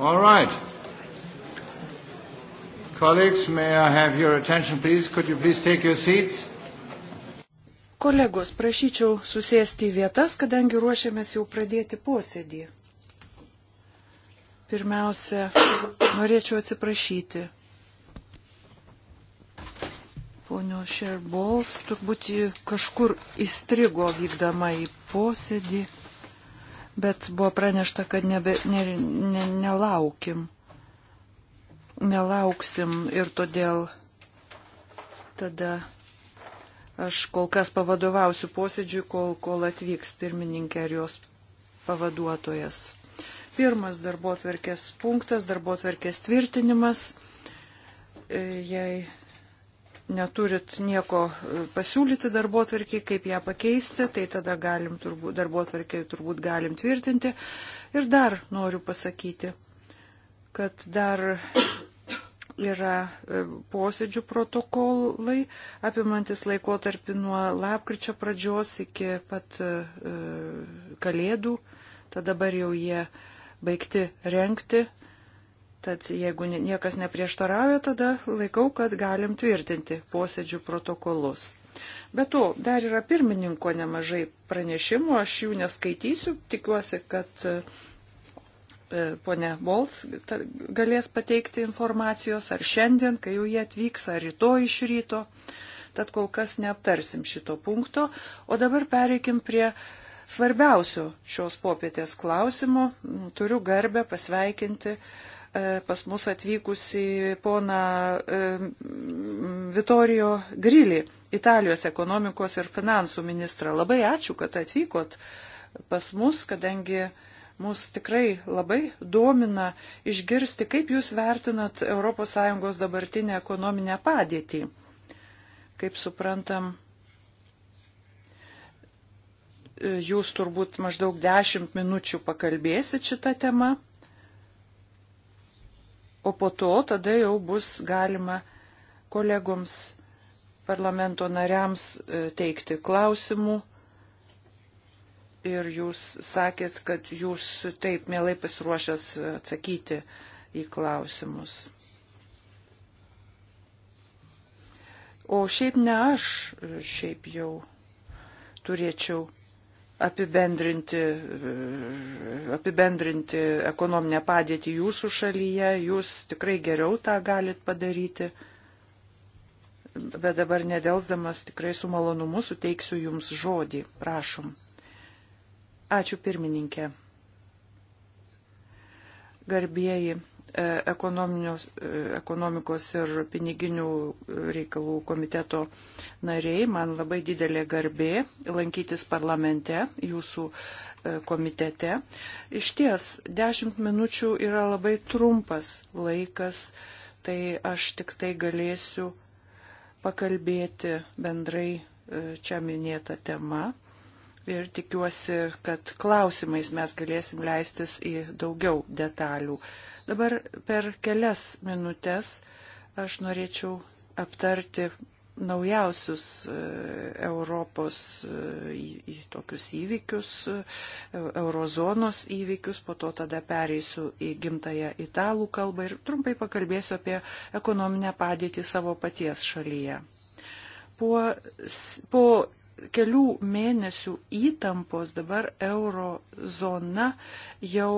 All right. Colleagues, may I have your attention, please? Could you please take your seats? Kolegos, prašyčiau susėsti į vietas, kadangi ruošiamės jau pradėti posėdį. Pirmiausia, norėčiau atsiprašyti. Ponio Šerbols turbūt kažkur įstrigo vykdama į posėdį bet buvo pranešta, kad nebe, ne, ne, nelaukim. Nelauksim ir todėl tada aš kol kas pavadovausiu posėdžiui, kol, kol atvyks pirmininkė ir jos pavaduotojas. Pirmas darbo atverkės punktas - darbo atverkės tvirtinimas. E, jei neturit nieko e, pasiūlyti darbo tvarkiai, kaip ją pakeisti, tai tada galim turbūt, darbo tvarkiai turbūt galim tvirtinti. Ir dar noriu pasakyti, kad dar yra e, posėdžių protokolai, apimantis laikotarpį nuo lapkričio pradžios iki pat e, kalėdų. Tad dabar jau jie baigti renkti, Tad jeigu niekas neprieštarauja, tada laikau, kad galim tvirtinti posėdžių protokolus. Be to, dar yra pirmininko nemažai pranešimų, aš jų neskaitysiu, tikiuosi, kad e, ponė Bols galės pateikti informacijos ar šiandien, kai jau jie atvyks, ar rytoj iš ryto. Tad kol kas neaptarsim šito punkto, o dabar pereikim prie svarbiausio šios popietės klausimo. Turiu garbę pasveikinti uh, E, pas mus atvykusi pona e, Vittorio Grilį, Italijos ekonomikos ir finansų ministrą. Labai ačiū, kad atvykot pas mus, kadangi mus tikrai labai domina išgirsti, kaip jūs vertinat ES dabartinę ekonominę padėtį. Kaip suprantam, jūs turbūt maždaug 10 minučių pakalbėsit šitą temą o po to tada jau bus galima kolegoms parlamento nariams e, teikti klausimų. Ir jūs sakėt, kad jūs taip mielai pasiruošęs atsakyti į klausimus. O šiaip ne aš, e, šiaip jau turėčiau apibendrinti, apibendrinti ekonominę padėtį jūsų šalyje, jūs tikrai geriau tą galit padaryti. Bet dabar nedelsdamas tikrai su malonumu suteiksiu Jums žodį. Prašom. Ačiū pirmininkė. Garbėjai E, e, ekonomikos ir piniginių reikalų komiteto nariai, man labai didelė garbė lankytis parlamente, jūsų e, komitete. Iš ties, dešimt minučių yra labai trumpas laikas, tai aš tik tai galėsiu pakalbėti bendrai čia minėta tema ir tikiuosi, kad klausimais mes galėsim leistis į daugiau detalių. Dabar per kelias minutės aš norėčiau aptarti naujausius e, Europos e, į tokius įvykius, e, eurozonos įvykius, po to tada pereisiu į gimtają italų kalbą ir trumpai pakalbėsiu apie ekonominę padėtį savo paties šalyje. Po, po kelių mėnesių įtampos dabar euro zona jau,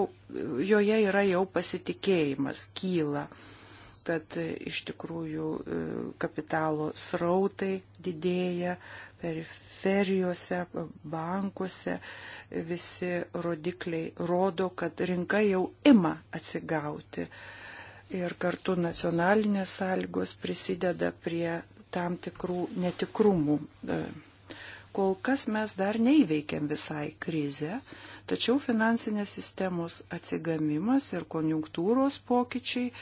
joje yra jau pasitikėjimas, kyla. Tad e, iš tikrųjų e, kapitalo srautai didėja periferijose, e, bankuose, visi rodikliai rodo, kad rinka jau ima atsigauti. Ir kartu nacionalinės sąlygos prisideda prie tam tikrų netikrumų. E, Kol kas mes dar neįveikėm visai krizę, tačiau finansinės sistemos atsigamimas ir konjunktūros pokyčiai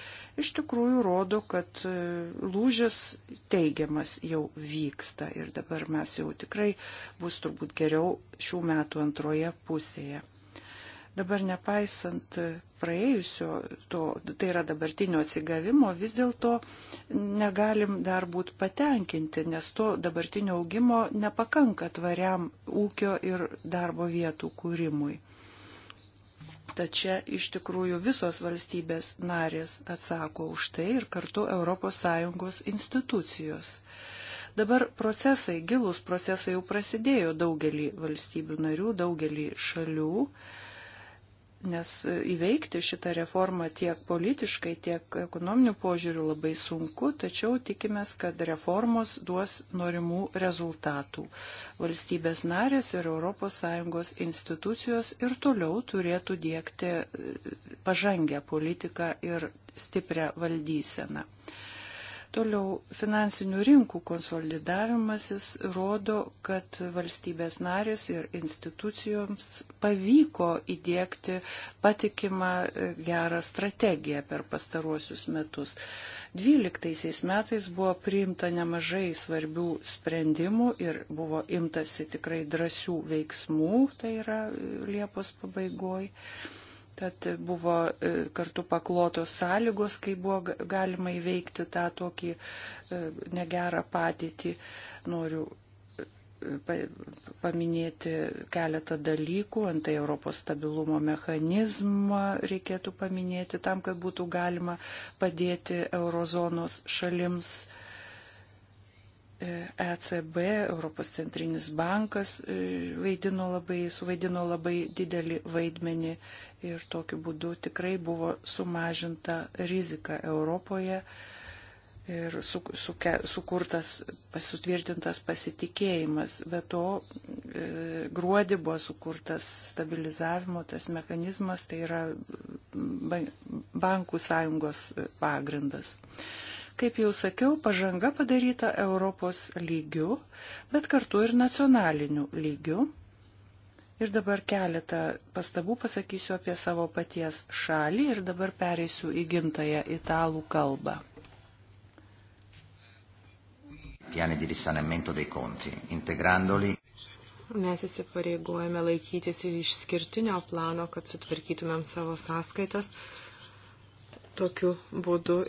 iš tikrųjų rodo, kad e, lūžis teigiamas jau vyksta ir dabar mes jau tikrai bus turbūt geriau šių metų antroje pusėje. Dabar nepaisant praėjusio, to, tai yra dabartinio atsigavimo, vis dėlto negalim dar būti patenkinti, nes to dabartinio augimo nepakanka tvariam ūkio ir darbo vietų kūrimui. Tačiau iš tikrųjų visos valstybės narės atsako už tai ir kartu ES institucijos. Dabar procesai, gilus procesai jau prasidėjo daugelį valstybių narių, daugelį šalių. Uh, nes e, įveikti šitą reformą tiek politiškai, tiek ekonominių požiūrių labai sunku, tačiau tikimės, kad reformos duos norimų rezultatų. Valstybės narės ir ES institucijos ir toliau turėtų dėkti e, pažangę politiką ir stiprią valdyseną. Toliau finansinių rinkų konsolidavimasis rodo, kad valstybės narės ir institucijoms pavyko įdėkti patikimą e, gerą strategiją per pastaruosius metus. 2012 metais buvo priimta nemažai svarbių sprendimų ir buvo imtasi tikrai drąsių veiksmų, tai yra e, Liepos pabaigoje. Tad buvo e, kartu paklotos sąlygos, kai buvo galima įveikti tą tokį e, negerą padėtį. Noriu e, paminėti keletą dalykų, antai Europos stabilumo mechanizmą reikėtų paminėti tam, kad būtų galima padėti eurozonos šalims ECB, e Europos centrinis bankas e, vaidino labai, suvaidino labai didelį vaidmenį ir tokiu būdu tikrai buvo sumažinta rizika Europoje ir su, su, sukurtas, sutvirtintas pasitikėjimas. Be to, e, gruodį buvo sukurtas stabilizavimo tas mechanizmas, tai yra bankų sąjungos pagrindas. E, Kaip jau sakiau, pažanga padaryta Europos lygiu, bet kartu ir nacionaliniu lygiu. Ir dabar keletą pastabų pasakysiu apie savo paties šalį ir dabar pereisiu į gimtają italų kalbą. Piani di risanamento dei conti, integrandoli mes įsipareigojame laikytis išskirtinio plano, kad sutvarkytumėm savo sąskaitas. Tokiu būdu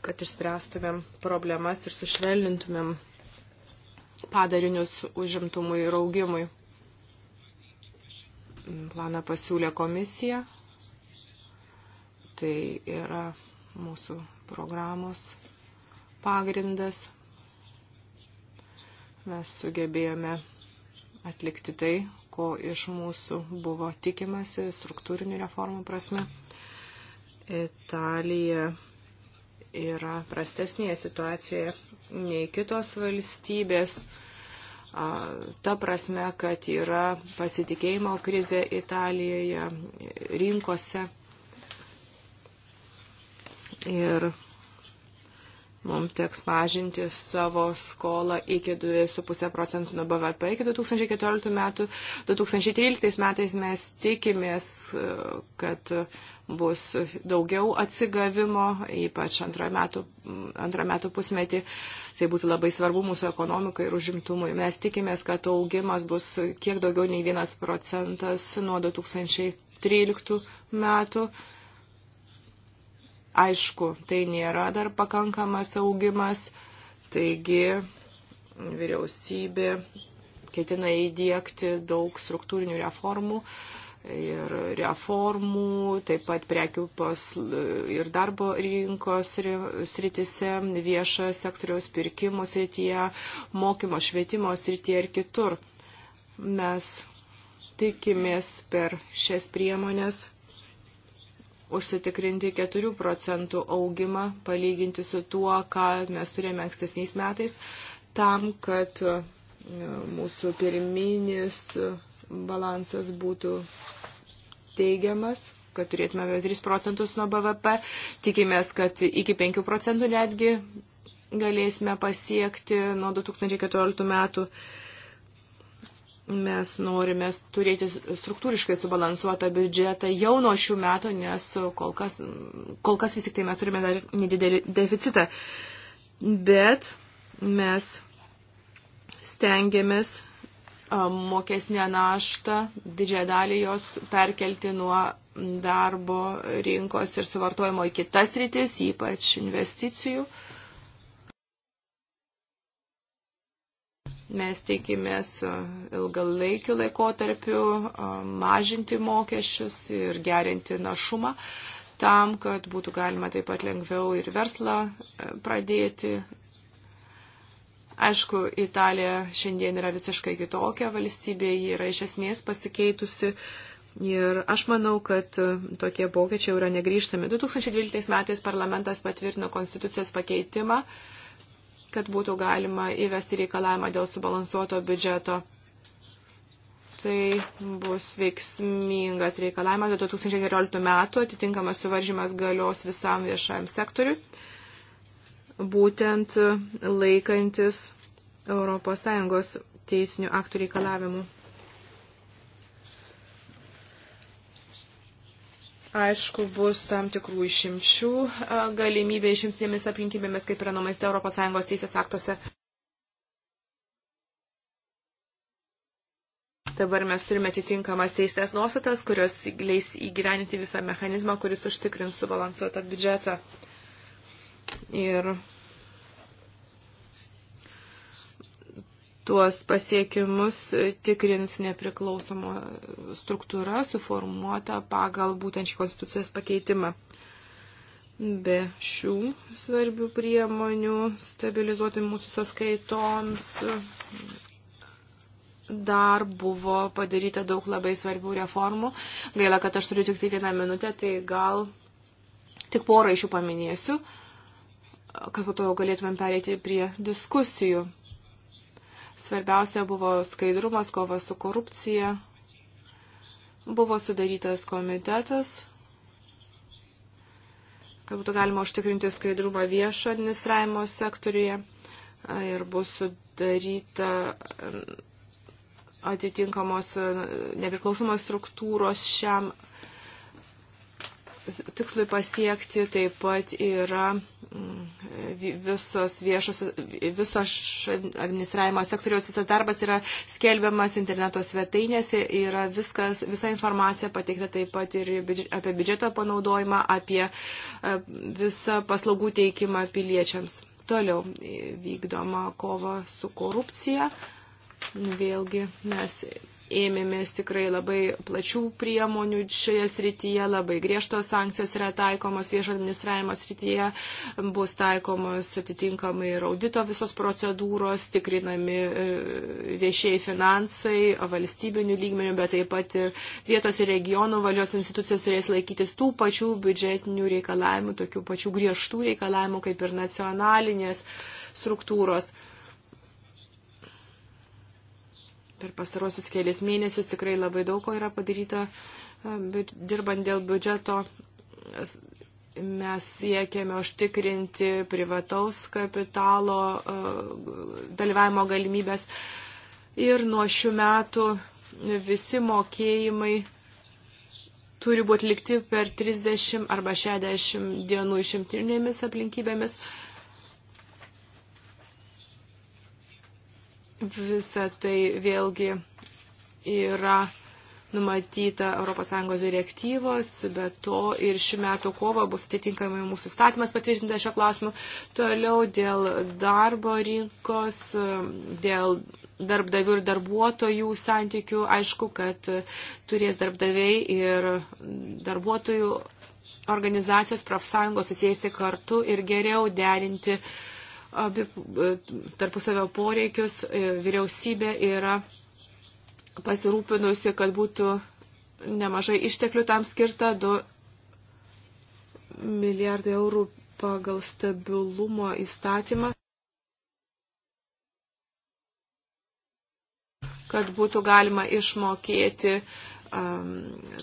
kad išspręstumėm problemas ir sušvelnintumėm padarinius užimtumui ir augimui. Planą pasiūlė komisija. Tai yra mūsų programos pagrindas. Mes sugebėjome atlikti tai, ko iš mūsų buvo tikimasi struktūrinių reformų prasme. Italija yra prastesnėje situacijoje nei kitos valstybės. Ta prasme, kad yra pasitikėjimo krizė Italijoje, rinkose. Ir Mums teks mažinti savo skolą iki 2,5 procentų nuo BVP iki 2014 metų. 2013 metais mes tikimės, kad bus daugiau atsigavimo, ypač antrą metų, antrą metų pusmetį. Tai būtų labai svarbu mūsų ekonomikai ir užimtumui. Mes tikimės, kad augimas bus kiek daugiau nei 1 procentas nuo 2013 metų Aišku, tai nėra dar pakankamas augimas, taigi vyriausybė ketina įdėkti daug struktūrinių reformų ir reformų, taip pat prekių ir darbo rinkos sritise, viešo sektoriaus pirkimų srityje, mokymo švietimo srityje ir kitur. Mes tikimės per šias priemonės užsitikrinti 4 procentų augimą, palyginti su tuo, ką mes turėjome ankstesniais metais, tam, kad e, mūsų pirminis balansas būtų teigiamas kad turėtume apie 3 procentus nuo BVP. Tikimės, kad iki 5 procentų netgi galėsime pasiekti nuo 2014 metų mes norime turėti struktūriškai subalansuotą biudžetą jau nuo šių metų, nes kol kas, kol kas vis tik tai mes turime dar nedidelį deficitą. Bet mes stengiamės mokesnę naštą, didžiąją dalį jos perkelti nuo darbo rinkos ir suvartojimo į kitas rytis, ypač investicijų. Uh, Mes tikimės ilgalaikiu laikotarpiu mažinti mokesčius ir gerinti našumą tam, kad būtų galima taip pat lengviau ir verslą pradėti. Aišku, Italija šiandien yra visiškai kitokia valstybė, ji yra iš esmės pasikeitusi. Ir aš manau, kad tokie pokyčiai yra negryžtami. 2012 metais parlamentas patvirtino konstitucijos pakeitimą, uh, kad būtų galima įvesti reikalavimą dėl subalansuoto biudžeto. Tai bus veiksmingas reikalavimas. 2014 metų atitinkamas suvaržymas galios visam viešajam sektoriui, būtent laikantis ES teisinių aktų reikalavimų. Aišku, bus tam tikrų išimčių galimybė išimtinėmis aplinkybėmis, kaip yra numatyta ES teisės aktuose. Dabar mes turime atitinkamas teisės nuostatas, kurios leis įgyveninti visą mechanizmą, kuris užtikrins subalansuotą biudžetą. Ir tuos pasiekimus tikrins nepriklausoma struktūra suformuota pagal būtent šį konstitucijos pakeitimą. Be šių svarbių priemonių stabilizuoti mūsų sąskaitoms dar buvo padaryta daug labai svarbių reformų. Gaila, kad aš turiu tik tai vieną minutę, tai gal tik porą iš jų paminėsiu, kad po to jau galėtumėm pereiti prie diskusijų. Svarbiausia buvo skaidrumas, kova su korupcija. Buvo sudarytas komitetas, kad būtų galima užtikrinti skaidrumą viešo administravimo sektoriuje ir bus sudaryta hm, atitinkamos nepriklausomos struktūros šiam tikslui pasiekti taip pat yra mm, visos viešos, visos administravimo sektoriaus visas darbas yra skelbiamas interneto svetainėse, yra viskas, visa informacija pateikta taip pat ir apie biudžeto panaudojimą, apie e, visą paslaugų teikimą piliečiams. Toliau e, vykdoma kova su korupcija. Vėlgi mes ėmėmės tikrai labai plačių priemonių šioje srityje, labai griežtos sankcijos yra taikomos viešo administravimo srityje, bus taikomos atitinkamai ir audito visos procedūros, tikrinami e, viešiai finansai valstybinių lygmenių, bet taip pat ir vietos ir regionų valdžios institucijos turės laikytis tų pačių biudžetinių reikalavimų, tokių pačių griežtų reikalavimų kaip ir nacionalinės struktūros. per pastarosius kelias mėnesius tikrai labai daug ko yra padaryta, e, dirbant dėl biudžeto. Mes siekėme užtikrinti privataus kapitalo e, dalyvavimo galimybės ir nuo šių metų visi mokėjimai turi būti likti per 30 arba 60 dienų išimtinėmis aplinkybėmis. Iš Visa tai vėlgi yra numatyta ES direktyvos, bet to ir šių metų kovo bus atitinkamai mūsų statymas patvirtintas šio klausimu. Toliau dėl darbo rinkos, dėl darbdavių ir darbuotojų santykių, aišku, kad turės darbdaviai ir darbuotojų organizacijos profsąjungos susėsti kartu ir geriau derinti uh, abi, e, tarpusavio poreikius. E, vyriausybė yra pasirūpinusi, kad būtų nemažai išteklių tam skirta 2 milijardai eurų pagal stabilumo įstatymą. kad būtų galima išmokėti um,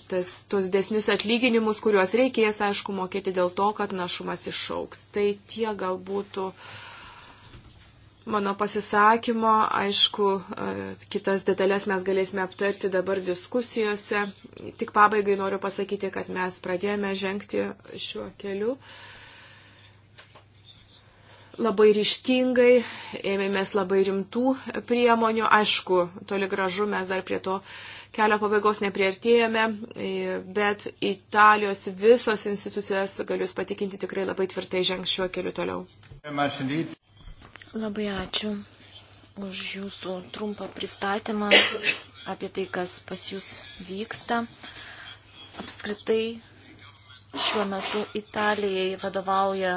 tas, tos desnius atlyginimus, kuriuos reikės, aišku, mokėti dėl to, kad našumas išauks. Tai tie gal būtų uh, mano pasisakymo. Aišku, e, kitas detalės mes galėsime aptarti dabar diskusijose. Tik pabaigai noriu pasakyti, kad mes pradėjome žengti šiuo keliu labai ryštingai, ėmėmės labai rimtų priemonių. Aišku, toli gražu mes dar prie to kelio pabaigos neprieartėjome, e, bet Italijos visos institucijos, galiu jūs patikinti, tikrai labai tvirtai žengs šiuo keliu toliau. Labai ačiū už jūsų trumpą pristatymą apie tai, kas pas jūs vyksta. Apskritai šiuo metu Italijai vadovauja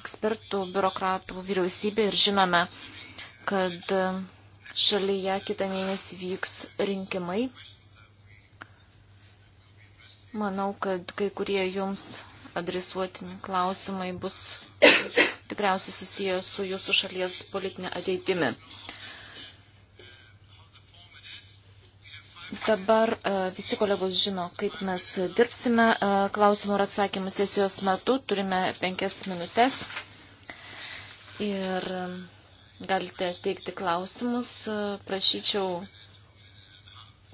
ekspertų, biurokratų vyriausybė ir žinome, kad šalyje kitą mėnesį vyks rinkimai. Manau, kad kai kurie jums adresuotini klausimai bus tikriausiai susijęs su jūsų šalies politinė ateitimi. Dabar e, visi kolegos žino, kaip mes dirbsime. E, klausimų ir atsakymų sesijos metu turime penkias minutės. Ir e, galite teikti klausimus. Prašyčiau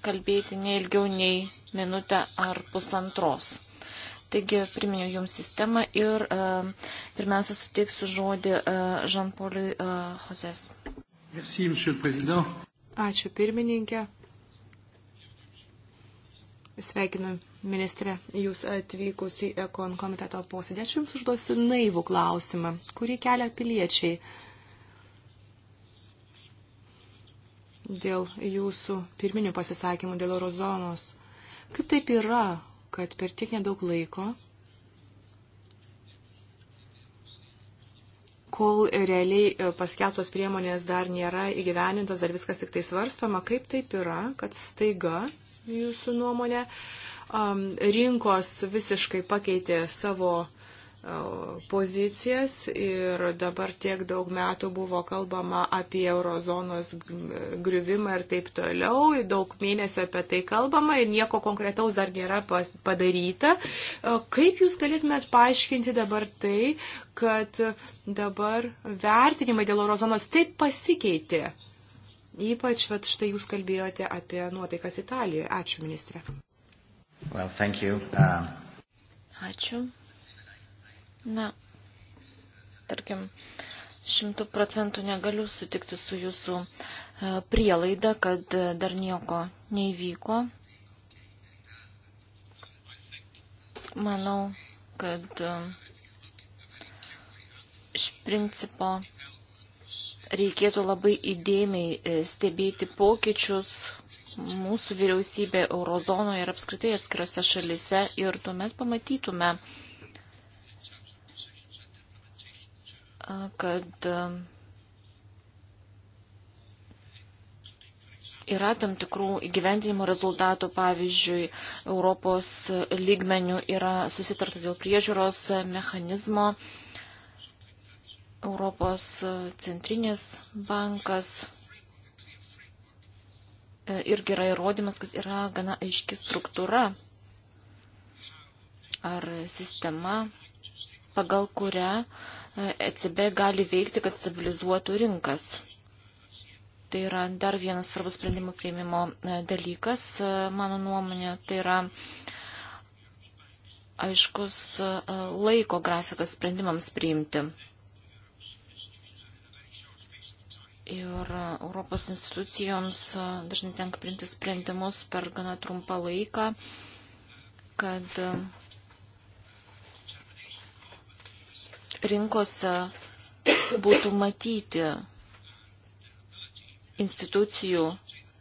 kalbėti neilgiau nei minutę ar pusantros. Taigi, priminiau Jums sistemą ir e, pirmiausia suteiksiu žodį e, Žanpoliui e, Hozes. Ačiū pirmininkė. Sveikinu, ministrė, jūs atvykus į Ekon komiteto posėdį. Aš jums užduosiu naivų klausimą, kurį kelia piliečiai dėl jūsų pirminių pasisakymų dėl eurozonos. Kaip taip yra, kad per tiek nedaug laiko, kol realiai e, paskeltos priemonės dar nėra įgyvenintos, dar viskas tik tai svarstoma, kaip taip yra, kad staiga jūsų nuomonė rinkos visiškai pakeitė savo pozicijas ir dabar tiek daug metų buvo kalbama apie eurozonos griuvimą ir taip toliau, daug mėnesių apie tai kalbama ir nieko konkretaus dar nėra padaryta. E, kaip Jūs galėtumėt paaiškinti dabar tai, kad dabar vertinimai dėl eurozonos taip pasikeitė? Ypač, vat, štai jūs kalbėjote apie nuotaikas Italijoje. Ačiū, ministrė. Well, thank you. Um... Ačiū. Na, tarkim, šimtų procentų negaliu sutikti su jūsų e, prielaida, kad e, dar nieko neįvyko. Manau, kad e, iš principo reikėtų labai įdėmiai stebėti pokyčius mūsų vyriausybė eurozonoje ir apskritai atskirose šalise ir tuomet pamatytume, kad um, yra tam tikrų įgyvendinimo rezultatų, pavyzdžiui, Europos lygmenių yra susitarta dėl priežiūros mechanizmo. Europos centrinis bankas e, irgi yra įrodymas, kad yra gana aiški struktūra ar sistema, pagal kurią uh, ECB gali veikti, kad stabilizuotų rinkas. Tai yra dar vienas svarbus sprendimų prieimimo e, dalykas, e, mano nuomonė. Tai yra aiškus e, laiko grafikas sprendimams priimti. Ir Europos institucijoms dažnai tenka priimti sprendimus per gana trumpą laiką, kad rinkose būtų matyti institucijų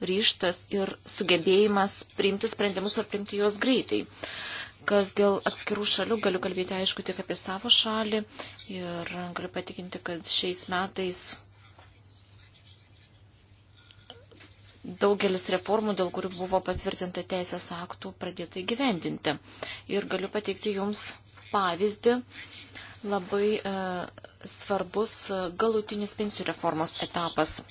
ryštas ir sugebėjimas priimti sprendimus ir priimti juos greitai. Kas dėl atskirų šalių, galiu kalbėti aišku tik apie savo šalį ir galiu patikinti, kad šiais metais daugelis reformų, dėl kurių buvo patvirtinta teisės aktų, pradėta įgyvendinti. Ir galiu pateikti Jums pavyzdį labai e, svarbus e, galutinis pensijų reformos etapas.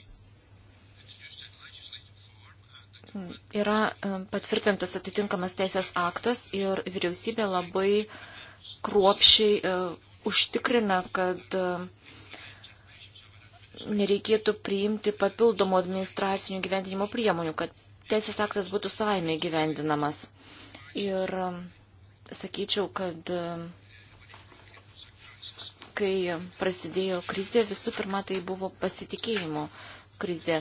Yra e, patvirtintas atitinkamas teisės aktas ir vyriausybė labai kruopšiai e, užtikrina, kad e, nereikėtų priimti papildomų administracinių gyvendinimo priemonių, kad teisės aktas būtų savaime gyvendinamas. Ir sakyčiau, kad kai prasidėjo krizė, visų pirma, tai buvo pasitikėjimo krizė.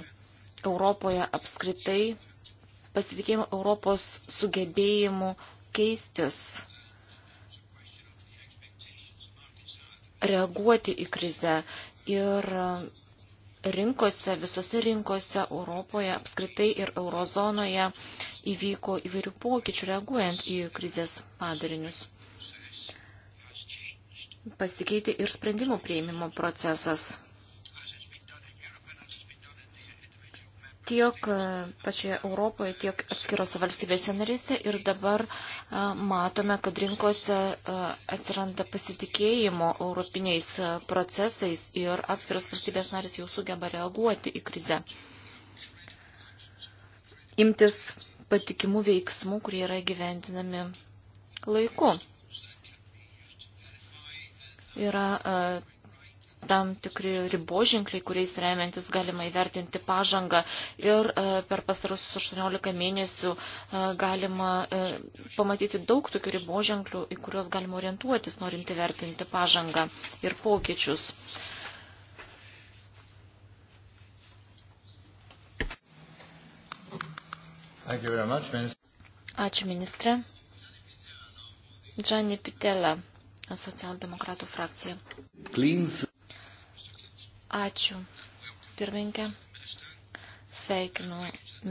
Europoje apskritai pasitikėjimo Europos sugebėjimu keistis, reaguoti į krizę. Ir rinkose, visose rinkose Europoje, apskritai ir eurozonoje įvyko įvairių pokyčių reaguojant į krizės padarinius pasikeitė ir sprendimų prieimimo procesas. Tiek e, pačioje Europoje, tiek atskirose valstybėse narėse ir dabar a, e, matome, kad rinkose a, e, atsiranda pasitikėjimo europiniais a, procesais ir atskiros valstybės narės jau sugeba reaguoti į krizę. Imtis patikimų veiksmų, kurie yra gyventinami laiku. Yra e, tam tikri riboženkliai, kuriais remiantis galima įvertinti pažangą. Ir e, per pastarusius 18 mėnesių e, galima pamatyti daug tokių riboženklių, į kuriuos galima orientuotis, norint įvertinti pažangą ir pokyčius. Ačiū ministrė. Džani Pitela socialdemokratų frakcija. Klins. Ačiū. Pirminkė, sveikinu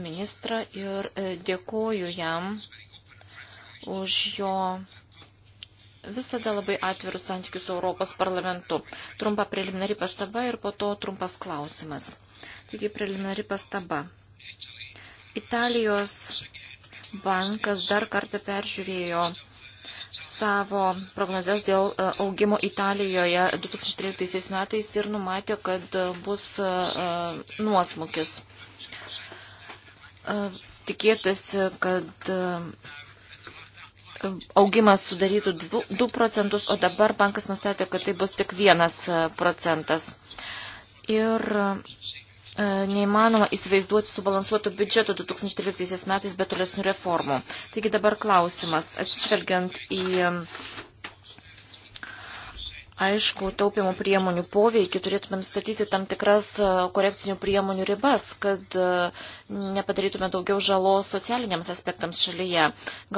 ministrą ir e, dėkoju jam už jo visada labai atvirus santykius su Europos parlamentu. Trumpa preliminari pastaba ir po to trumpas klausimas. Taigi preliminari pastaba. Italijos bankas dar kartą peržiūrėjo savo prognozes dėl e, augimo Italijoje 2013 metais ir numatė, kad e, bus e, nuosmukis. Tikėtasi, kad augimas sudarytų 2 procentus, o dabar bankas nustatė, kad tai bus tik 1 procentas. Ir E, neįmanoma įsivaizduoti subalansuotų biudžetų 2013 metais be tolesnių reformų. Taigi dabar klausimas, atsižvelgiant į aišku taupimo priemonių poveikį, turėtume nustatyti tam tikras e, korekcinių priemonių ribas, kad e, nepadarytume daugiau žalos socialiniams aspektams šalyje.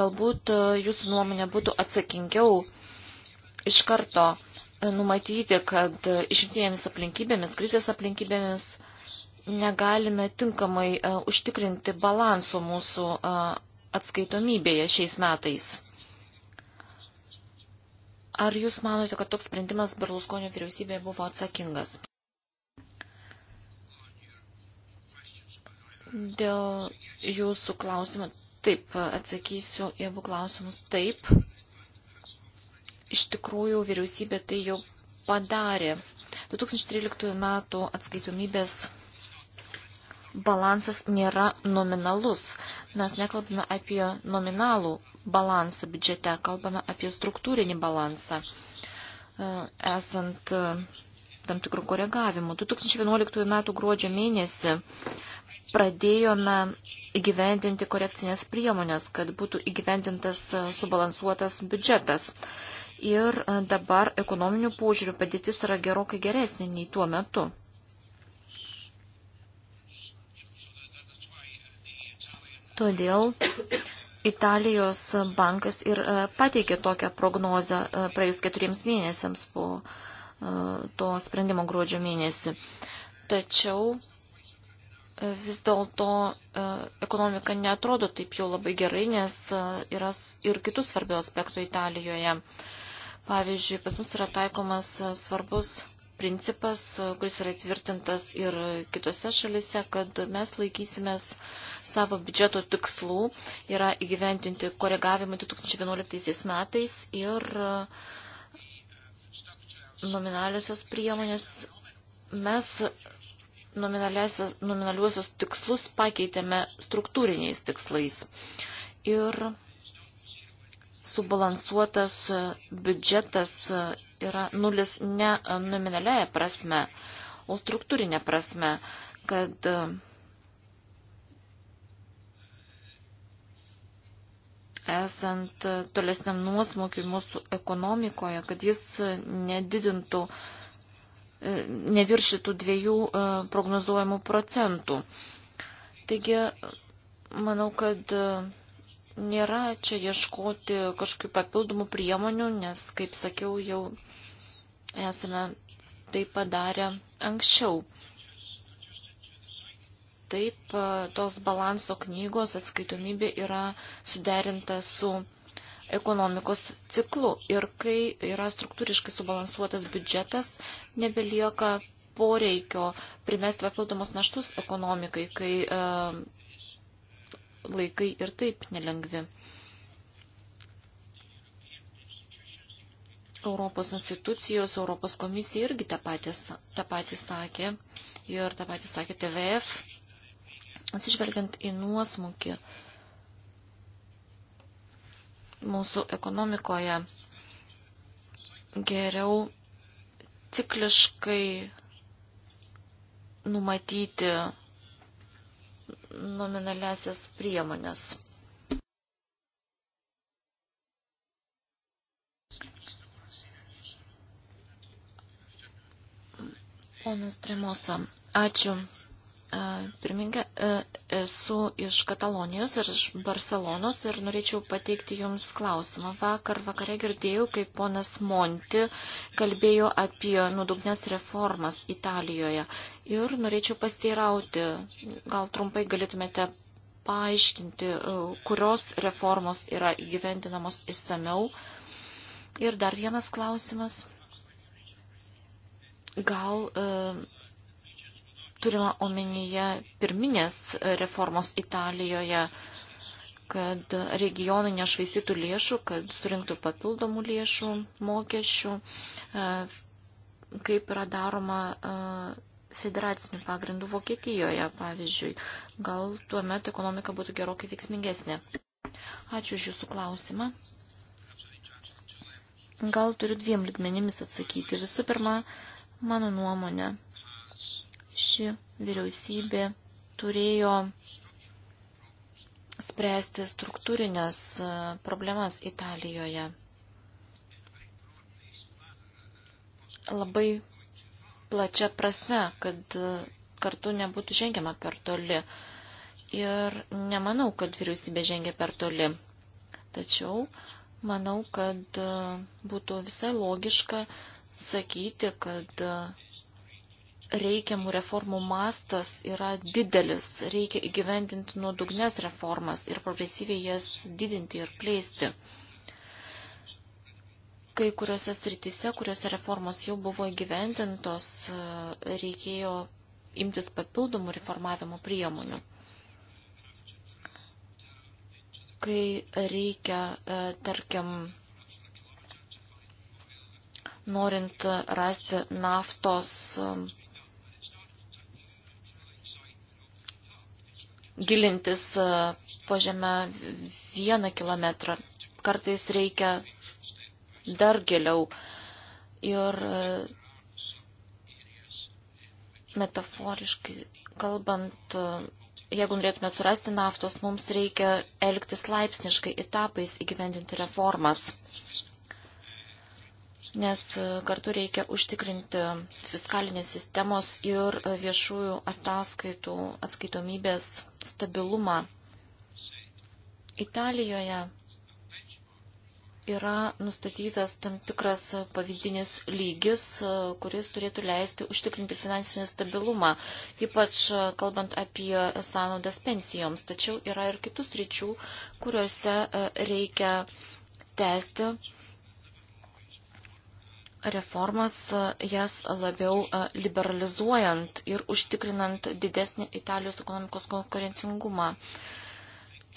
Galbūt jūsų nuomonė būtų atsakingiau iš karto numatyti, kad išimtinėmis aplinkybėmis, krizės aplinkybėmis, negalime tinkamai e, užtikrinti balanso mūsų e, atskaitomybėje šiais metais. Ar jūs manote, kad toks sprendimas Berluskonio vyriausybėje buvo atsakingas? Dėl jūsų klausimų. Taip, atsakysiu į abu klausimus. Taip. Iš tikrųjų, vyriausybė tai jau padarė. 2013 m. atskaitomybės balansas nėra nominalus. Mes nekalbame apie nominalų balansą biudžete, kalbame apie struktūrinį balansą. E, esant e, tam tikrų koregavimų. 2011 m. gruodžio mėnesį pradėjome įgyvendinti korekcinės priemonės, kad būtų įgyvendintas e, subalansuotas biudžetas. Ir dabar ekonominių požiūrių padėtis yra gerokai geresnė nei tuo metu. Todėl Italijos bankas ir e, pateikė tokią prognozę e, praėjus keturiems mėnesiams po e, to sprendimo gruodžio mėnesį. Tačiau vis dėlto ekonomika netrodo taip jau labai gerai, nes yra ir kitų svarbių aspektų Italijoje. Pavyzdžiui, pas mus yra taikomas svarbus principas, kuris yra tvirtintas ir kitose šalise, kad mes laikysimės savo biudžeto tikslų, yra įgyventinti koregavimą 2011 metais ir uh, nominaliosios priemonės. Mes nominaliuosius tikslus pakeitėme struktūriniais tikslais. Ir subalansuotas biudžetas yra nulis ne e, nominaliaja prasme, o struktūrinė prasme, kad e, esant tolesniam nuosmokiui mūsų ekonomikoje, kad jis nedidintų, e, neviršytų dviejų prognozuojamų procentų. Taigi, manau, kad nėra čia ieškoti kažkokių papildomų priemonių, nes, kaip sakiau, jau Esame tai padarę anksčiau. Taip, e, tos balanso knygos atskaitomybė yra suderinta su ekonomikos ciklu. Ir kai yra struktūriškai subalansuotas biudžetas, nebelieka poreikio primesti papildomus naštus ekonomikai, kai e, laikai ir taip nelengvi. Europos institucijos, Europos komisija irgi tą patį, tą patį sakė ir tą patį sakė TVF, atsižvelgiant į nuosmukį mūsų ekonomikoje geriau cikliškai numatyti nominaliasias priemonės. Ponas Tremosa, ačiū. Pirmininkė, e, esu iš Katalonijos ir iš Barcelonos ir norėčiau pateikti Jums klausimą. Vakar vakare girdėjau, kaip ponas Monti kalbėjo apie nuodugnes reformas Italijoje ir norėčiau pasteirauti, gal trumpai galėtumėte paaiškinti, e, kurios reformos yra įgyvendinamos įsameu. Ir dar vienas klausimas. Gal e, turime omenyje pirminės reformos Italijoje, kad regionai nešvaistytų lėšų, kad surinktų papildomų lėšų, mokesčių, e, kaip yra daroma e, federacinių pagrindų Vokietijoje, pavyzdžiui. Gal tuo metu ekonomika būtų gerokai veiksmingesnė. Ačiū už Jūsų klausimą. Gal turiu dviem ligmenimis atsakyti. Visų pirma, uh, Mano nuomonė, ši vyriausybė turėjo spręsti struktūrinės e, problemas Italijoje. Labai plačia prasme, kad e, kartu nebūtų žengiama per toli. Ir nemanau, kad vyriausybė žengia per toli. Tačiau manau, kad e, būtų visai logiška sakyti, kad e, reikiamų reformų mastas yra didelis, reikia įgyvendinti nuodugnes reformas ir progresyviai jas didinti ir plėsti. Kai kuriuose srityse, kuriuose reformos jau buvo įgyvendintos, e, reikėjo imtis papildomų reformavimo priemonių. Kai reikia, e, tarkim, norint rasti naftos um, gilintis uh, po žemę vieną kilometrą. Kartais reikia dar giliau. Ir uh, metaforiškai kalbant, uh, jeigu norėtume surasti naftos, mums reikia elgtis laipsniškai etapais įgyvendinti reformas nes e, kartu reikia užtikrinti fiskalinės sistemos ir e, viešųjų ataskaitų atskaitomybės stabilumą. Italijoje yra nustatytas tam tikras pavyzdinis lygis, e, kuris turėtų leisti užtikrinti finansinį stabilumą, ypač kalbant apie sąnaudas pensijoms. Tačiau yra ir kitus ryčių, kuriuose reikia tęsti reformas e, jas labiau e, liberalizuojant ir užtikrinant didesnį Italijos ekonomikos konkurencingumą.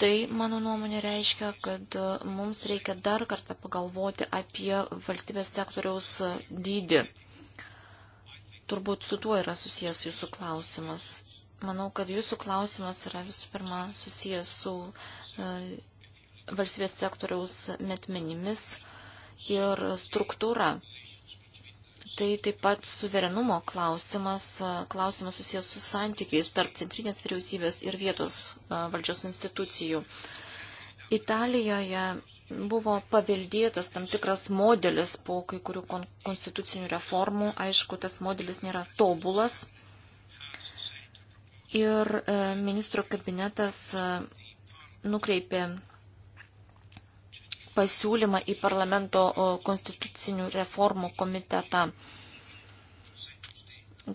Tai, mano nuomonė, reiškia, kad e, mums reikia dar kartą pagalvoti apie valstybės sektoriaus dydį. Turbūt su tuo yra susijęs jūsų klausimas. Manau, kad jūsų klausimas yra visų pirma susijęs su valstybės sektoriaus metmenimis ir struktūra. Tai taip pat suverenumo klausimas, klausimas susijęs su santykiais tarp centrinės vyriausybės ir vietos valdžios institucijų. Italijoje buvo paveldėtas tam tikras modelis po kai kurių kon konstitucinių reformų. Aišku, tas modelis nėra tobulas. Ir e, ministro kabinetas e, nukreipė pasiūlymą į parlamento konstitucinių reformų komitetą,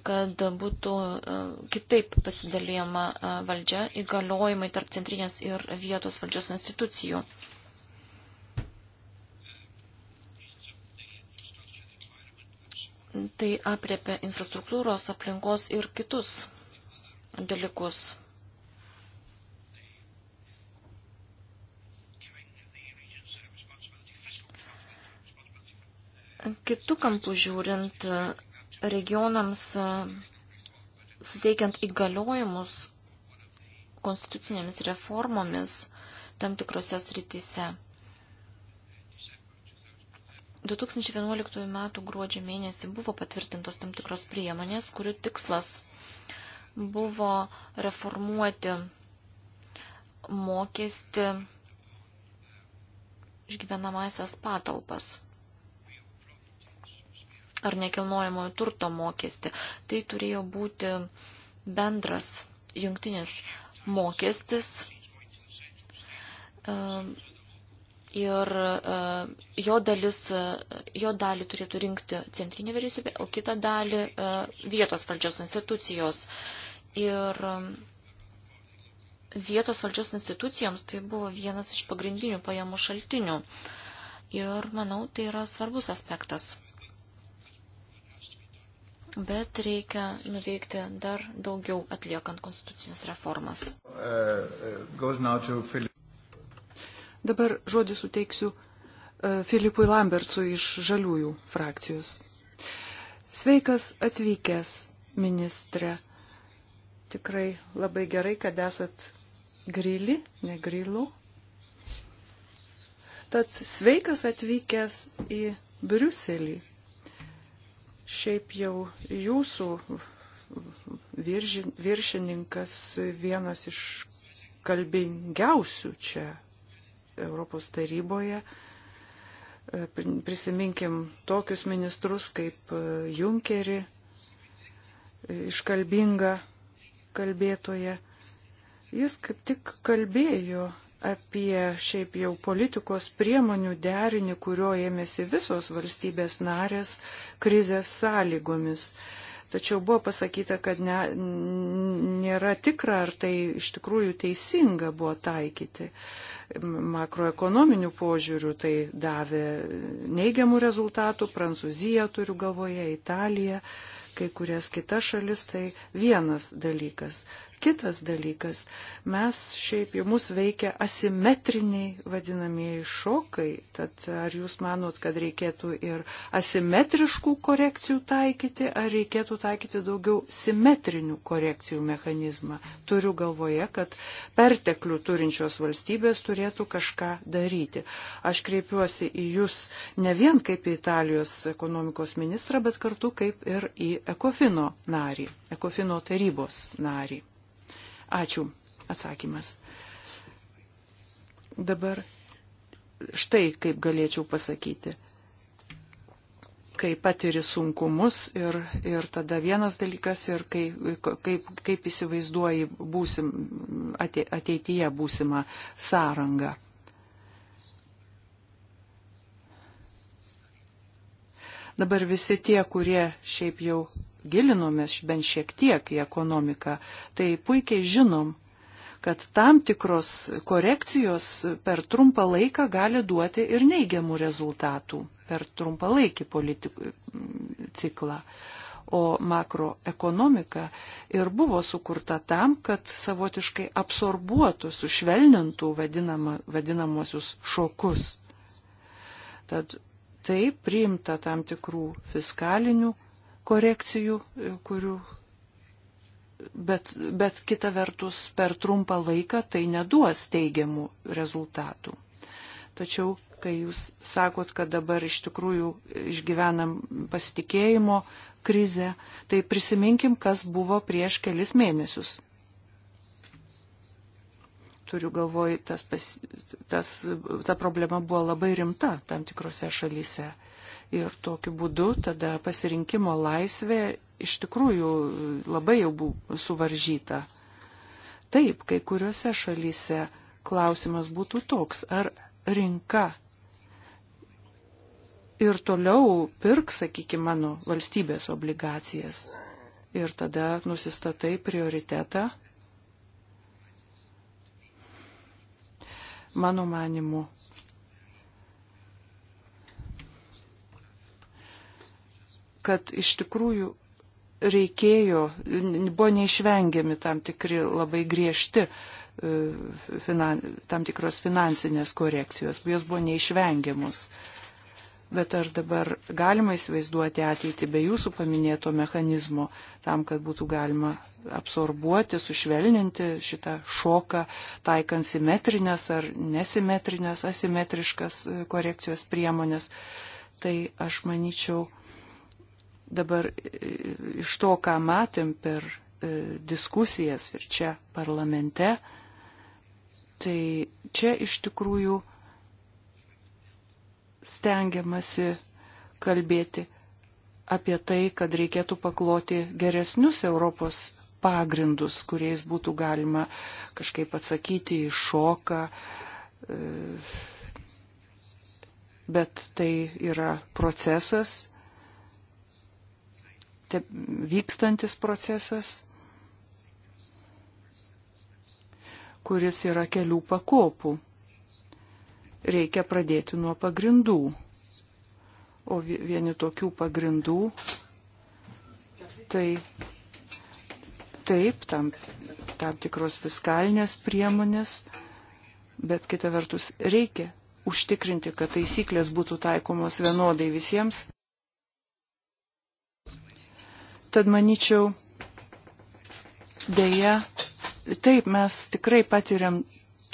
kad būtų e, kitaip pasidalyjama e, valdžia įgaliojimai tarp centrinės ir vietos valdžios institucijų. Tai apriepia infrastruktūros, aplinkos ir kitus dalykus. Kitų kampų žiūrint, regionams e, suteikiant įgaliojimus konstitucinėmis reformomis tam tikrose srityse. 2011 m. gruodžio mėnesį buvo patvirtintos tam tikros priemonės, kurių tikslas buvo reformuoti mokestį išgyvenamasias patalpas ar nekilnojamojo turto mokestį. Tai turėjo būti bendras jungtinis mokestis. Um, ir um, jo, dalis, jo dalį turėtų rinkti centrinė vyriausybė, o kitą dalį um, vietos valdžios institucijos. Ir vietos valdžios institucijoms tai buvo vienas iš pagrindinių pajamų šaltinių. Ir manau, tai yra svarbus aspektas bet reikia nuveikti dar daugiau atliekant konstitucinės reformas. Dabar žodį suteiksiu e, Filipui Lambertsui iš Žaliųjų frakcijos. Sveikas atvykęs, ministre. Tikrai labai gerai, kad esat grili, negrilu. Tad sveikas atvykęs į Briuselį. Šiaip jau jūsų virži, viršininkas vienas iš kalbingiausių čia Europos taryboje. Prisiminkim tokius ministrus kaip e, Junkerį, e, iškalbingą kalbėtoją. Jis kaip tik kalbėjo apie šiaip jau politikos priemonių derinį, kurio ėmėsi visos valstybės narės krizės sąlygomis. Tačiau buvo pasakyta, kad ne, nėra tikra, ar tai iš tikrųjų teisinga buvo taikyti. Makroekonominių požiūrių tai davė neigiamų rezultatų, Prancūzija turiu galvoje, Italija, kai kurias kitas šalis, tai vienas dalykas. Kitas dalykas, mes šiaip jau mus veikia asimetriniai vadinamieji šokai, tad ar jūs manot, kad reikėtų ir asimetriškų korekcijų taikyti, ar reikėtų taikyti daugiau simetrinių korekcijų mechanizmą? Turiu galvoje, kad perteklių turinčios valstybės turėtų kažką daryti. Aš kreipiuosi į jūs ne vien kaip į Italijos ekonomikos ministrą, bet kartu kaip ir į Ekofino narį, Ekofino tarybos narį. Ačiū. Atsakymas. Dabar štai kaip galėčiau pasakyti. Kai patiri sunkumus ir, ir tada vienas dalykas ir kai, kaip, kaip įsivaizduoji būsim, ate, ateityje būsimą sąrangą. Dabar visi tie, kurie šiaip jau gilinomės bent šiek tiek į ekonomiką, tai puikiai žinom, kad tam tikros korekcijos per trumpą laiką gali duoti ir neigiamų rezultatų per trumpalaikį politikų ciklą. O makroekonomika ir buvo sukurta tam, kad savotiškai absorbuotų, sušvelnintų vadinama, vadinamosius šokus. Tad taip priimta tam tikrų fiskalinių korekcijų, e, kurių. Bet, bet kita vertus, per trumpą laiką tai neduos teigiamų rezultatų. Tačiau, kai jūs sakot, kad dabar iš tikrųjų išgyvenam pasitikėjimo krizę, tai prisiminkim, kas buvo prieš kelis mėnesius turiu galvoj, tas, pas, tas, ta problema buvo labai rimta tam tikrose šalyse. Ir tokiu būdu tada pasirinkimo laisvė iš tikrųjų labai jau buvo suvaržyta. Taip, kai kuriuose šalyse klausimas būtų toks, ar rinka ir toliau pirk, sakykime, mano valstybės obligacijas. Ir tada nusistatai prioritetą. Mano manimu, kad iš tikrųjų reikėjo, buvo neišvengiami tam tikri labai griežti e, finan, tam tikros finansinės korekcijos, jos buvo neišvengiamus. Bet ar dabar galima įsivaizduoti ateitį be jūsų paminėto mechanizmo, tam, kad būtų galima absorbuoti, sušvelninti šitą šoką, taikant simetrinės ar nesimetrinės, asimetriškas e, korekcijos priemonės, tai aš manyčiau, dabar e, e, iš to, ką matėm per e, diskusijas ir čia parlamente, tai čia iš tikrųjų stengiamasi kalbėti apie tai, kad reikėtų pakloti geresnius Europos pagrindus, kuriais būtų galima kažkaip atsakyti į šoką. Bet tai yra procesas te, vykstantis procesas, kuris yra kelių pakopų. Reikia pradėti nuo pagrindų. O vieni tokių pagrindų tai taip, tam, tam tikros fiskalinės priemonės, bet kita vertus reikia užtikrinti, kad taisyklės būtų taikomos vienodai visiems Tad manyčiau, dėja, taip mes tikrai patiriam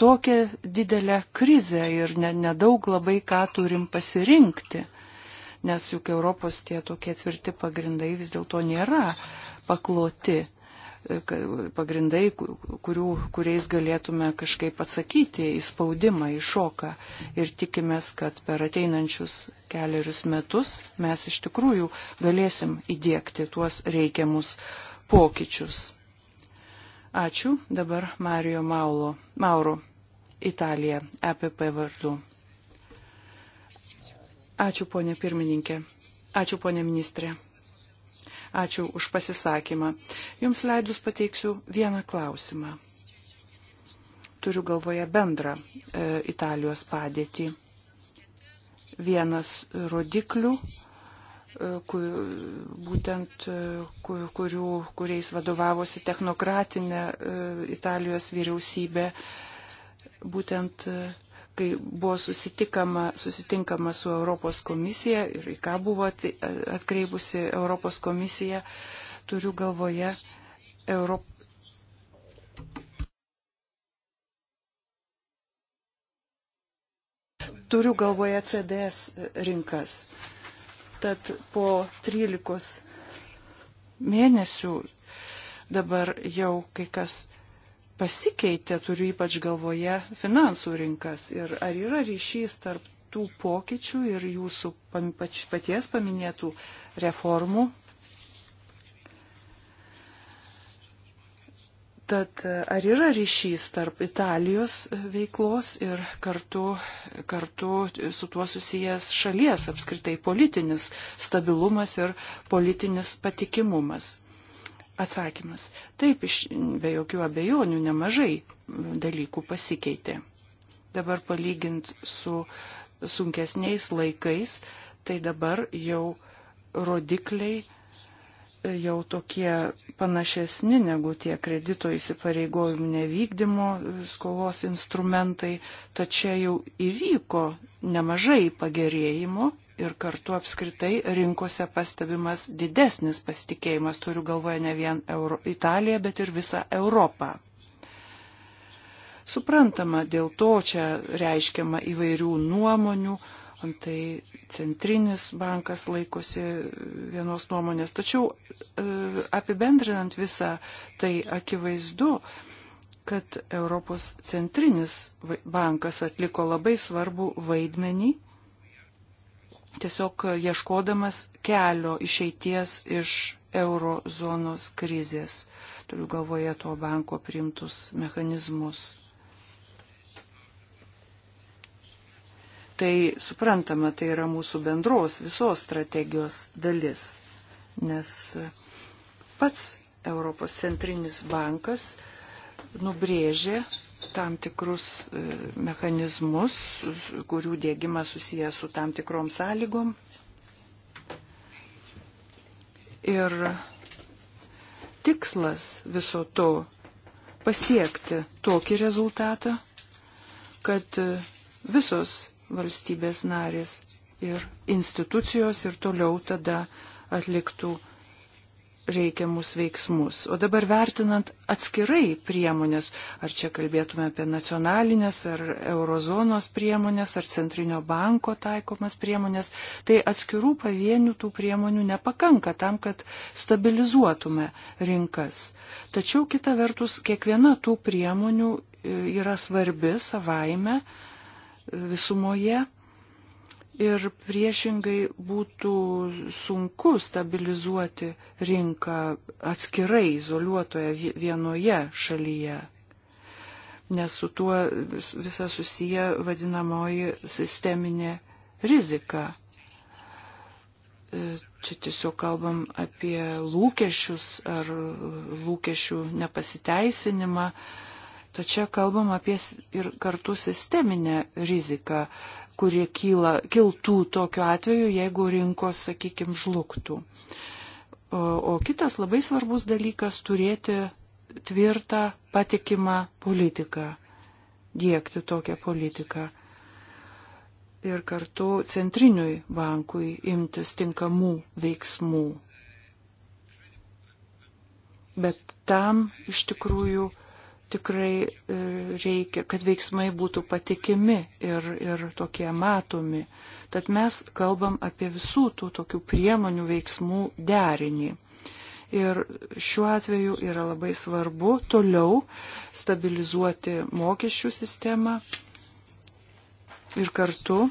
tokią didelę krizę ir nedaug ne labai ką turim pasirinkti, nes juk Europos tie tokie tvirti pagrindai vis dėlto nėra pakloti pagrindai, kurių, kuriais galėtume kažkaip atsakyti į spaudimą, į šoką. Ir tikimės, kad per ateinančius keliarius metus mes iš tikrųjų galėsim įdėkti tuos reikiamus pokyčius. Ačiū dabar Mario Maulo, Mauro, Italija, EPP vardu. Ačiū, ponė pirmininkė. Ačiū, ponė ministrė. Ačiū už pasisakymą. Jums leidus pateiksiu vieną klausimą. Turiu galvoje bendrą e, Italijos padėtį. Vienas rodiklių, e, kur, būtent e, kurių, kuriais vadovavosi technokratinė e, Italijos vyriausybė, būtent kai buvo susitinkama, susitinkama su Europos komisija ir į ką buvo atkreipusi Europos komisija, turiu galvoje Europ... Turiu galvoje CDS rinkas. Tad po 13 mėnesių dabar jau kai kas pasikeitė, turiu ypač galvoje finansų rinkas. Ir ar yra ryšys tarp tų pokyčių ir jūsų paties paminėtų reformų? Tad ar yra ryšys tarp Italijos veiklos ir kartu, kartu su tuo susijęs šalies apskritai politinis stabilumas ir politinis patikimumas? Atsakymas. Taip, iš, be jokių abejonių nemažai dalykų pasikeitė. Dabar palygint su sunkesniais laikais, tai dabar jau rodikliai e, jau tokie panašesni negu tie kredito įsipareigojimų nevykdymo e, skolos instrumentai, tačiau jau įvyko nemažai pagerėjimo ir kartu apskritai rinkose pastebimas didesnis pasitikėjimas, turiu galvoje ne vien Euro Italiją, bet ir visą Europą. Suprantama, dėl to čia reiškiama įvairių nuomonių, antai centrinis bankas laikosi vienos nuomonės. Tačiau e, apibendrinant visą tai akivaizdu, kad Europos centrinis bankas atliko labai svarbu vaidmenį tiesiog ieškodamas kelio išeities iš eurozonos krizės. Turiu galvoje to banko priimtus mechanizmus. Tai suprantama, tai yra mūsų bendros visos strategijos dalis, nes pats Europos centrinis bankas nubrėžė tam tikrus e, mechanizmus, kurių dėgymas susijęs su tam tikrom sąlygom. Ir tikslas viso to pasiekti tokį rezultatą, kad e, visos valstybės narės ir institucijos ir toliau tada atliktų reikiamus veiksmus. O dabar vertinant atskirai priemonės, ar čia kalbėtume apie nacionalinės, ar eurozonos priemonės, ar centrinio banko taikomas priemonės, tai atskirų pavienių tų priemonių nepakanka tam, kad stabilizuotume rinkas. Tačiau kita vertus, kiekviena tų priemonių e, yra svarbi savaime e, visumoje ir priešingai būtų sunku stabilizuoti rinką atskirai izoliuotoje vienoje šalyje, nes su tuo visa susiję vadinamoji sisteminė rizika. E, čia tiesiog kalbam apie lūkesčius ar lūkesčių nepasiteisinimą, tačiau kalbam apie ir kartu sisteminę riziką kurie kyla, kiltų tokiu atveju, jeigu rinkos, sakykime, žlugtų. O, o kitas labai svarbus dalykas - turėti tvirtą, patikimą politiką, dėkti tokią politiką ir kartu centriniui bankui imtis tinkamų veiksmų. Bet tam iš tikrųjų tikrai e, reikia, kad veiksmai būtų patikimi ir, ir tokie matomi. Tad mes kalbam apie visų tų tokių priemonių veiksmų derinį. Ir šiuo atveju yra labai svarbu toliau stabilizuoti mokesčių sistemą ir kartu,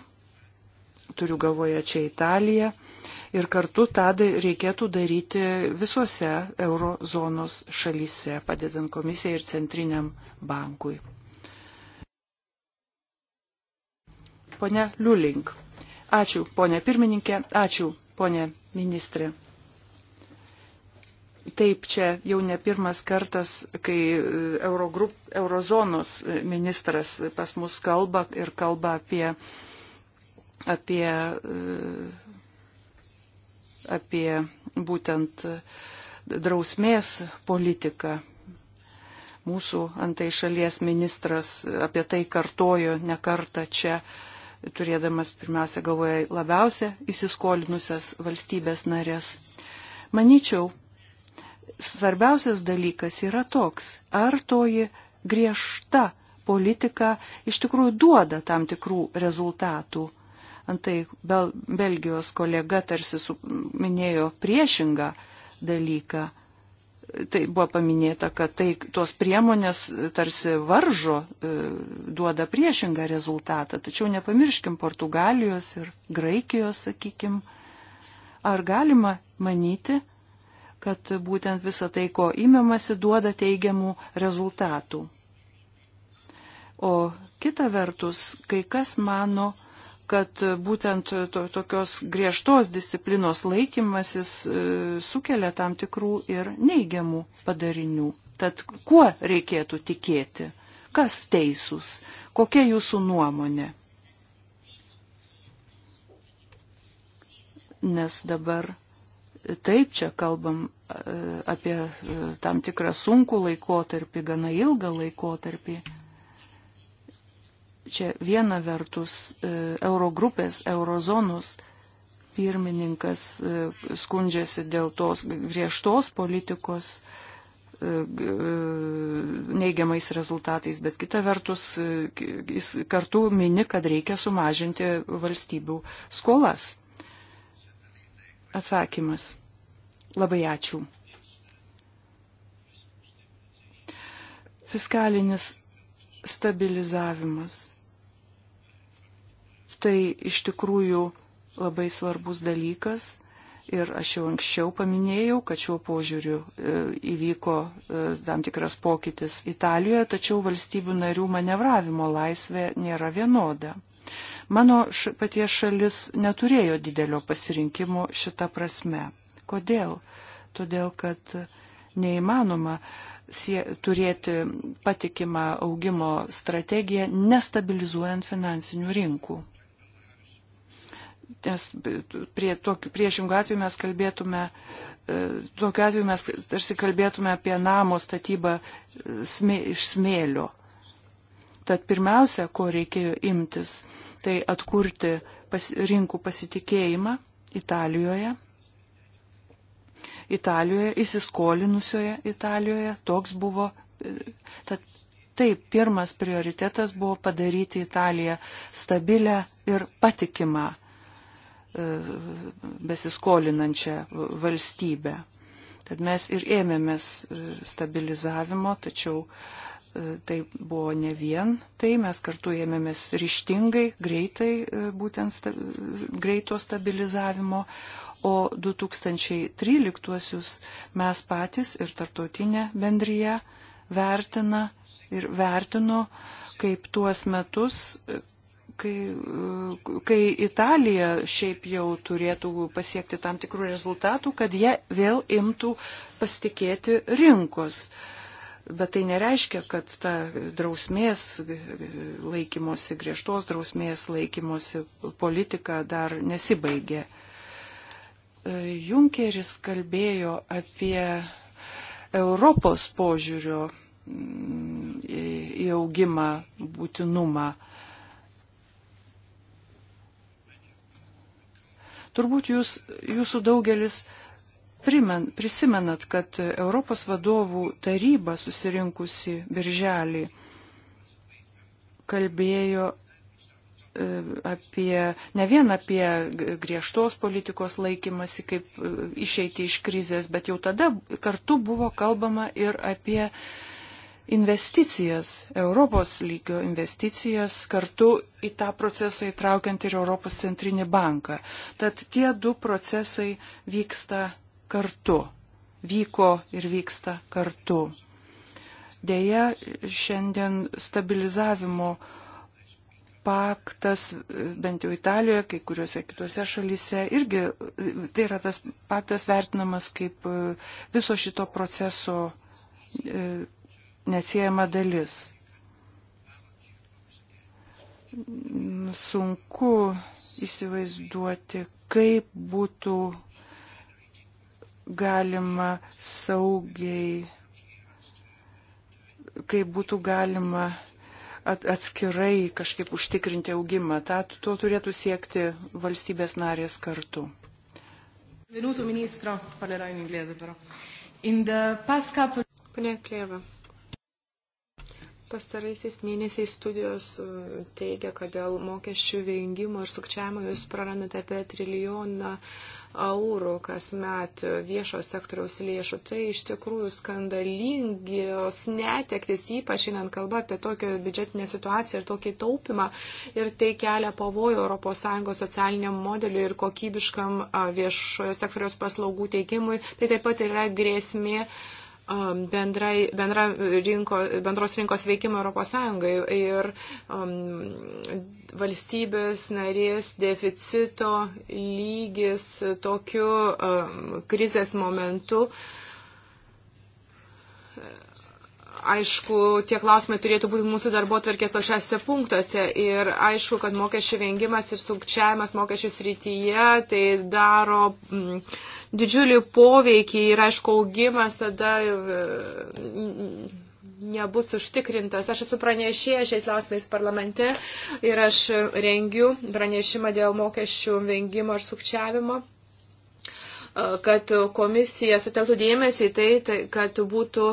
turiu galvoje čia Italiją, ir kartu tą reikėtų daryti visose eurozonos šalyse, padedant komisijai ir centriniam bankui. Pone Liulink. Ačiū, ponė pirmininkė, ačiū, ponė ministrė. Taip, čia jau ne pirmas kartas, kai e, Eurogrup, Eurozonos ministras pas mus kalba ir kalba apie, apie e, apie būtent drausmės politiką. Mūsų antai šalies ministras apie tai kartojo ne kartą čia, turėdamas pirmiausia galvoje labiausia įsiskolinusias valstybės narės. Maničiau, svarbiausias dalykas yra toks, ar toji griežta politika iš tikrųjų duoda tam tikrų rezultatų Antai Bel, Belgijos kolega tarsi su, minėjo priešingą dalyką. Tai buvo paminėta, kad tai, tos priemonės tarsi varžo, e, duoda priešingą rezultatą. Tačiau nepamirškim Portugalijos ir Graikijos, sakykim. Ar galima manyti, kad būtent visa tai, ko įmėmasi, duoda teigiamų rezultatų. O kita vertus, kai kas mano, kad būtent to, tokios griežtos disciplinos laikymasis e, sukelia tam tikrų ir neigiamų padarinių. Tad kuo reikėtų tikėti? Kas teisūs? Kokia jūsų nuomonė? Nes dabar taip čia kalbam e, apie e, tam tikrą sunkų laikotarpį, gana ilgą laikotarpį čia viena vertus e, Eurogrupės, Eurozonos pirmininkas e, skundžiasi dėl tos griežtos politikos e, neigiamais rezultatais, bet kita vertus jis kartu mini, kad reikia sumažinti valstybių skolas. Atsakymas. Labai ačiū. Fiskalinis stabilizavimas tai iš tikrųjų labai svarbus dalykas. Ir aš jau anksčiau paminėjau, kad šiuo požiūriu e, įvyko e, tam tikras pokytis Italijoje, tačiau valstybių narių manevravimo laisvė nėra vienoda. Mano paties šalis neturėjo didelio pasirinkimo šitą prasme. Kodėl? Todėl, kad neįmanoma sie, turėti patikimą augimo strategiją, nestabilizuojant finansinių rinkų nes prie tokių priešingų atveju mes kalbėtume, e, tokiu atveju mes tarsi kalbėtume apie namo statybą e, smė, iš smėlio. Tad pirmiausia, ko reikėjo imtis, tai atkurti pas, rinkų pasitikėjimą Italijoje. Italijoje, įsiskolinusioje Italijoje, toks buvo, e, tad taip, pirmas prioritetas buvo padaryti Italiją stabilę ir patikimą E, besiskolinančią valstybę. Tad mes ir ėmėmės e, stabilizavimo, tačiau e, tai buvo ne vien tai, mes kartu ėmėmės ryštingai, greitai, būtent sta, greito stabilizavimo, o 2013 mes patys ir tarptautinė bendryje vertina ir vertino, kaip tuos metus, kai, kai Italija šiaip jau turėtų pasiekti tam tikrų rezultatų, kad jie vėl imtų pasitikėti rinkos. Bet tai nereiškia, kad ta drausmės laikymosi, griežtos drausmės laikymosi politika dar nesibaigė. Junkeris kalbėjo apie Europos požiūrio mm, į augimą būtinumą. Turbūt jūs, jūsų daugelis primen, prisimenat, kad Europos vadovų taryba susirinkusi birželį kalbėjo e, apie, ne vien apie griežtos politikos laikymasi, kaip e, išeiti iš krizės, bet jau tada kartu buvo kalbama ir apie uh, investicijas, Europos lygio investicijas, kartu į tą procesą įtraukiant ir Europos centrinį banką. Tad tie du procesai vyksta kartu, vyko ir vyksta kartu. Deja, šiandien stabilizavimo paktas, bent jau Italijoje, kai kuriuose kitose šalyse, irgi tai yra tas paktas vertinamas kaip viso šito proceso e, neatsiejama dalis. Sunku įsivaizduoti, kaip būtų galima saugiai, kaip būtų galima at, atskirai kažkaip užtikrinti augimą. Ta, to turėtų siekti valstybės narės kartu. Venuto ministro, parlerò in inglese però. In the past couple... Pane Kleva, Pastaraisiais mėnesiais studijos e, teigia, kad dėl mokesčių vengimo ir sukčiavimo jūs prarandate apie trilijoną eurų kasmet viešo sektoriaus lėšų. Tai iš tikrųjų skandalingios netektis, ypač šiandien kalba apie tokią biudžetinę situaciją ir tokį taupimą. Ir tai kelia pavojų ES socialiniam modeliui ir kokybiškam viešojo sektoriaus paslaugų teikimui. Tai taip pat yra grėsmė. Uh, Um, bendrai, bendra rinko, bendros rinkos veikimą Europos Sąjungai ir um, valstybės narės deficito lygis tokiu um, krizės momentu. Aišku, tie klausimai turėtų būti mūsų darbo tvarkės aukščiausiuose punktuose ir aišku, kad mokesčių vengimas ir sukčiavimas mokesčių srityje tai daro. Mm, um, didžiulį poveikį ir, aišku, augimas tada e, nebus užtikrintas. Aš esu pranešėja šiais lausmais parlamente ir aš rengiu pranešimą dėl mokesčių vengimo ir sukčiavimo e, kad komisija suteltų dėmesį į tai, tai, kad būtų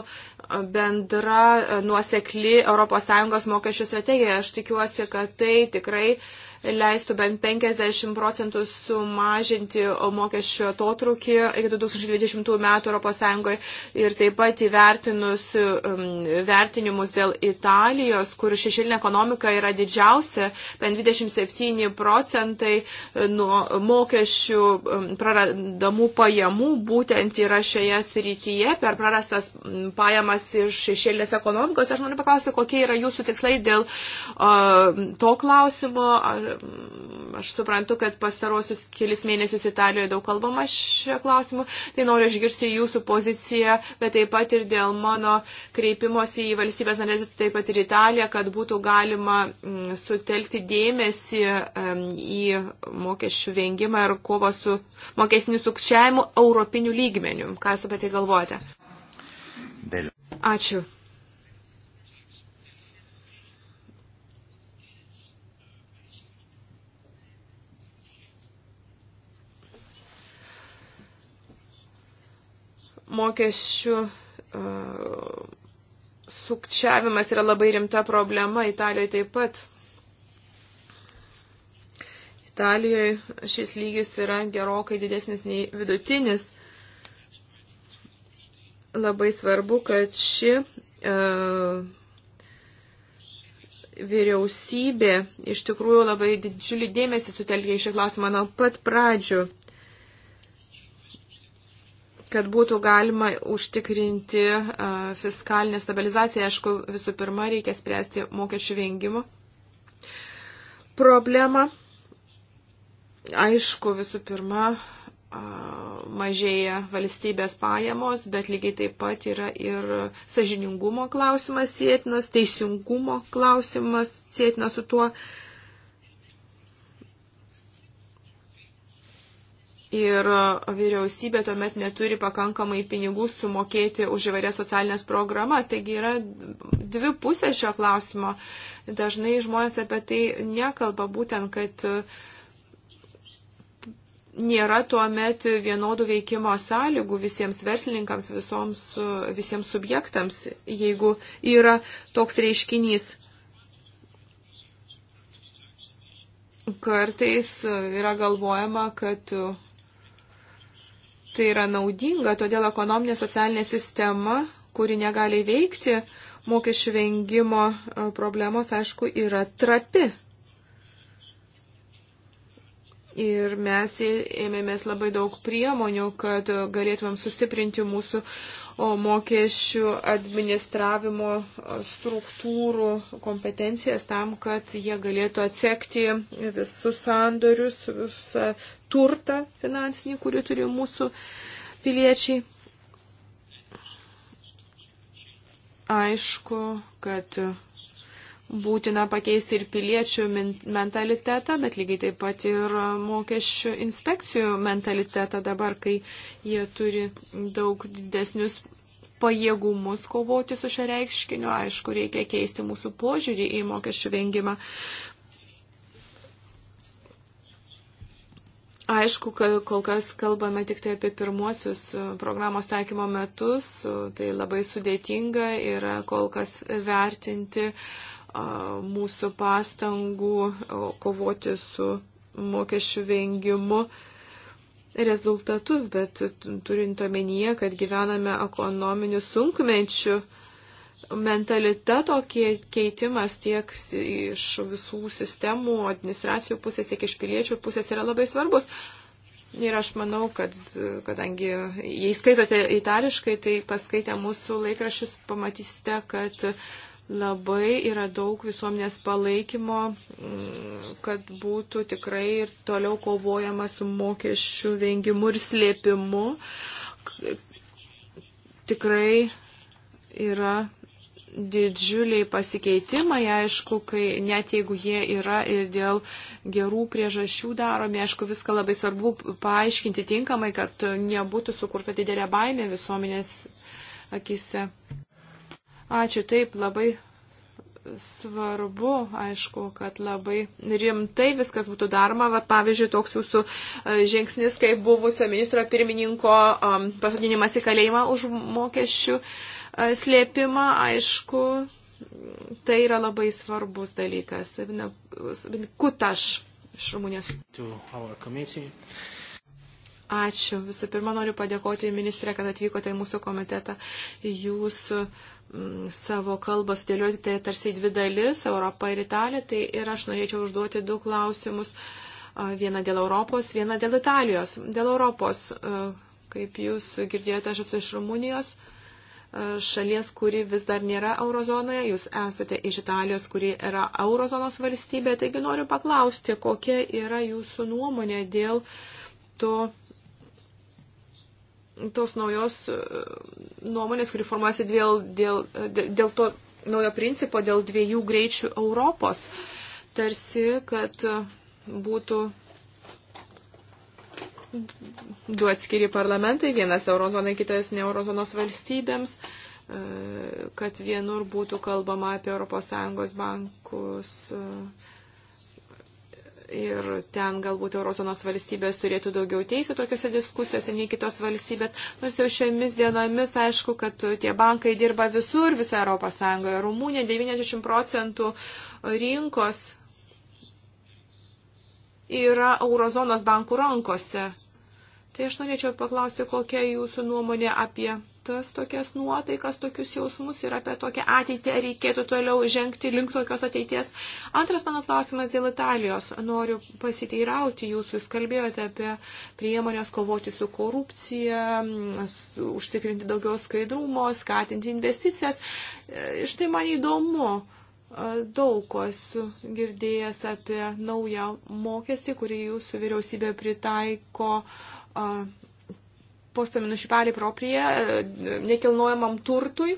bendra e, nuosekli ES mokesčių strategija. Aš tikiuosi, kad tai tikrai uh, leistų bent 50 procentų sumažinti mokesčio atotrukį iki 2020 metų ES ir taip pat įvertinus um, vertinimus dėl Italijos, kur šešilinė ekonomika yra didžiausia, bent 27 procentai nuo mokesčių um, praradamų pajamų būtent yra šioje srityje per prarastas um, pajamas iš šešėlės ekonomikos. Aš noriu paklausti, kokie yra jūsų tikslai dėl uh, to klausimo, ar, aš suprantu, kad pastarosius kelis mėnesius Italijoje daug kalbama šio klausimu, tai noriu išgirsti jūsų poziciją, bet taip pat ir dėl mano kreipimosi į valstybės narės, taip pat ir Italiją, kad būtų galima mm, sutelkti dėmesį į mokesčių vengimą ir kovą su mokesniu sukčiavimu europiniu lygmeniu. Ką jūs apie tai galvojate? Ačiū. mokesčių e, sukčiavimas yra labai rimta problema Italijoje taip pat. Italijoje šis lygis yra gerokai didesnis nei vidutinis. Labai svarbu, kad ši uh, vyriausybė iš tikrųjų labai didžiulį dėmesį sutelkė į šį klausimą nuo pat pradžių kad būtų galima užtikrinti fiskalinę stabilizaciją. Aišku, visų pirma, reikia spręsti mokesčių vengimo problemą. Aišku, visų pirma, mažėja valstybės pajamos, bet lygiai taip pat yra ir sažiningumo klausimas sėtinas, teisingumo klausimas sėtinas su tuo, ir vyriausybė tuomet neturi pakankamai pinigų sumokėti už įvairias socialinės programas. Taigi yra dvi pusės šio klausimo. Dažnai žmonės apie tai nekalba būtent, kad nėra tuomet vienodų veikimo sąlygų visiems verslininkams, visoms, visiems subjektams, jeigu yra toks reiškinys. Kartais yra galvojama, kad tai yra naudinga, todėl ekonominė socialinė sistema, kuri negali veikti mokesčių vengimo e, problemos, aišku, yra trapi. Ir mes ėmėmės labai daug priemonių, kad galėtumėm sustiprinti mūsų mokesčių administravimo e, struktūrų kompetencijas tam, kad jie galėtų atsekti visus sandorius, visą turtą finansinį, kurį turi mūsų piliečiai. Aišku, kad būtina pakeisti ir piliečių mentalitetą, bet lygiai taip pat ir mokesčių inspekcijų mentalitetą dabar, kai jie turi daug didesnius pajėgumus kovoti su šia reiškiniu. Aišku, reikia keisti mūsų požiūrį į mokesčių vengimą. Aišku, kol kas kalbame tik tai apie pirmuosius e, programos taikymo metus, e, tai labai sudėtinga yra kol kas vertinti e, mūsų pastangų kovoti su mokesčių vengimu rezultatus, bet turint omenyje, kad gyvename ekonominių sunkmečių, mentaliteto keitimas tiek iš visų sistemų, administracijų pusės, tiek iš piliečių pusės yra labai svarbus. Ir aš manau, kad kadangi jei skaitote itališkai, tai paskaitę mūsų laikrašius pamatysite, kad labai yra daug visuomenės palaikymo, mm, kad būtų tikrai ir toliau kovojama su mokesčių vengimu ir slėpimu. Tikrai yra didžiuliai pasikeitimai, aišku, kai net jeigu jie yra ir dėl gerų priežasčių daromi, aišku, viską labai svarbu paaiškinti tinkamai, kad nebūtų sukurta didelė baimė visuomenės akise. Ačiū, taip, labai svarbu, aišku, kad labai rimtai viskas būtų daroma. Vat, pavyzdžiui, toks jūsų e, žingsnis, kaip buvusio ministro pirmininko um, pasodinimas į kalėjimą už mokesčių slėpimą, aišku, tai yra labai svarbus dalykas. Kutaš iš Rumunijos. Ačiū. Visų pirma, noriu padėkoti ministrė, kad atvykote į mūsų komitetą. Jūsų m, mm, savo kalbą sudėlioti tai tarsi dvi dalis - Europą ir Italiją. Tai ir aš norėčiau užduoti du klausimus. Vieną dėl Europos, vieną dėl Italijos. Dėl Europos, kaip jūs girdėjote, aš esu iš Rumunijos šalies, kuri vis dar nėra eurozonoje, jūs esate iš Italijos, kuri yra eurozonos valstybė, taigi noriu paklausti, kokia yra jūsų nuomonė dėl to, tos naujos e, nuomonės, kuri formuosi dėl, dėl, dėl to naujo principo, dėl dviejų greičių Europos. Tarsi, kad būtų du atskiri parlamentai, vienas eurozonai, kitas ne eurozonos valstybėms, e, kad vienur būtų kalbama apie ES bankus e, ir ten galbūt eurozonos valstybės turėtų daugiau teisų tokiuose diskusijose nei kitos valstybės. Nors jau šiomis dienomis aišku, kad tie bankai dirba visur, visoje Europos Sąjungoje. Rumunija 90 procentų rinkos yra eurozonos bankų rankose. Tai aš norėčiau paklausti, kokia jūsų nuomonė apie tas tokias nuotaikas, tokius jausmus ir apie tokią ateitį, ar reikėtų toliau žengti link tokios ateities. Antras mano klausimas dėl Italijos. Noriu pasiteirauti jūsų, jūs kalbėjote apie priemonės kovoti su korupcija, užtikrinti daugiau skaidrumo, skatinti investicijas. E, štai man įdomu e, daug ko esu girdėjęs apie naują mokestį, kurį jūsų vyriausybė pritaiko uh, postami nušipelį proprie nekilnojamam turtui.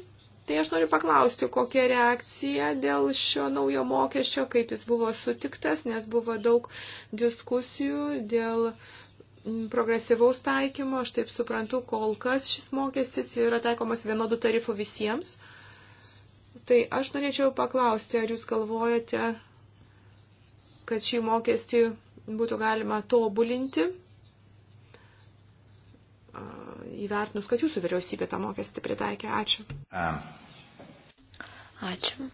Tai aš noriu paklausti, kokia reakcija dėl šio naujo mokesčio, kaip jis buvo sutiktas, nes buvo daug diskusijų dėl progresyvaus taikymo. Aš taip suprantu, kol kas šis mokestis yra taikomas vienodu tarifu visiems. Tai aš norėčiau paklausti, ar jūs galvojate, kad šį mokestį būtų galima tobulinti įvertinus, kad jūsų vyriausybė tą mokestį pritaikė. Ačiū. Ačiū.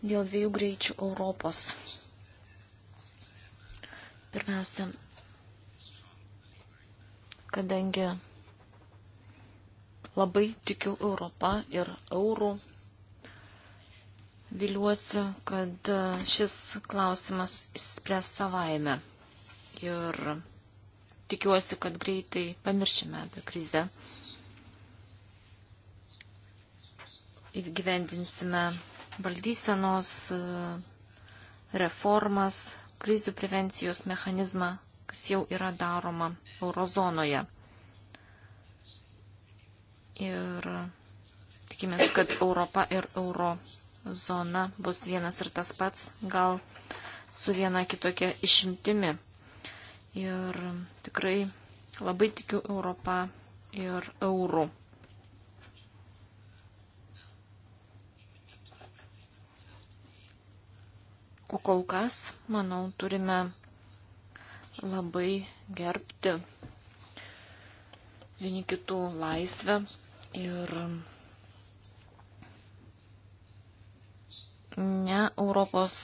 Dėl dviejų greičių Europos. Pirmiausia, kadangi labai tikiu Europą ir eurų, viliuosi, kad šis klausimas išspręs savaime ir tikiuosi, kad greitai pamiršime apie krizę. Įgyvendinsime valdysenos e, reformas, krizių prevencijos mechanizmą, kas jau yra daroma eurozonoje. Ir tikimės, kad Europa ir eurozona bus vienas ir tas pats, gal su viena kitokia išimtimi ir tikrai labai tikiu Europą ir eurų. O kol kas, manau, turime labai gerbti vieni kitų laisvę ir ne Europos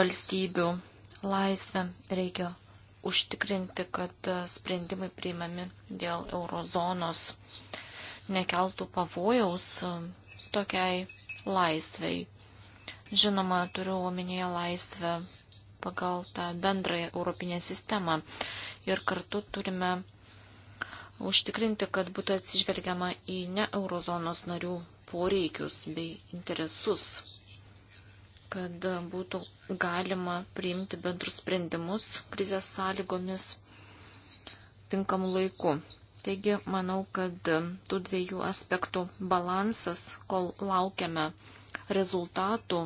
valstybių laisvę. Reikia užtikrinti, kad sprendimai priimami dėl eurozonos nekeltų pavojaus tokiai laisvei. Žinoma, turiu omenyje laisvę pagal tą bendrąją europinę sistemą. Ir kartu turime užtikrinti, kad būtų atsižvelgiama į ne eurozonos narių poreikius bei interesus kad būtų galima priimti bendrus sprendimus krizės sąlygomis tinkamu laiku. Taigi, manau, kad tų dviejų aspektų balansas, kol laukiame rezultatų,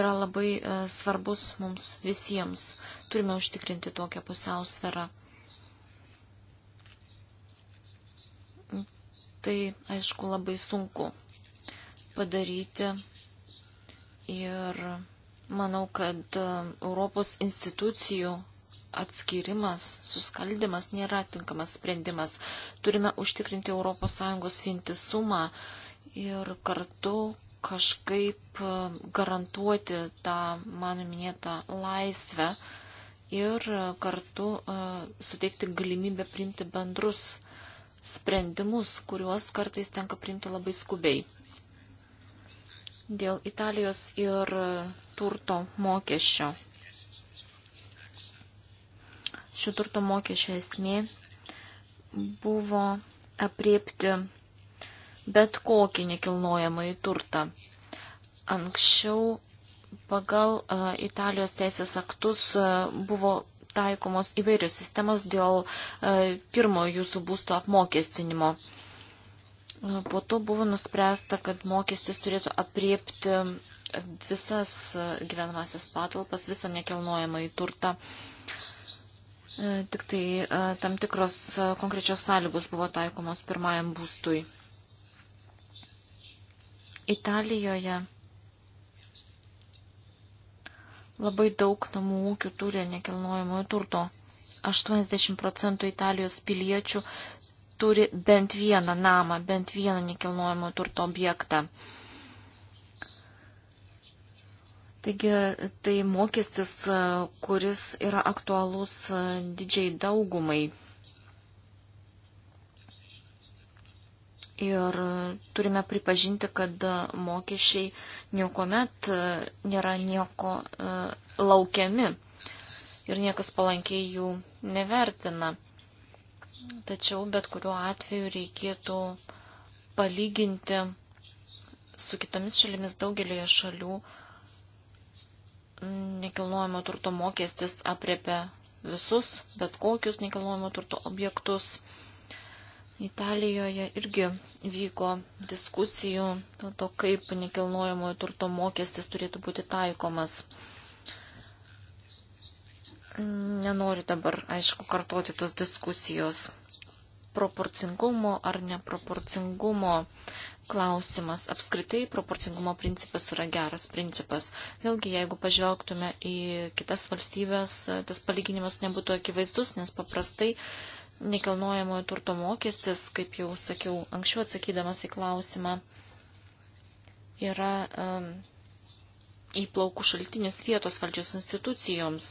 yra labai e, svarbus mums visiems. Turime užtikrinti tokią pusiausverą. Tai, aišku, labai sunku padaryti. Ir manau, kad e, Europos institucijų atskirimas, suskaldimas nėra tinkamas sprendimas. Turime užtikrinti ES vientisumą ir kartu kažkaip e, garantuoti tą mano minėtą laisvę ir e, kartu suteikti galimybę priimti bendrus sprendimus, kuriuos kartais tenka priimti labai skubiai dėl Italijos ir turto mokesčio. Šio turto mokesčio esmė buvo apriepti bet kokį nekilnojamą į turtą. Anksčiau pagal Italijos teisės aktus buvo taikomos įvairios sistemos dėl pirmo jūsų būsto apmokestinimo. Po to buvo nuspręsta, kad mokestis turėtų apriepti visas gyvenamasias patalpas, visą nekelnojamą į turtą. E, tik tai e, tam tikros e, konkrečios sąlygos buvo taikomos pirmajam būstui. Italijoje labai daug namų ūkių turi nekilnojamojo turto. 80 procentų Italijos piliečių turi bent vieną namą, bent vieną nekilnojamo turto objektą. Taigi tai mokestis, kuris yra aktualus didžiai daugumai. Ir turime pripažinti, kad mokesčiai niekuomet e, nėra nieko e, laukiami ir niekas palankiai jų nevertina. Tačiau bet kuriuo atveju reikėtų palyginti su kitomis šalimis daugelioje šalių nekilnojamo turto mokestis apriepia visus, bet kokius nekilnojamo turto objektus. Italijoje irgi vyko diskusijų dėl to, kaip nekilnojamojo turto mokestis turėtų būti taikomas. Nenoriu dabar, aišku, kartoti tos diskusijos proporcingumo ar neproporcingumo klausimas. Apskritai, proporcingumo principas yra geras principas. Vėlgi, jeigu pažvelgtume į kitas valstybės, tas palyginimas nebūtų akivaizdus, nes paprastai nekilnojamojo turto mokestis, kaip jau sakiau anksčiau atsakydamas į klausimą, yra um, įplaukų šaltinis vietos valdžios institucijoms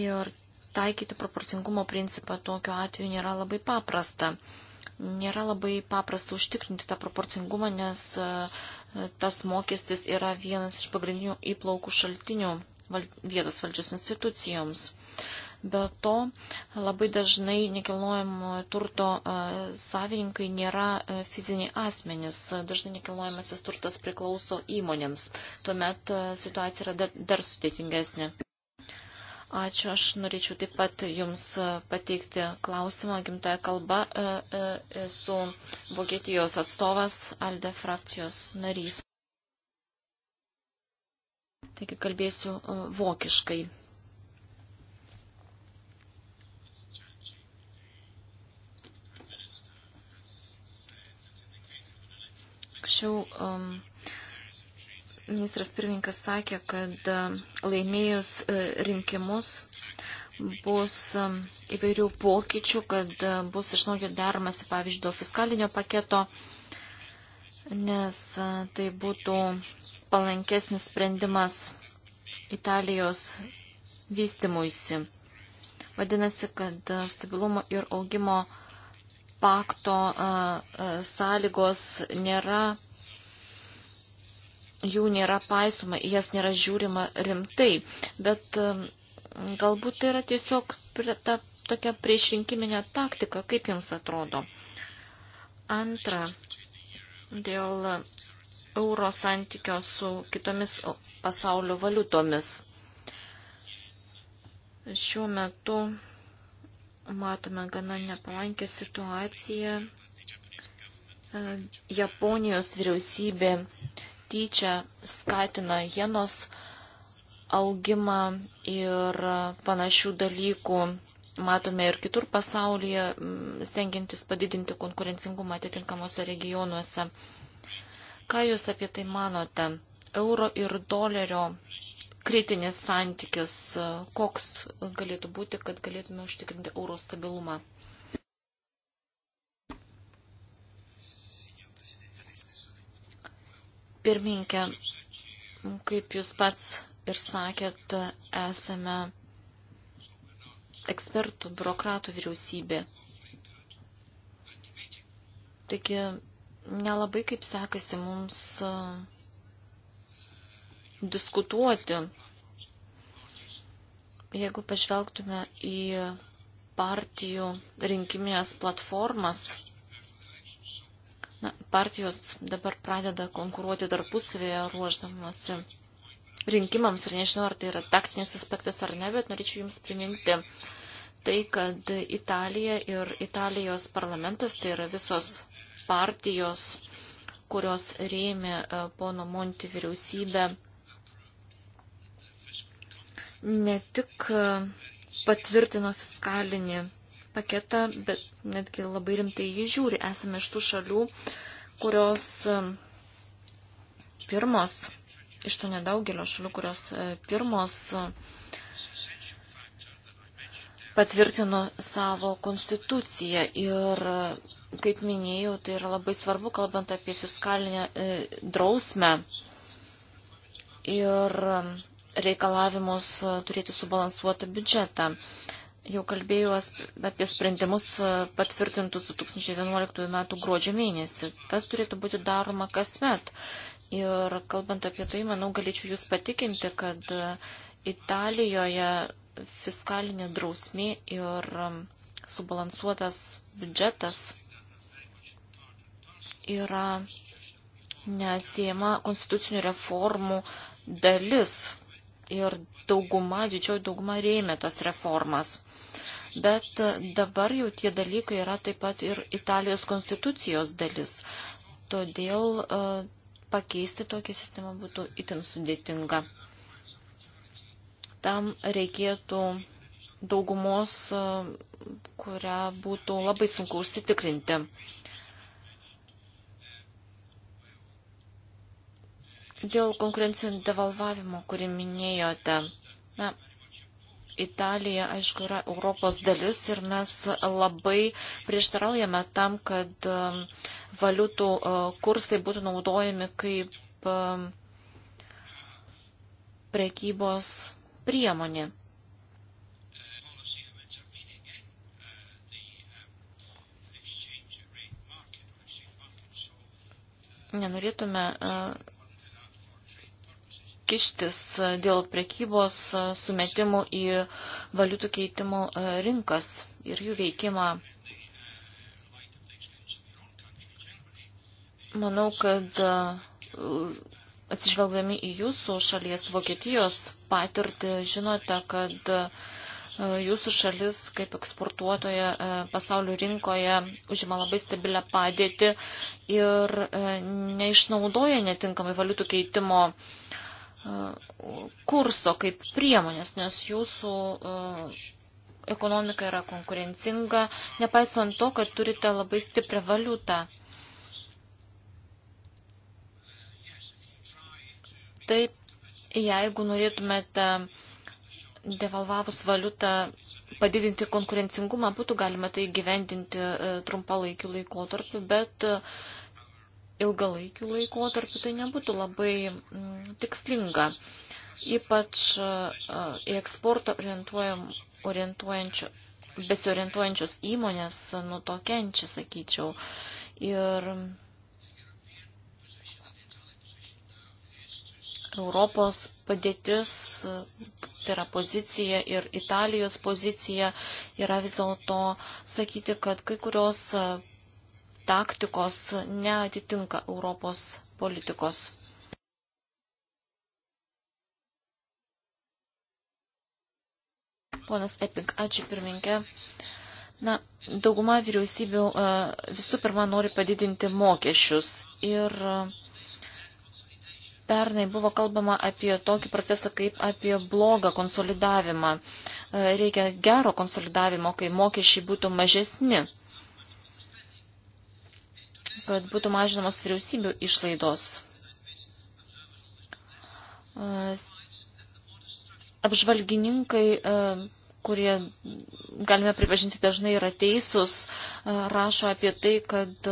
Ir taikyti proporcingumo principą tokiu atveju nėra labai paprasta. Nėra labai paprasta užtikrinti tą proporcingumą, nes e, tas mokestis yra vienas iš pagrindinių įplaukų šaltinių vietos valdžios institucijoms. Be to, labai dažnai nekilnojamo turto e, savininkai nėra e, fiziniai asmenys. Dažnai nekilnojamasis turtas priklauso įmonėms. Tuomet situacija yra dar, dar sudėtingesnė. Ačiū, aš norėčiau taip pat Jums e, pateikti klausimą gimtoje kalba. E, e, esu Vokietijos atstovas, Alde frakcijos narys. Taigi kalbėsiu vokiškai. Anksčiau um, Ministras pirmininkas sakė, kad e, laimėjus e, rinkimus bus e, įvairių pokyčių, kad bus iš naujo dermasi, pavyzdžiui, dėl fiskalinio paketo, nes tai būtų palankesnis sprendimas Italijos vystimuisi. Vadinasi, kad stabilumo ir augimo pakto sąlygos nėra jų nėra paisoma, jas nėra žiūrima rimtai, bet galbūt tai yra tiesiog ta tokia priešrinkiminė taktika, kaip jums atrodo. Antra, dėl euro santykio su kitomis pasaulio valiutomis. Šiuo metu matome gana nepalankę situaciją. Japonijos vyriausybė tyčia skatina jenos augimą ir panašių dalykų. Matome ir kitur pasaulyje, mm, stengiantis padidinti konkurencingumą atitinkamuose regionuose. Ką Jūs apie tai manote? Euro ir dolerio kritinis santykis, koks galėtų būti, kad galėtume užtikrinti euro stabilumą? Pirminkė, kaip jūs pats ir sakėt, esame ekspertų, biurokratų vyriausybė. Taigi nelabai kaip sekasi mums e, diskutuoti. Jeigu pažvelgtume į partijų rinkiminės platformas, Na, partijos dabar pradeda konkuruoti tarpusavėje ruoždamosi rinkimams ir nežinau, ar tai yra taktinis aspektas ar ne, bet norėčiau Jums priminti tai, kad Italija ir Italijos parlamentas, tai yra visos partijos, kurios rėmė e, pono Monti vyriausybę, ne tik e, patvirtino fiskalinį paketą, bet netgi labai rimtai jį žiūri. Esame iš tų šalių, kurios e, pirmos, iš to nedaugelio šalių, kurios e, pirmos e, patvirtino savo konstituciją ir kaip minėjau, tai yra labai svarbu, kalbant apie fiskalinę e, drausmę ir reikalavimus turėti subalansuotą biudžetą. E, jau kalbėjau apie sprendimus e, patvirtintus 2011 m. gruodžio mėnesį. Tas turėtų būti daroma kasmet. Ir kalbant apie tai, manau, galėčiau Jūs patikinti, kad e, Italijoje fiskalinė drausmė ir e, subalansuotas biudžetas yra neatsiema konstitucinių reformų dalis ir dauguma, didžioji dauguma rėmė tas reformas bet dabar jau tie dalykai yra taip pat ir Italijos konstitucijos dalis. Todėl e, pakeisti tokią sistemą būtų itin sudėtinga. Tam reikėtų daugumos, e, kurią būtų labai sunku užsitikrinti. Dėl konkurencijų devalvavimo, kurį minėjote, na, Italija, aišku, yra Europos dalis ir mes labai prieštaraujame tam, kad um, valiutų uh, kursai būtų naudojami kaip um, prekybos priemonė. Nenorėtume uh, kištis e, dėl prekybos e, sumetimų į valiutų keitimo e, rinkas ir jų veikimą. Manau, kad atsižvelgdami į jūsų šalies Vokietijos patirtį, žinote, kad jūsų šalis kaip eksportuotoja pasaulio rinkoje užima labai stabilę padėtį ir neišnaudoja netinkamai valiutų keitimo uh, E, kurso kaip priemonės, nes jūsų e, ekonomika yra konkurencinga, nepaisant to, kad turite labai stiprią valiutą. Taip, jeigu norėtumėte devalvavus valiutą padidinti konkurencingumą, būtų galima tai gyvendinti e, trumpalaikiu laikotarpiu, bet uh, ilgalaikių laikotarpių, tai nebūtų labai mm, tikslinga. Ypač e, į eksportą orientuojančių, besiorientuojančios įmonės e, nuo to kenčia, sakyčiau. Ir Europos padėtis, tai yra pozicija ir Italijos pozicija yra vis dėlto sakyti, kad kai kurios e, taktikos neatitinka Europos politikos. Ponas Epink, ačiū pirminkė. Na, dauguma vyriausybių e, visų pirma nori padidinti mokesčius ir e, pernai buvo kalbama apie tokį procesą kaip apie blogą konsolidavimą. E, reikia gero konsolidavimo, kai mokesčiai būtų mažesni kad būtų mažinamos vyriausybių išlaidos. E, apžvalgininkai, e, kurie galime pripažinti dažnai yra teisūs, e, rašo apie tai, kad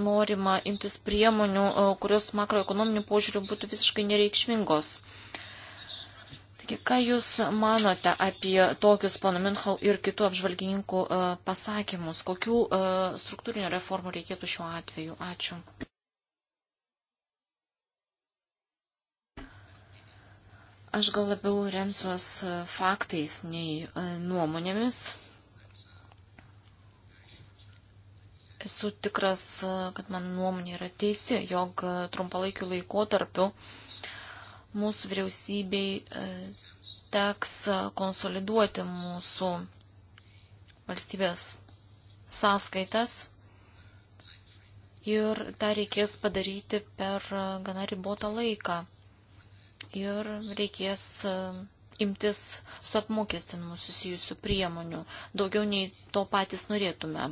norima imtis priemonių, kurios makroekonominių požiūrių būtų visiškai nereikšmingos. Ką Jūs manote apie tokius pono Minchal ir kitų apžvalgininkų e, pasakymus? Kokių e, struktūrinio reformų reikėtų šiuo atveju? Ačiū. Aš gal labiau remsiuos e, faktais nei nuomonėmis. Esu tikras, kad mano nuomonė yra teisi, jog trumpalaikiu laikotarpiu tarpiu mūsų vyriausybei e, teks e, konsoliduoti mūsų valstybės sąskaitas ir tą reikės padaryti per e, gana ribotą laiką ir reikės imtis su apmokestinimu susijusių priemonių, daugiau nei to patys norėtume.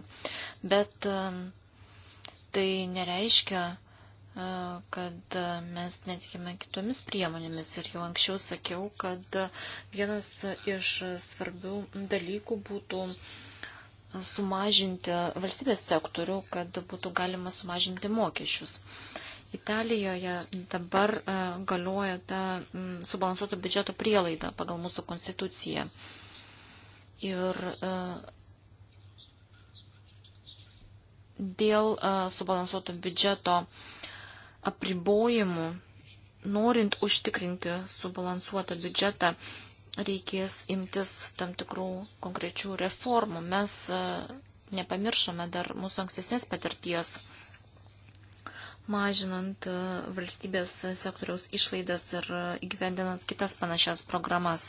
Bet tai nereiškia, kad mes netikime kitomis priemonėmis. Ir jau anksčiau sakiau, kad vienas iš svarbių dalykų būtų sumažinti valstybės sektorių, kad būtų galima sumažinti mokesčius. Italijoje dabar galioja ta subalansuoto biudžeto prielaida pagal mūsų konstituciją. Ir dėl subalansuoto biudžeto uh, apribojimų, norint užtikrinti subalansuotą biudžetą, reikės imtis tam tikrų konkrečių reformų. Mes e, nepamiršome dar mūsų ankstesnės patirties, mažinant e, valstybės sektoriaus išlaidas ir e, įgyvendinant kitas panašias programas.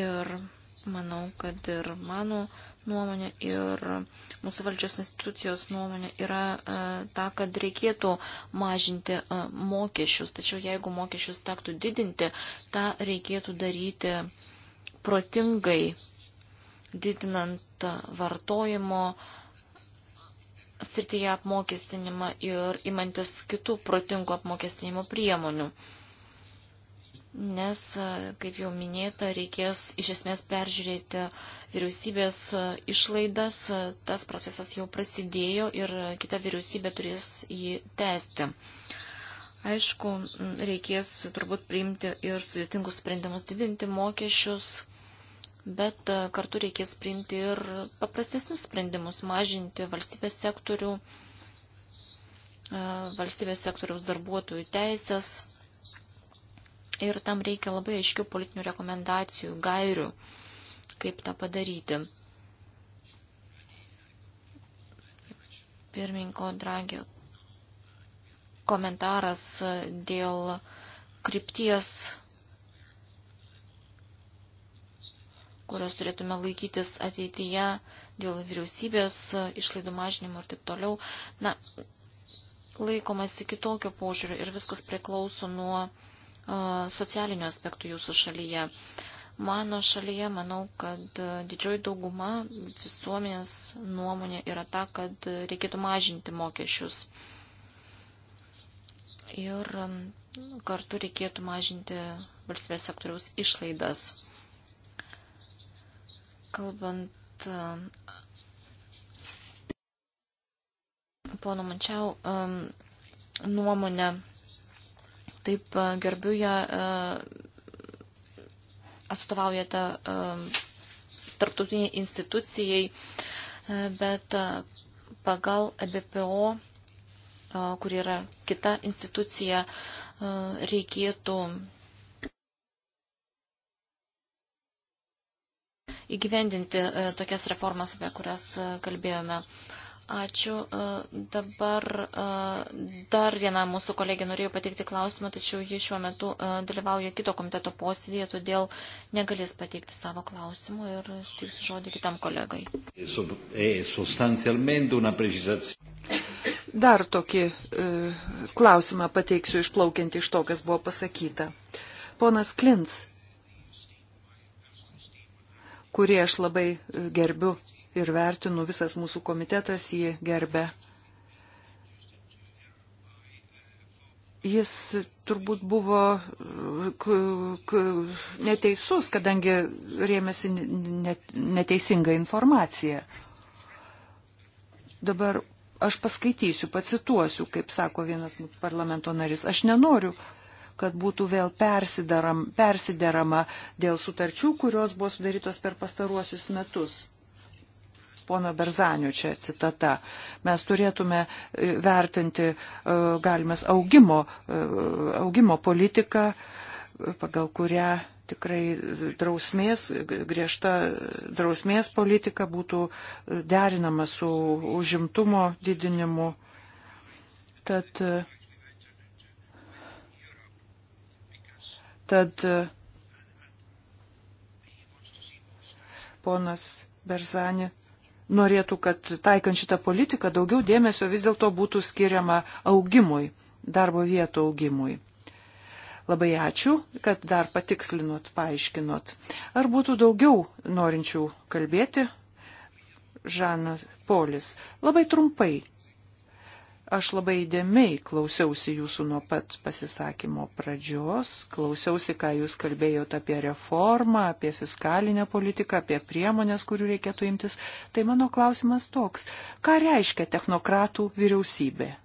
Ir Manau, kad ir mano nuomonė, ir mūsų valdžios institucijos nuomonė yra e, ta, kad reikėtų mažinti e, mokesčius. Tačiau jeigu mokesčius tektų didinti, tą reikėtų daryti protingai, didinant vartojimo srityje apmokestinimą ir imantis kitų protingų apmokestinimo priemonių. E, nes, e, kaip jau minėta, reikės iš esmės peržiūrėti vyriausybės e, išlaidas. E, tas procesas jau prasidėjo ir kita vyriausybė turės jį tęsti. Aišku, reikės turbūt priimti ir sudėtingus sprendimus didinti mokesčius, bet kartu reikės priimti ir paprastesnius sprendimus, mažinti valstybės sektorių, valstybės sektoriaus darbuotojų teisės Ir tam reikia labai aiškių politinių rekomendacijų, gairių, kaip tą padaryti. Pirminko Dragė komentaras dėl krypties, kurios turėtume laikytis ateityje, dėl vyriausybės išlaidų mažinimo ir taip toliau. Na, laikomasi kitokio požiūrio ir viskas priklauso nuo socialinių aspektų jūsų šalyje. Mano šalyje manau, kad didžioji dauguma visuomenės nuomonė yra ta, kad reikėtų mažinti mokesčius. Ir kartu reikėtų mažinti valstybės sektoriaus išlaidas. Kalbant pono Mančiau nuomonę Taip, e, gerbiu ją, e, atstovaujate e, tarptautiniai institucijai, bet pagal EBPO, kur yra kita institucija, reikėtų įgyvendinti tokias reformas, apie kurias kalbėjome. Uh, Ačiū. E, dabar e, dar viena mūsų kolegė norėjo pateikti klausimą, tačiau ji šiuo metu e, dalyvauja kito komiteto posėdėje, todėl negalės pateikti savo klausimų ir steiksiu žodį kitam kolegai. Dar tokį klausimą pateiksiu išplaukiant iš to, kas buvo pasakyta. Ponas Klins kurį aš labai gerbiu ir vertinu, visas mūsų komitetas jį gerbė. Jis turbūt buvo uh, neteisus, kadangi rėmėsi neteisinga informacija. Dabar aš paskaitysiu, pacituosiu, kaip sako vienas parlamento narys. Aš nenoriu kad būtų vėl persiderama dėl sutarčių, kurios buvo sudarytos per pastaruosius metus pono Berzanio čia citata. Mes turėtume e, vertinti e, galimas augimo, e, augimo politiką, pagal kurią tikrai drausmės, griežta drausmės politika būtų derinama su užimtumo didinimu. Tad, tad ponas Berzani norėtų, kad taikant šitą politiką daugiau dėmesio vis dėlto būtų skiriama augimui, darbo vietų augimui. Labai ačiū, kad dar patikslinot, paaiškinot. Ar būtų daugiau norinčių kalbėti? Žanas Polis. Labai trumpai. Aš labai įdėmiai klausiausi jūsų nuo pat pasisakymo pradžios, klausiausi, ką jūs kalbėjote apie reformą, apie fiskalinę politiką, apie priemonės, kurių reikėtų imtis. Tai mano klausimas toks, ką reiškia technokratų vyriausybė?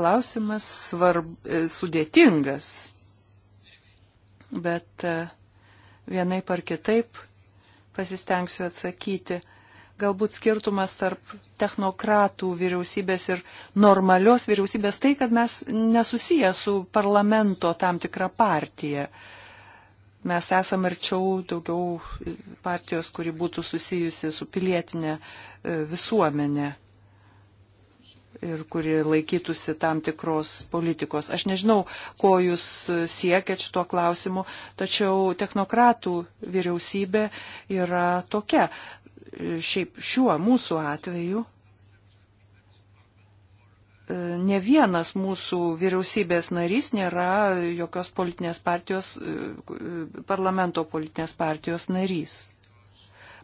Klausimas svarb, e, sudėtingas, bet e, vienaip ar kitaip pasistengsiu atsakyti. Galbūt skirtumas tarp technokratų vyriausybės ir normalios vyriausybės tai, kad mes nesusiję su parlamento tam tikra partija. Mes esame arčiau daugiau partijos, kuri būtų susijusi su pilietinė e, visuomenė ir kuri laikytųsi tam tikros politikos. Aš nežinau, ko jūs siekiat šituo klausimu, tačiau technokratų vyriausybė yra tokia. Šiaip šiuo mūsų atveju e, ne vienas mūsų vyriausybės narys nėra jokios politinės partijos, e, parlamento politinės partijos narys.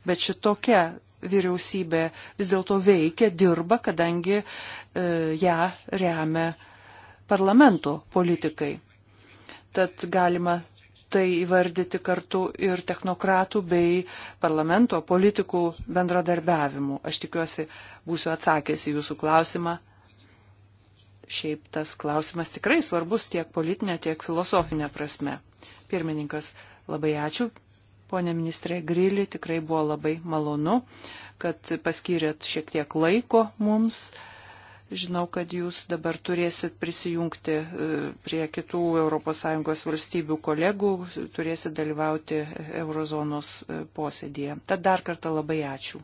Bet šitokia vyriausybė vis dėlto veikia, dirba, kadangi e, ją remia parlamento politikai. Tad galima tai įvardyti kartu ir technokratų bei parlamento politikų bendradarbiavimu. Aš tikiuosi, būsiu atsakęs į jūsų klausimą. Šiaip tas klausimas tikrai svarbus tiek politinė, tiek filosofinė prasme. Pirmininkas, labai ačiū. Pone ministrė Grilį, tikrai buvo labai malonu, kad paskyrėt šiek tiek laiko mums. Žinau, kad jūs dabar turėsit prisijungti e, prie kitų ES valstybių kolegų, turėsit dalyvauti Eurozonos e, posėdėje. Tad dar kartą labai ačiū.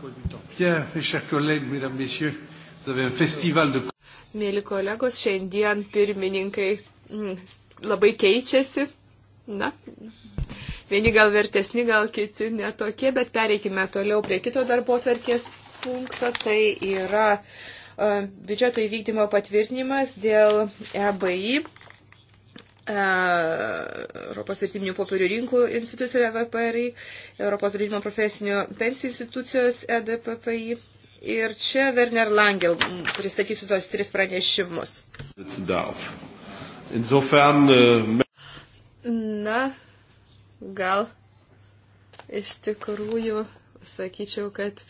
cause du temps. Bien, mes chers collègues, mesdames, messieurs, vous avez un festival de. Mėly kolegos, šiandien pirmininkai mm, labai keičiasi. Na, vieni gal vertesni, gal kiti netokie, bet pereikime toliau prie kito darbo atverkės punkto. Tai yra uh, biudžeto įvykdymo patvirtinimas dėl EBI E, Europos vertybinių popierių rinkų institucijų EVPRI, Europos draudimo profesinių pensijų institucijos EDPPI. Ir čia Werner Langel pristatysiu tos tris pranešimus. E, Na, gal iš tikrųjų sakyčiau, kad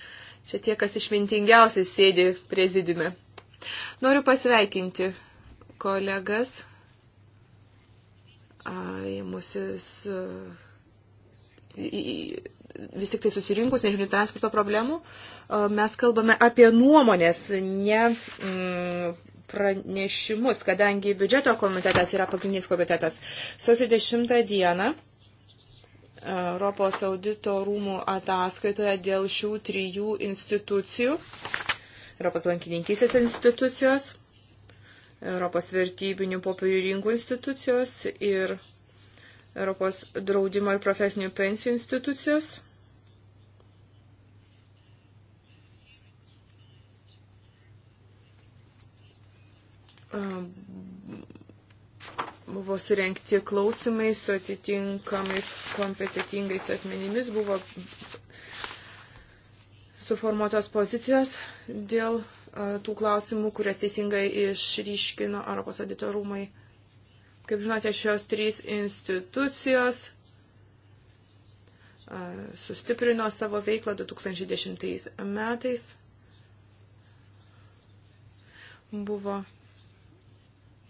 čia tie, kas išmintingiausiai sėdi prezidime. Noriu pasveikinti kolegas ėmusis e, vis tik tai susirinkus, nežiūrint transporto problemų, e, mes kalbame apie nuomonės, ne mm, pranešimus, kadangi biudžeto komitetas yra pagrindinis komitetas. Sausio 10 dieną e, Europos audito rūmų ataskaitoje dėl šių trijų institucijų, Europos bankininkysės institucijos, Europos vertybinių popierių rinkų institucijos ir Europos draudimo ir profesinių pensijų institucijos. Buvo surenkti klausimai su atitinkamais kompetitingais asmenimis, buvo suformuotos pozicijos dėl tų klausimų, kurias teisingai išryškino Europos auditorumai. Kaip žinote, šios trys institucijos sustiprino savo veiklą 2010 metais. Buvo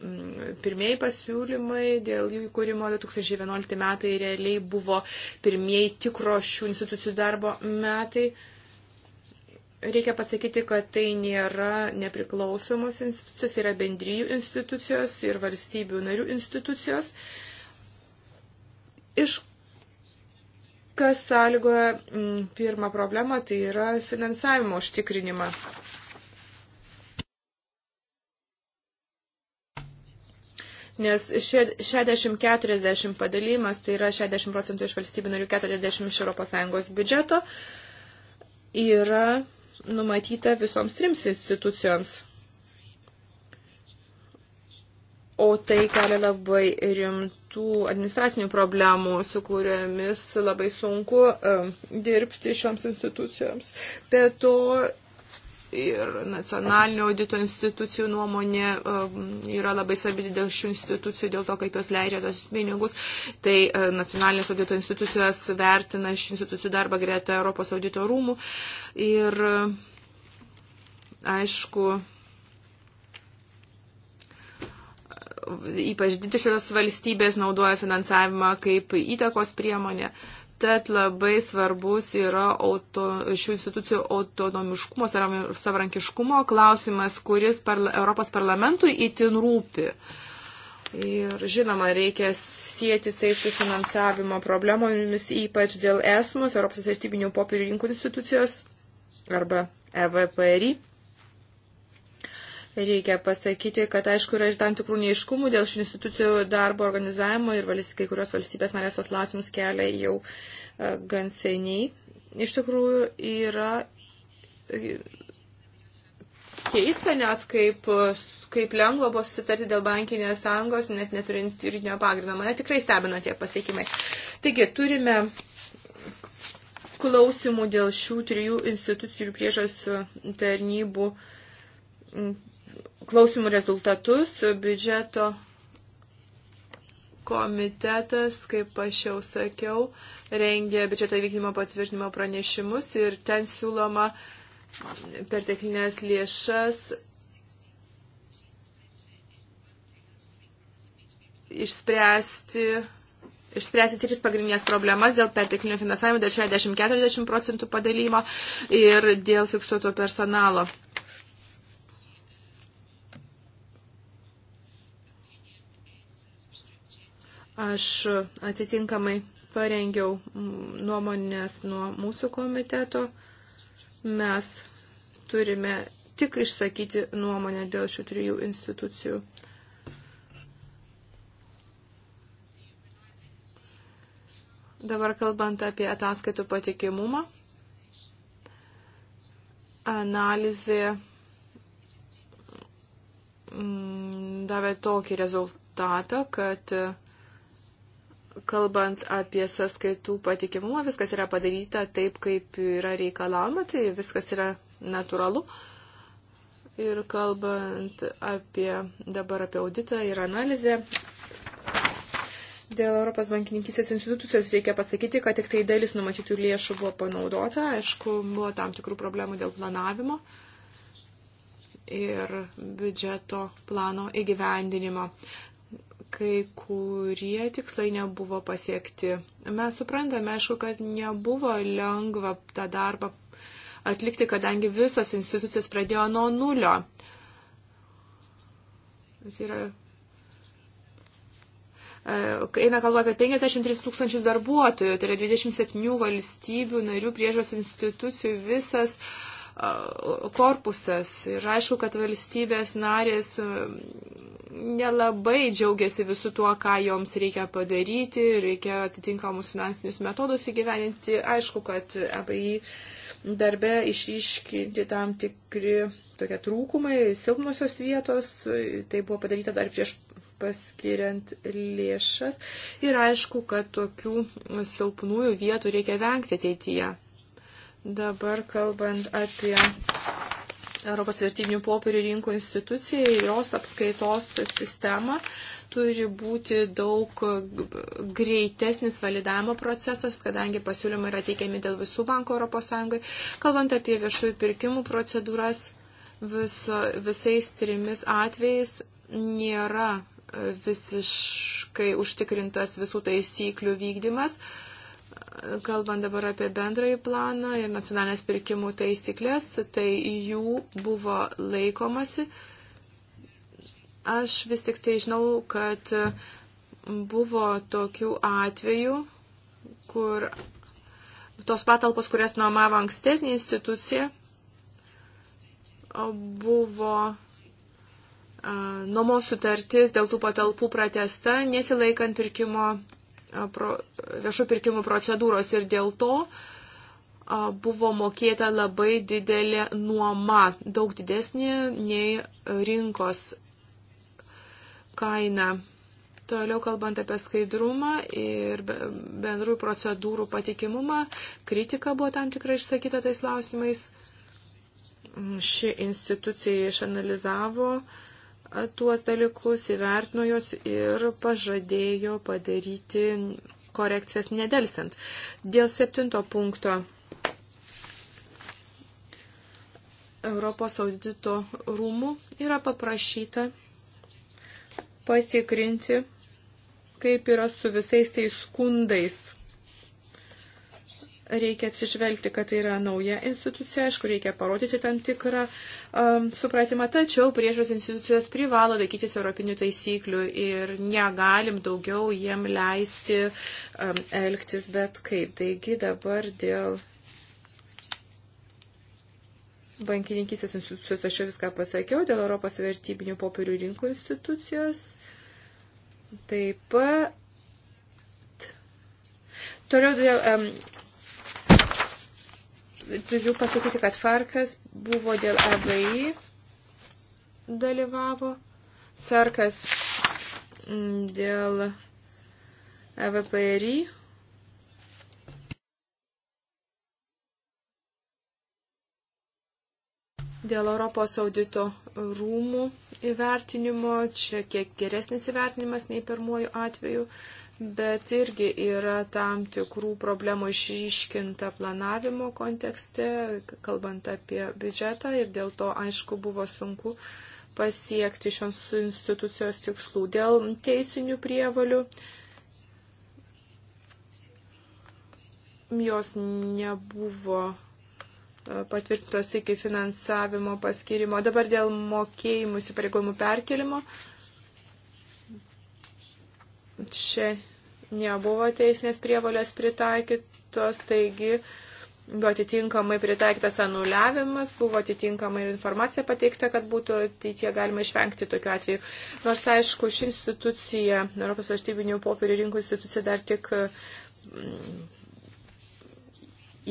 mm, pirmieji pasiūlymai dėl jų įkūrimo 2011 metai realiai buvo pirmieji tikro šių institucijų darbo metai. Reikia pasakyti, kad tai nėra nepriklausomos institucijos, tai yra bendryjų institucijos ir valstybių narių institucijos. Iš kas sąlygoja mm, pirmą problemą, tai yra finansavimo užtikrinimą. Nes 60-40 padalymas, tai yra 60 procentų iš valstybių narių, 40 iš ES biudžeto, yra numatyta visoms trims institucijoms. O tai kelia labai rimtų administracinių problemų, su kuriomis labai sunku um, dirbti šioms institucijoms. Be to ir nacionalinio audito institucijų nuomonė um, yra labai svarbi dėl šių institucijų, dėl to, kaip jos leidžia tos pinigus. Tai e, nacionalinės audito institucijos vertina šių institucijų darbą greta Europos audito rūmų. Ir e, aišku, ypač didžiosios valstybės naudoja finansavimą kaip įtakos priemonę. Tad labai svarbus yra auto, šių institucijų autonomiškumo, savarankiškumo klausimas, kuris parla, Europos parlamentui įtin rūpi. Ir žinoma, reikia sieti tai su finansavimo problemomis, ypač dėl esmus, Europos vertybinių popierių rinkų institucijos arba EVPRI. Reikia pasakyti, kad aišku yra ir tam tikrų neiškumų dėl šių institucijų darbo organizavimo ir valys, kai kurios valstybės narės tos klausimus kelia jau e, gan seniai. Iš tikrųjų yra e, keista net kaip e, kaip lengva buvo susitarti dėl bankinės sąjungos, net neturint juridinio pagrindo. Mane tikrai stebina tie pasiekimai. Taigi, turime klausimų dėl šių trijų institucijų ir priežas tarnybų klausimų rezultatus biudžeto komitetas, kaip aš jau sakiau, rengia biudžeto įvykdymo patvirtinimo pranešimus ir ten siūloma perteklinės lėšas išspręsti išspręsti tris pagrindinės problemas dėl perteklinio finansavimo, dėl 60-40 procentų padalymo ir dėl fiksuoto personalo. Aš atitinkamai parengiau nuomonės nuo mūsų komiteto. Mes turime tik išsakyti nuomonę dėl šių trijų institucijų. Dabar kalbant apie ataskaitų patikimumą, analizė mm, davė tokį rezultatą, kad kalbant apie sąskaitų patikimumą, viskas yra padaryta taip, kaip yra reikalama, tai viskas yra natūralu. Ir kalbant apie dabar apie auditą ir analizę, Dėl Europos bankininkysės institucijos reikia pasakyti, kad tik tai dalis numatytų lėšų buvo panaudota, aišku, buvo tam tikrų problemų dėl planavimo ir biudžeto plano įgyvendinimo kai kurie tikslai nebuvo pasiekti. Mes suprantame, aišku, kad nebuvo lengva tą darbą atlikti, kadangi visos institucijos pradėjo nuo nulio. Tai yra e, eina kalba apie 53 tūkstančius darbuotojų, tai yra 27 valstybių narių priežos institucijų visas korpusas. Ir aišku, kad valstybės narės nelabai džiaugiasi visu tuo, ką joms reikia padaryti, reikia atitinkamus finansinius metodus įgyveninti. Aišku, kad ABI darbe išiškinti tam tikri tokie trūkumai, silpnosios vietos. Tai buvo padaryta dar prieš paskiriant lėšas. Ir aišku, kad tokių silpnųjų vietų reikia vengti ateityje. Dabar kalbant apie Europos vertybinių popierių rinkų instituciją ir jos apskaitos sistemą, turi būti daug greitesnis validavimo procesas, kadangi pasiūlymai yra teikiami dėl visų bankų ES. Kalbant apie viešųjų pirkimų procedūras, viso, visais trimis atvejais nėra visiškai užtikrintas visų taisyklių vykdymas. Uh, kalbant dabar apie bendrąjį planą ir nacionalinės pirkimų taisyklės, tai jų buvo laikomasi. Aš vis tik tai žinau, kad buvo tokių atvejų, kur tos patalpos, kurias nuomavo ankstesnė institucija, buvo nuomos sutartis dėl tų patalpų pratesta, nesilaikant pirkimo pro, viešų pirkimų procedūros ir dėl to buvo mokėta labai didelė nuoma, daug didesnė nei rinkos kaina. Toliau kalbant apie skaidrumą ir bendrų procedūrų patikimumą, kritika buvo tam tikrai išsakyta tais klausimais. Ši institucija išanalizavo uh, tuos dalykus, įvertino juos ir pažadėjo padaryti korekcijas nedelsiant. Dėl septinto punkto Europos audito rūmų yra paprašyta patikrinti, kaip yra su visais tais skundais reikia atsižvelgti, kad tai yra nauja institucija, aišku, reikia parodyti tam tikrą um, supratimą, tačiau priežos institucijos privalo laikytis europinių taisyklių ir negalim daugiau jiem leisti um, elgtis bet kaip. Taigi dabar dėl bankininkysės institucijos aš jau viską pasakiau, dėl Europos vertybinių popierių rinkų institucijos. Taip pat. Toliau dėl um, turiu pasakyti, kad Farkas buvo dėl ABI dalyvavo, Sarkas mm, dėl EVPRI. Dėl Europos audito rūmų įvertinimo, čia kiek geresnis įvertinimas nei pirmojų atveju, bet irgi yra tam tikrų problemų išryškinta planavimo kontekste, kalbant apie biudžetą ir dėl to, aišku, buvo sunku pasiekti šios institucijos tikslų dėl teisinių prievalių. Jos nebuvo e, patvirtintos iki finansavimo paskirimo. Dabar dėl mokėjimų įsipareigojimų perkelimo čia nebuvo teisinės prievalės pritaikytos, taigi buvo atitinkamai pritaikytas anuliavimas, buvo atitinkamai informacija pateikta, kad būtų ateitie galima išvengti tokiu atveju. Nors, aišku, ši institucija, Europos valstybinių popierių rinkų institucija dar tik mm,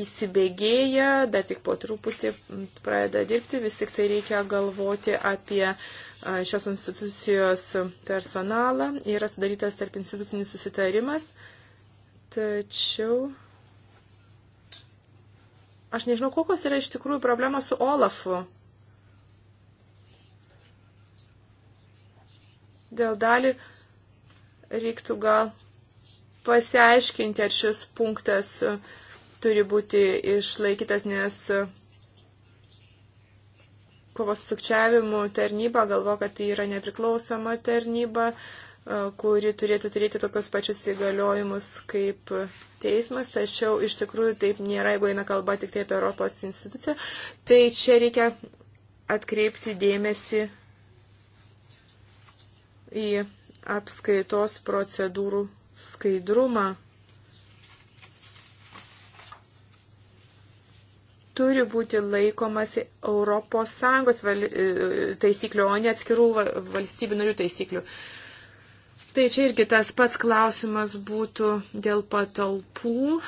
įsibėgėja, dar tik po truputį pradeda dirbti, vis tik tai reikia galvoti apie uh, šios institucijos personalą. Yra sudarytas tarp institucinis susitarimas. Tačiau aš nežinau, kokios yra iš tikrųjų problemos su Olafu. Dėl dalį reiktų gal pasiaiškinti, ar šis punktas turi būti išlaikytas, nes kovos sukčiavimų tarnyba galvo, kad tai yra nepriklausoma tarnyba, e, kuri turėtų turėti tokius pačius įgaliojimus kaip teismas, tačiau iš tikrųjų taip nėra, jeigu eina kalba tik tai apie Europos instituciją. Tai čia reikia atkreipti dėmesį į apskaitos procedūrų skaidrumą. turi būti laikomasi ES e, taisyklių, o ne atskirų valstybių narių taisyklių. Tai čia irgi tas pats klausimas būtų dėl patalpų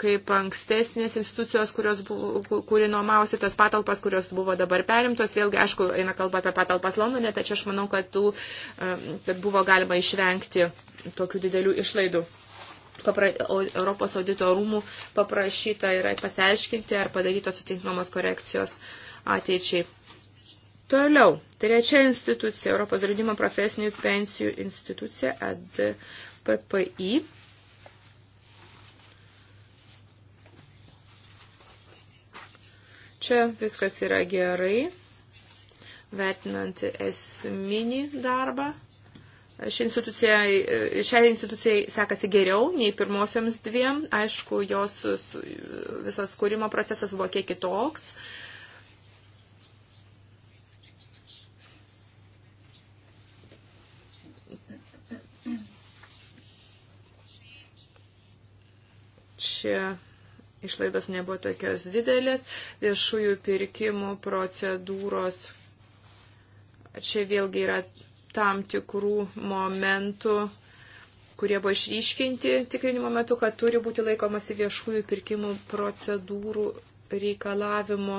kaip ankstesnės institucijos, kurios buvo, kuri nuomausi tas patalpas, kurios buvo dabar perimtos. Vėlgi, aišku, eina kalba apie patalpas Londone, tačiau aš manau, kad, tų, e, kad buvo galima išvengti tokių didelių išlaidų. Papra, Europos audito rūmų paprašyta yra pasiaiškinti, ar padarytos atitinkamos korekcijos ateičiai. Toliau, trečia institucija, Europos draudimo profesinių pensijų institucija, ADPPI. Čia viskas yra gerai, vertinant esminį darbą Ši institucija, šiai institucijai sekasi geriau nei pirmosioms dviem. Aišku, jos visas kūrimo procesas buvo kiek kitoks. Čia išlaidos nebuvo tokios didelės. Viešųjų pirkimų procedūros čia vėlgi yra tam tikrų momentų, kurie buvo išryškinti tikrinimo metu, kad turi būti laikomasi viešųjų pirkimų procedūrų reikalavimo.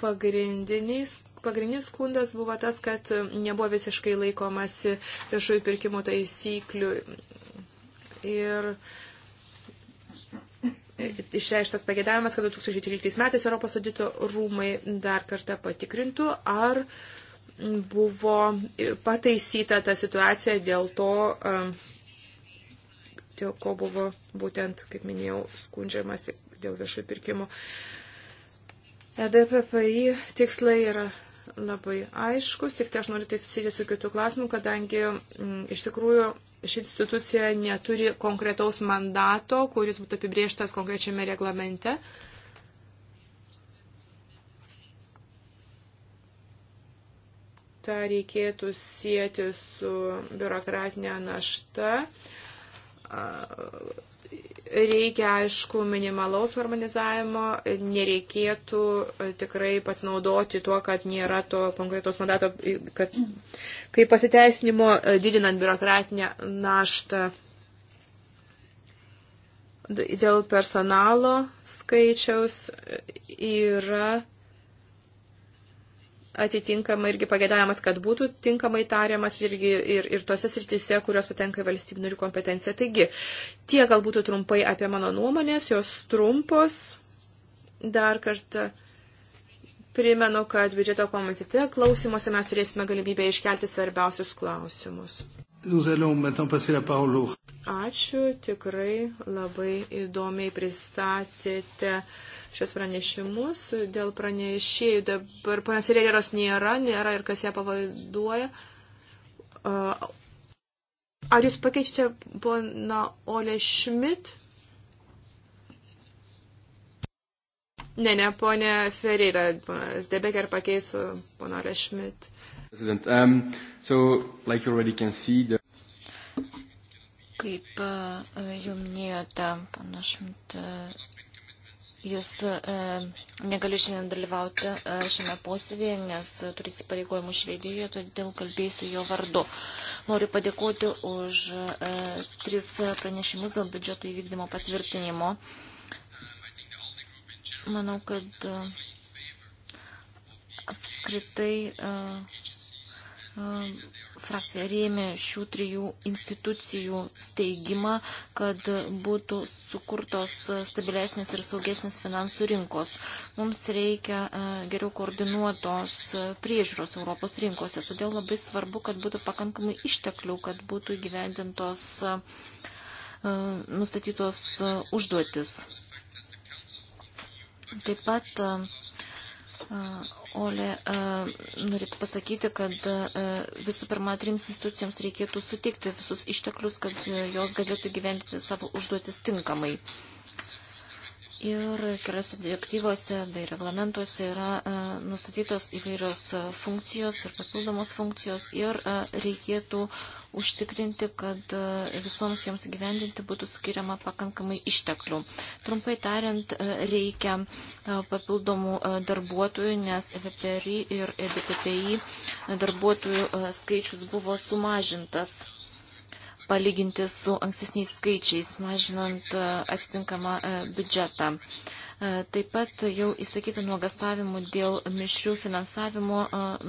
Pagrindinis pagrindinis skundas buvo tas, kad nebuvo visiškai laikomasi viešųjų pirkimų taisyklių. Ir uh, išreištas pagėdavimas, kad 2013 metais Europos audito rūmai dar kartą patikrintų, ar buvo pataisyta ta situacija dėl to, um, dėl ko buvo būtent, kaip minėjau, skundžiamasi dėl viešųjų pirkimų. EDPPI tikslai yra labai aiškus, tik tai aš noriu tai susijęti su kitų klausimų, kadangi m, mm, iš tikrųjų ši institucija neturi konkretaus mandato, kuris būtų apibrieštas konkrečiame reglamente. Ta reikėtų sieti su biurokratinė našta reikia, aišku, minimalaus harmonizavimo, nereikėtų e, tikrai pasinaudoti tuo, kad nėra to konkretos mandato, kad kaip pasiteisinimo e, didinant biurokratinę naštą dėl personalo skaičiaus e, yra atitinkamai irgi pagėdavimas, kad būtų tinkamai tariamas irgi ir, ir tose sritise, kurios patenka į valstybinių narių kompetenciją. Taigi, tie galbūt trumpai apie mano nuomonės, jos trumpos. Dar kartą. Primenu, kad biudžeto komitete klausimuose mes turėsime galimybę iškelti svarbiausius klausimus. Ačiū, tikrai labai įdomiai pristatėte šios pranešimus. Dėl pranešėjų dabar panas Rėlėros nėra, nėra ir kas ją pavaduoja. Ar jūs pakeičiate poną Ole Šmit? Ne, ne, ponė Ferreira, Debeker pakeis poną Ole Šmit. President. Um, so, like you already can see, the Kaip uh, jau minėjote, panašmt, uh, Jūs e, negaliu šiandien dalyvauti e, šiame posėdėje, nes turi įsipareigojimų Švedijoje, todėl kalbėsiu jo vardu. Noriu padėkoti už e, tris pranešimus dėl biudžeto įvykdymo patvirtinimo. Manau, kad e, apskritai. E, e, frakcija rėmė šių trijų institucijų steigimą, kad būtų sukurtos stabilesnės ir saugesnės finansų rinkos. Mums reikia e, geriau koordinuotos priežiūros Europos rinkose, todėl labai svarbu, kad būtų pakankamai išteklių, kad būtų įgyvendintos e, nustatytos užduotis. Taip pat e, Olė, e, norėtų pasakyti, kad e, visų pirma, trims institucijoms reikėtų sutikti visus išteklius, kad jos galėtų gyventi savo užduotis tinkamai. Uh, Ir keliose direktyvose bei reglamentuose yra a, e, nustatytos įvairios e, funkcijos ir papildomos funkcijos ir a, e, reikėtų užtikrinti, kad a, visoms joms gyvendinti būtų skiriama pakankamai išteklių. Trumpai tariant, a, reikia a, papildomų a, darbuotojų, nes FPRI ir EDPPI darbuotojų a, skaičius buvo sumažintas palyginti su ankstesniais skaičiais, mažinant e, atitinkamą e, biudžetą. E, taip pat jau įsakyti nuogastavimų dėl mišrių finansavimo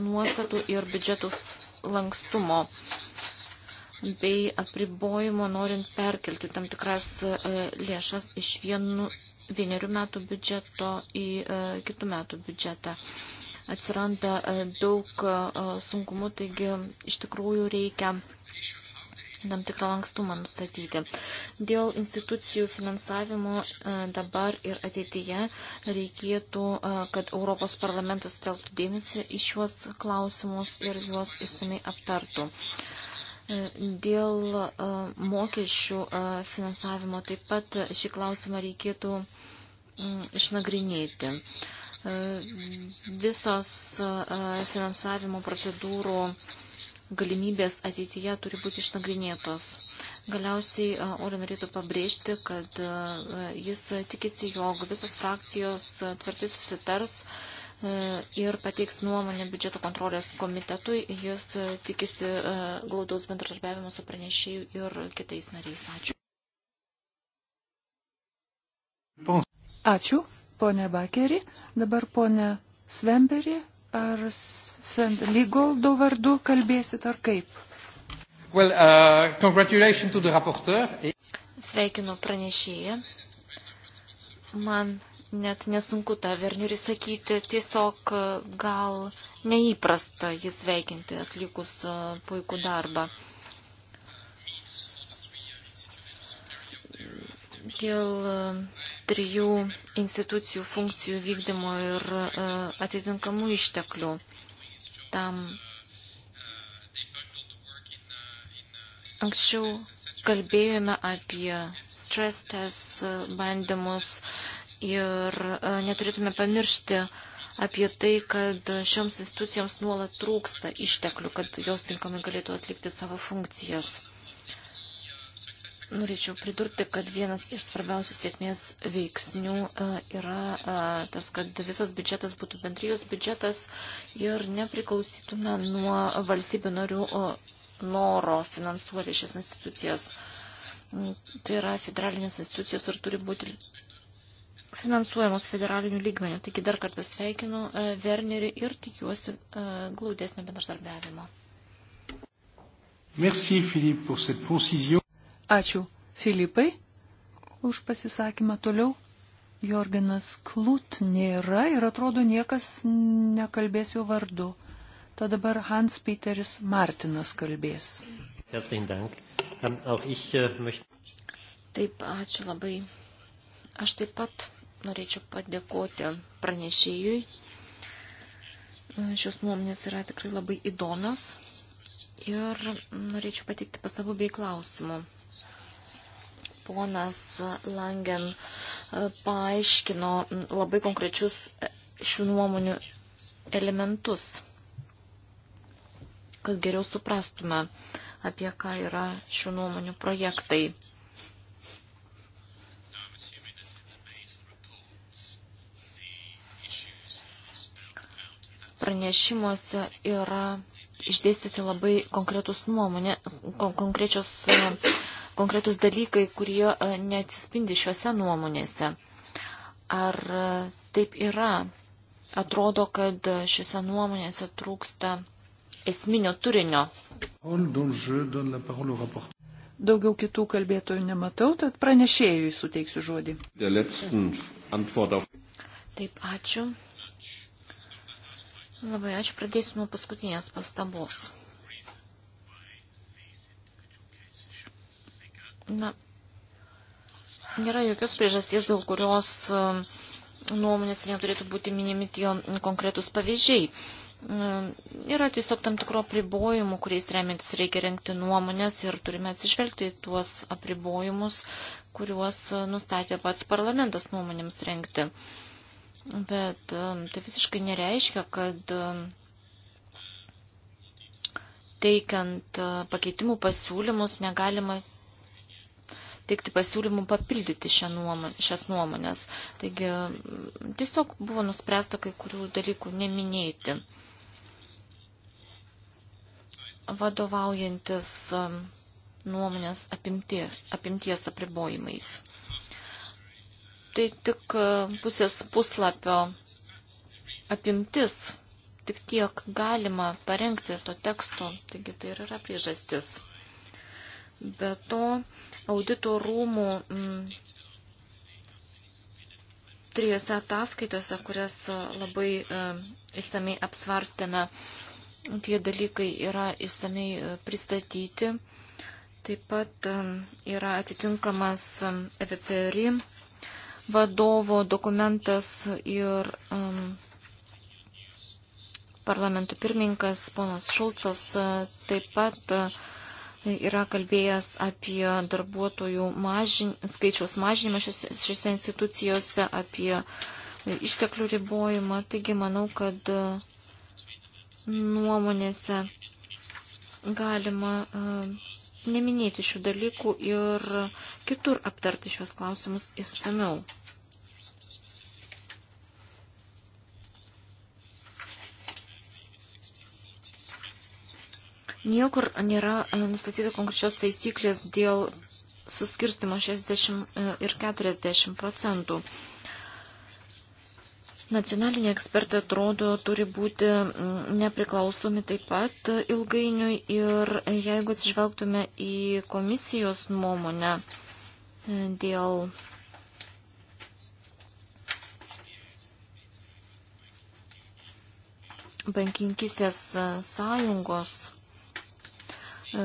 nuostatų ir biudžetų lankstumo bei apribojimo norint perkelti tam tikras lėšas iš vienų, vienerių metų biudžeto į kitų metų biudžetą atsiranda daug sunkumų, taigi iš tikrųjų reikia tam tikrą lankstumą nustatyti. Dėl institucijų finansavimo e, dabar ir ateityje reikėtų, e, kad Europos parlamentas telktų dėmesį į šiuos klausimus ir juos įsimei aptartų. E, dėl mokesčių finansavimo taip pat šį klausimą reikėtų mm, išnagrinėti. Visos finansavimo procedūrų galimybės ateityje turi būti išnagrinėtos. Galiausiai Ori norėtų pabrėžti, kad jis tikisi, jog visos frakcijos tvirtai susitars ir pateiks nuomonę biudžeto kontrolės komitetui. Jis tikisi glaudaus bendradarbiavimo su pranešėjų ir kitais nariais. Ačiū. Ačiū, ponė Bakerį. Dabar ponė Svemberį Ar Ligoldo vardu kalbėsit ar kaip? Well, uh, Sveikinu pranešėją. Man net nesunku tą Verniurį sakyti, tiesiog uh, gal neįprasta jis veikinti atlikus uh, puikų darbą. Uh, dėl e, trijų institucijų funkcijų vykdymo ir e, atitinkamų išteklių. Tam anksčiau kalbėjome apie stress test e, bandymus ir neturėtume pamiršti apie tai, kad šioms institucijoms nuolat trūksta išteklių, kad jos tinkamai galėtų atlikti savo funkcijas. Norėčiau pridurti, kad vienas iš svarbiausių sėkmės veiksnių e, yra e, tas, kad visas biudžetas būtų bendrijos biudžetas ir nepriklausytume nuo valstybių narių noro finansuoti šias institucijas. Mm, tai yra federalinės institucijos ir turi būti finansuojamos federalinių lygmenių. Taigi dar kartą sveikinu e, Wernerį ir tikiuosi glaudesnio bendradarbiavimo. Merci Philippe pour cette concision. Ačiū Filipai už pasisakymą toliau. Jorginas Klut nėra ir atrodo niekas nekalbės jo vardu. Tad dabar Hans Peteris Martinas kalbės. Ähm, äh, taip, ačiū labai. Aš taip pat norėčiau padėkoti pranešėjui. Šios nuomonės yra tikrai labai įdomios ir norėčiau pateikti pastabų bei klausimų ponas Langen e, paaiškino labai konkrečius šių nuomonių elementus, kad geriau suprastume, apie ką yra šių nuomonių projektai. pranešimuose yra išdėstyti labai konkretus nuomonė, kon konkrečios e, konkretus dalykai, kurie e, neatsispindi šiuose nuomonėse. Ar e, taip yra? Atrodo, kad e, šiuose nuomonėse trūksta esminio turinio. Daugiau kitų kalbėtojų nematau, tad pranešėjui suteiksiu žodį. Taip, ačiū. Labai ačiū, pradėsiu nuo paskutinės pastabos. Na, nėra jokios priežasties, dėl kurios e, nuomonės neturėtų būti minimi tie konkretus pavyzdžiai. E, yra tiesiog tam tikro apribojimų, kuriais remiantis reikia renkti nuomonės ir turime atsižvelgti į tuos apribojimus, kuriuos e, nustatė pats parlamentas nuomonėms renkti. Bet tai visiškai nereiškia, kad teikiant pakeitimų pasiūlymus negalima teikti pasiūlymų papildyti nuomon, šias nuomonės. Taigi tiesiog buvo nuspręsta kai kurių dalykų neminėti. Vadovaujantis nuomonės apimties, apimties apribojimais. Tai tik e, pusės puslapio apimtis tik tiek galima parengti to teksto, taigi tai ir yra priežastis. Be to, audito rūmų m, mm, trijose ataskaitose, kurias e, labai e, išsamei apsvarstėme, tie dalykai yra išsamei e, pristatyti. Taip pat yra atitinkamas EVPRI vadovo dokumentas ir um, parlamentų pirmininkas ponas Šulcas taip pat uh, yra kalbėjęs apie darbuotojų mažin, skaičiaus mažinimą šiose institucijose, apie išteklių ribojimą. Taigi manau, kad e, nuomonėse galima e, neminėti šių dalykų ir kitur aptarti šios klausimus įsameu. Niekur nėra e, nustatyta konkrečios taisyklės dėl suskirstimo 60 e, ir 40 procentų. Nacionaliniai ekspertai atrodo turi būti mm, nepriklausomi taip pat ilgainiui ir jeigu atsižvelgtume į komisijos nuomonę e, dėl bankinkistės sąjungos E,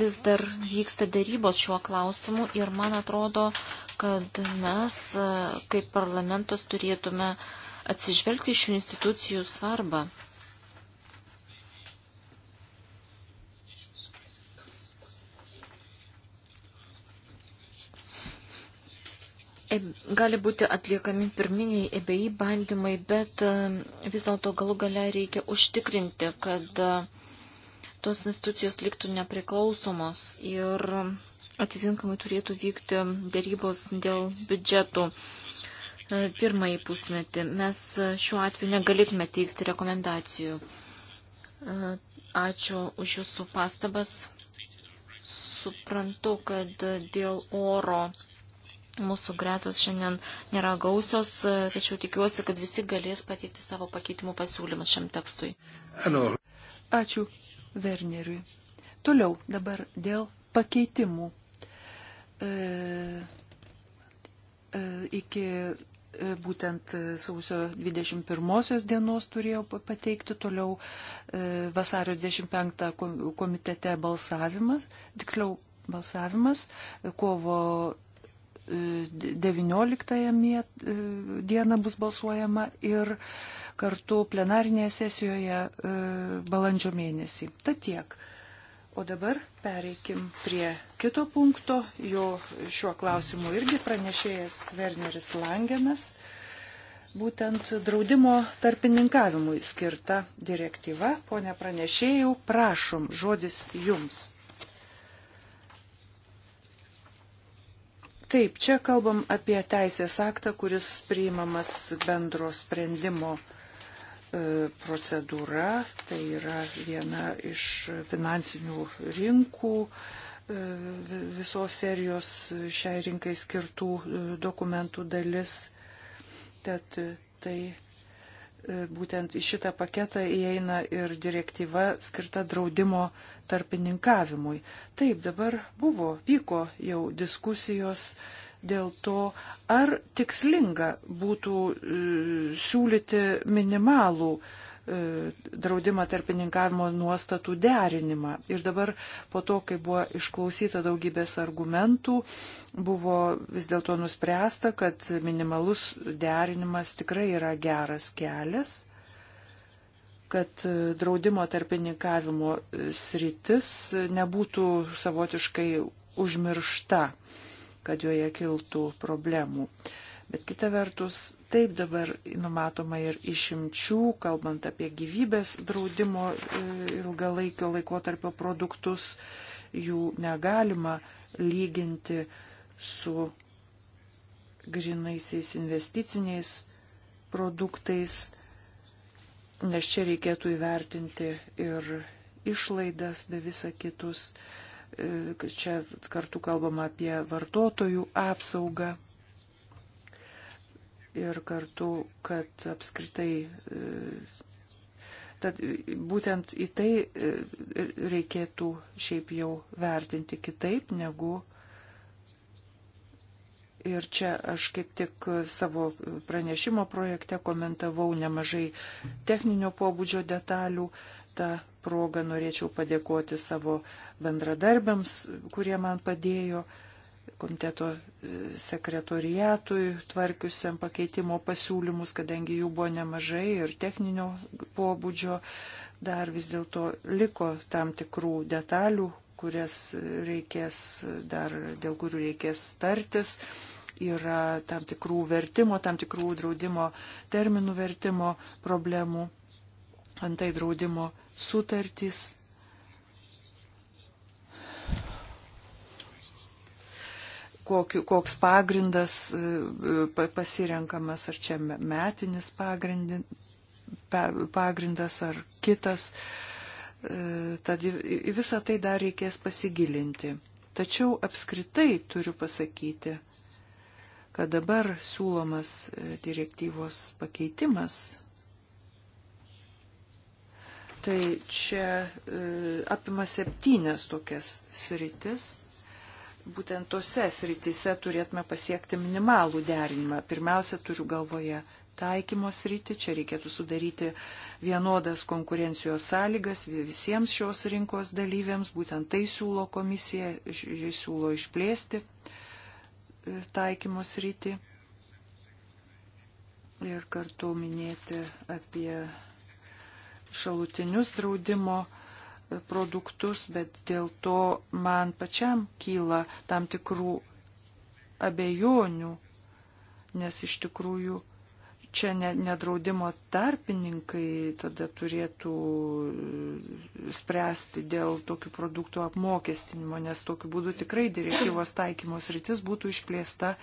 vis dar vyksta dėrybos šiuo klausimu ir man atrodo, kad mes e, kaip parlamentas turėtume atsižvelgti šių institucijų svarbą. E, gali būti atliekami pirminiai ebei bandymai, bet vis dėlto galų gale reikia užtikrinti, kad uh, tos institucijos liktų nepriklausomos ir atitinkamai turėtų vykti dėrybos dėl biudžetų. E, pirmąjį pusmetį mes e, šiuo atveju negalėtume teikti rekomendacijų. E, ačiū už jūsų pastabas. Suprantu, kad dėl oro mūsų gretos šiandien nėra gausios, tačiau tikiuosi, kad visi galės pateikti savo pakeitimų pasiūlymus šiam tekstui. Ačiū. Werneriui. Toliau dabar dėl pakeitimų. E, e, iki e, būtent sausio 21 dienos turėjo pateikti toliau e, vasario 25 komitete balsavimas, tiksliau balsavimas, kovo 19 dieną bus balsuojama ir kartu plenarinėje sesijoje e, balandžio mėnesį. Ta tiek. O dabar pereikim prie kito punkto. Jo šiuo klausimu irgi pranešėjas Werneris Langenas. Būtent draudimo tarpininkavimui skirta direktyva. Pone pranešėjau, prašom, žodis jums. Taip, čia kalbam apie teisės aktą, kuris priimamas bendro sprendimo e, procedūra, tai yra viena iš finansinių rinkų e, visos serijos šiai rinkai skirtų e, dokumentų dalis. Tad tai E, būtent į šitą paketą įeina ir direktyva skirta draudimo tarpininkavimui. Taip, dabar buvo, vyko jau diskusijos dėl to, ar tikslinga būtų e, siūlyti minimalų uh, E, draudimą tarpininkavimo nuostatų derinimą. Ir dabar po to, kai buvo išklausyta daugybės argumentų, buvo vis dėlto nuspręsta, kad minimalus derinimas tikrai yra geras kelias kad e, draudimo tarpininkavimo e, sritis nebūtų savotiškai užmiršta, kad joje kiltų problemų. Uh, Bet kita vertus, taip dabar numatoma ir išimčių, kalbant apie gyvybės draudimo e, ilgalaikio laikotarpio produktus, jų negalima lyginti su grinaisiais investiciniais produktais, nes čia reikėtų įvertinti ir išlaidas be visa kitus. E, čia kartu kalbama apie vartotojų apsaugą ir kartu, kad apskritai. E, tad būtent į tai e, reikėtų šiaip jau vertinti kitaip negu ir čia aš kaip tik savo pranešimo projekte komentavau nemažai techninio pobūdžio detalių. Ta proga norėčiau padėkoti savo bendradarbiams, kurie man padėjo komiteto e, sekretoriatui tvarkiusiam pakeitimo pasiūlymus, kadangi jų buvo nemažai ir techninio pobūdžio, dar vis dėlto liko tam tikrų detalių, kurias reikės dar, dėl kurių reikės tartis. Yra tam tikrų vertimo, tam tikrų draudimo terminų vertimo problemų, antai draudimo sutartys kokiu, koks pagrindas e, e, pasirenkamas, ar čia metinis pagrindas, ar kitas. E, tad į visą tai dar reikės pasigilinti. Tačiau apskritai turiu pasakyti, kad dabar siūlomas direktyvos pakeitimas, tai čia apima septynes tokias sritis būtent tose srityse turėtume pasiekti minimalų derinimą. Pirmiausia, turiu galvoje taikymo sritį, čia reikėtų sudaryti vienodas konkurencijos sąlygas visiems šios rinkos dalyviams, būtent tai siūlo komisija, jis siūlo išplėsti e, taikymo sritį ir kartu minėti apie šalutinius draudimo produktus, bet dėl to man pačiam kyla tam tikrų abejonių, nes iš tikrųjų čia nedraudimo tarpininkai tada turėtų e, spręsti dėl tokių produktų apmokestinimo, nes tokiu būdu tikrai direktyvos taikymos rytis būtų išplėsta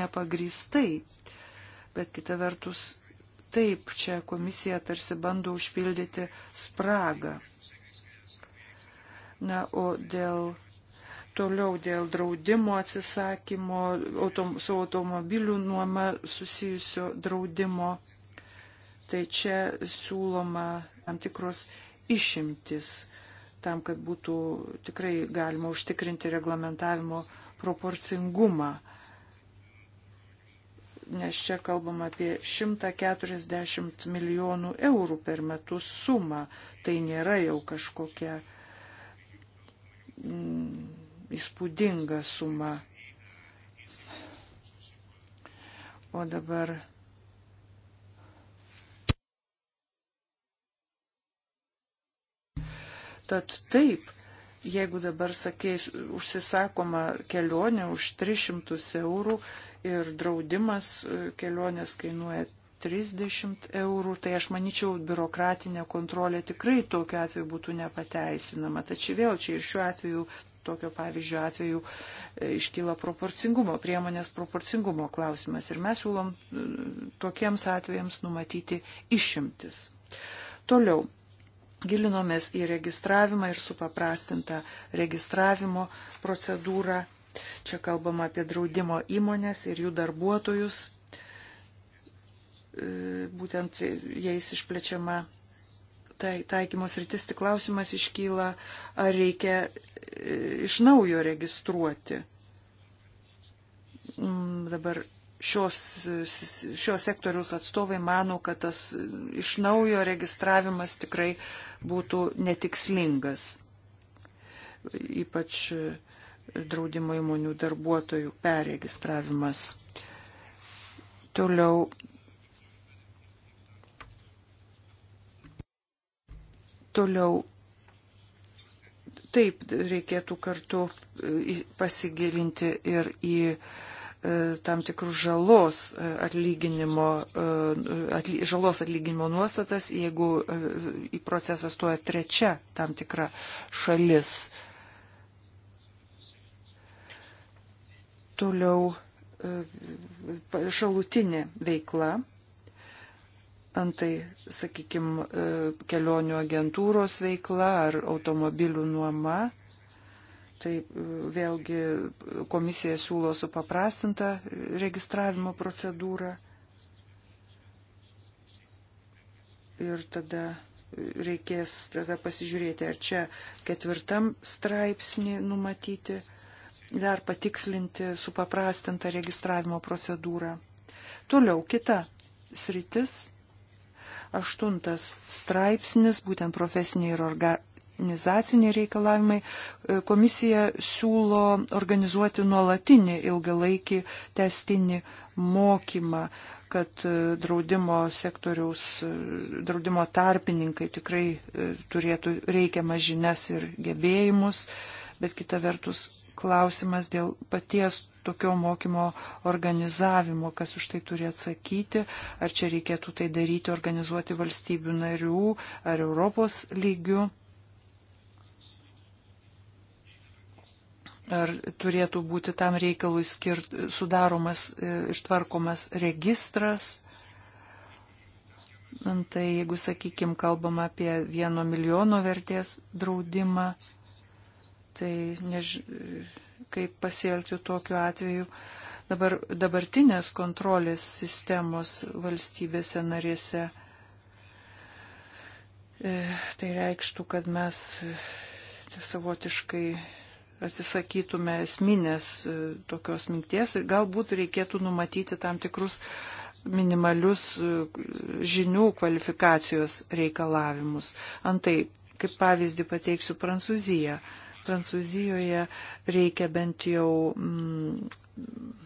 nepagristai. Bet kita vertus, taip, čia komisija tarsi bando užpildyti spragą. Na, o dėl toliau dėl draudimo atsisakymo, autom, su automobilių nuoma susijusio draudimo, tai čia siūloma tam tikros išimtis tam, kad būtų tikrai galima užtikrinti reglamentavimo proporcingumą. Nes čia kalbam apie 140 milijonų eurų per metus sumą. Tai nėra jau kažkokia uh, Mm, įspūdinga suma. O dabar Tad taip, jeigu dabar, sakė, užsisakoma kelionė už 300 eurų ir draudimas e, kelionės kainuoja 30 eurų, tai aš manyčiau, biurokratinė kontrolė tikrai tokiu atveju būtų nepateisinama. Tačiau vėl čia ir šiuo atveju, tokio pavyzdžio atveju, e, iškyla proporcingumo, priemonės proporcingumo klausimas. Ir mes siūlom e, tokiems atvejams numatyti išimtis. Toliau. Gilinomės į registravimą ir supaprastintą registravimo procedūrą Čia kalbama apie draudimo įmonės ir jų darbuotojus, E, būtent jais išplečiama tai, taikymos rytis, tik klausimas iškyla, ar reikia e, iš naujo registruoti. Mm, dabar šios, šios sektoriaus atstovai mano, kad tas iš naujo registravimas tikrai būtų netikslingas. Ypač e, draudimo įmonių darbuotojų perregistravimas. Toliau Toliau taip reikėtų kartu e, pasigilinti ir į e, tam tikrus žalos e, atlyginimo, atly, žalos atlyginimo nuostatas, jeigu į procesą stoja trečia tam tikra šalis. Toliau šalutinė veikla Antai, sakykime, kelionių agentūros veikla ar automobilių nuoma. Tai e, vėlgi komisija siūlo supaprastintą registravimo procedūrą. Ir tada reikės tada pasižiūrėti, ar čia ketvirtam straipsnį numatyti, dar patikslinti supaprastintą registravimo procedūrą. Toliau kita sritis aštuntas straipsnis, būtent profesiniai ir organizaciniai reikalavimai, e, komisija siūlo organizuoti nuolatinį ilgalaikį testinį mokymą, kad e, draudimo sektoriaus, e, draudimo tarpininkai tikrai turėtų reikiamas žinias ir gebėjimus, bet kita vertus klausimas dėl paties tokio mokymo organizavimo, kas už tai turi atsakyti, ar čia reikėtų tai daryti, organizuoti valstybių narių ar Europos lygių. Ar turėtų būti tam reikalui skirt, sudaromas, e, ištvarkomas registras, Tai jeigu, sakykime, kalbam apie vieno milijono vertės draudimą, tai než kaip pasielgti tokiu atveju. Dabar, dabartinės kontrolės sistemos valstybėse narėse. E, tai reikštų, kad mes e, savotiškai atsisakytume esminės e, tokios minties ir galbūt reikėtų numatyti tam tikrus minimalius e, žinių kvalifikacijos reikalavimus. Antai, kaip pavyzdį pateiksiu Prancūziją. Prancūzijoje reikia bent jau. Mm,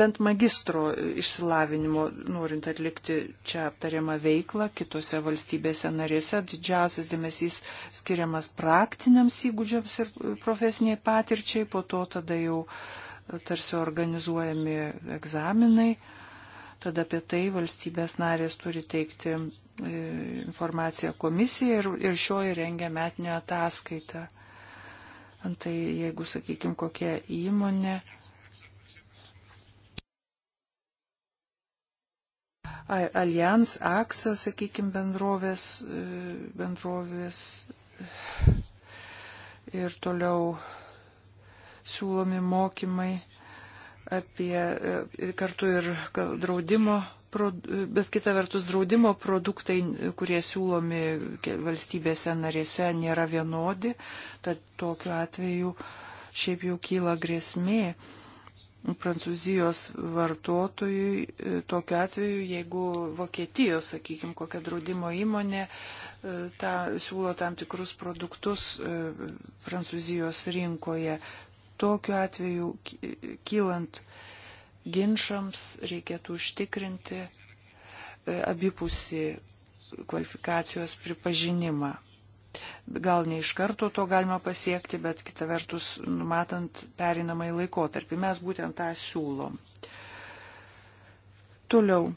bent magistro išsilavinimo, norint atlikti čia aptariamą veiklą kitose valstybėse narėse, didžiausias dėmesys skiriamas praktiniams įgūdžiams ir profesiniai patirčiai, po to tada jau tarsi organizuojami egzaminai, tada apie tai valstybės narės turi teikti E, informaciją komisija ir, ir šioji rengia metinę ataskaitą. Antai, jeigu, sakykime, kokia įmonė Allianz, AXA, sakykime, bendrovės, e, bendrovės ir toliau siūlomi mokymai apie e, kartu ir draudimo bet kita vertus draudimo produktai, kurie siūlomi valstybėse narėse, nėra vienodi, tad tokiu atveju šiaip jau kyla grėsmė. Prancūzijos vartotojui e, tokiu atveju, jeigu Vokietijos, sakykime, kokia draudimo įmonė e, ta, siūlo tam tikrus produktus e, Prancūzijos rinkoje, tokiu atveju kylant uh, ginčiams reikėtų užtikrinti e, abipusį kvalifikacijos pripažinimą. Gal ne iš karto to galima pasiekti, bet kita vertus, numatant perinamąjį laikotarpį, mes būtent tą siūlom. Toliau,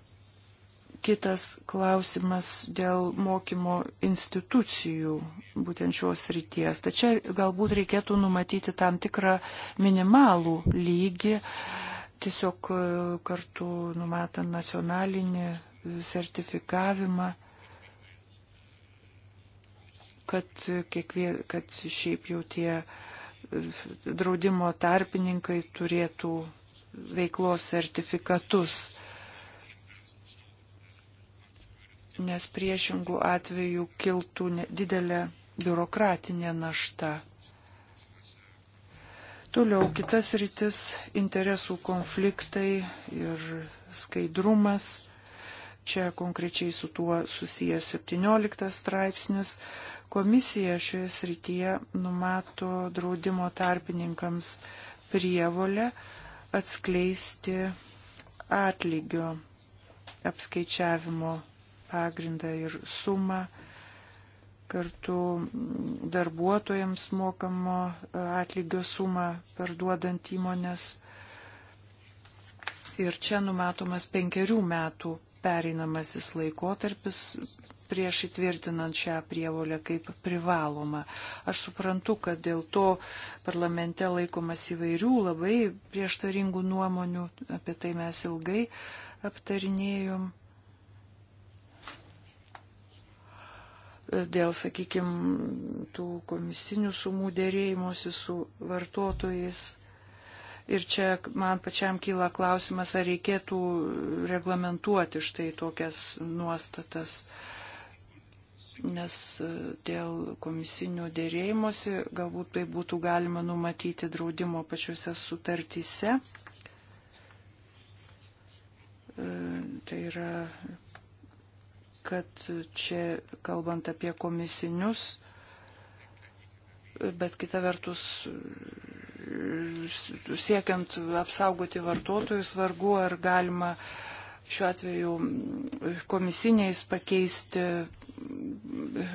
kitas klausimas dėl mokymo institucijų, būtent šios ryties. Tačiau galbūt reikėtų numatyti tam tikrą minimalų lygį, uh, tiesiog e, kartu numatant nacionalinį sertifikavimą, kad, kiekvie, kad šiaip jau tie e, draudimo tarpininkai turėtų veiklos sertifikatus nes priešingų atvejų kiltų didelė biurokratinė našta. Toliau kitas rytis - interesų konfliktai ir skaidrumas. Čia konkrečiai su tuo susijęs 17 straipsnis. Komisija šioje srityje numato draudimo tarpininkams prievolę atskleisti atlygio apskaičiavimo pagrindą ir sumą kartu darbuotojams mokamo atlygio sumą parduodant įmonės. Ir čia numatomas penkerių metų pereinamasis laikotarpis prieš įtvirtinant šią prievolę kaip privalomą. Aš suprantu, kad dėl to parlamente laikomas įvairių labai prieštaringų nuomonių, apie tai mes ilgai aptarinėjom. dėl, sakykime, tų komisinių sumų dėrėjimuose su vartotojais. Ir čia man pačiam kyla klausimas, ar reikėtų reglamentuoti štai tokias nuostatas, nes e, dėl komisinių dėrėjimuose galbūt tai būtų galima numatyti draudimo pačiuose sutartyse, e, tai yra kad čia kalbant apie komisinius, bet kita vertus siekiant apsaugoti vartotojus vargu ar galima šiuo atveju komisiniais pakeisti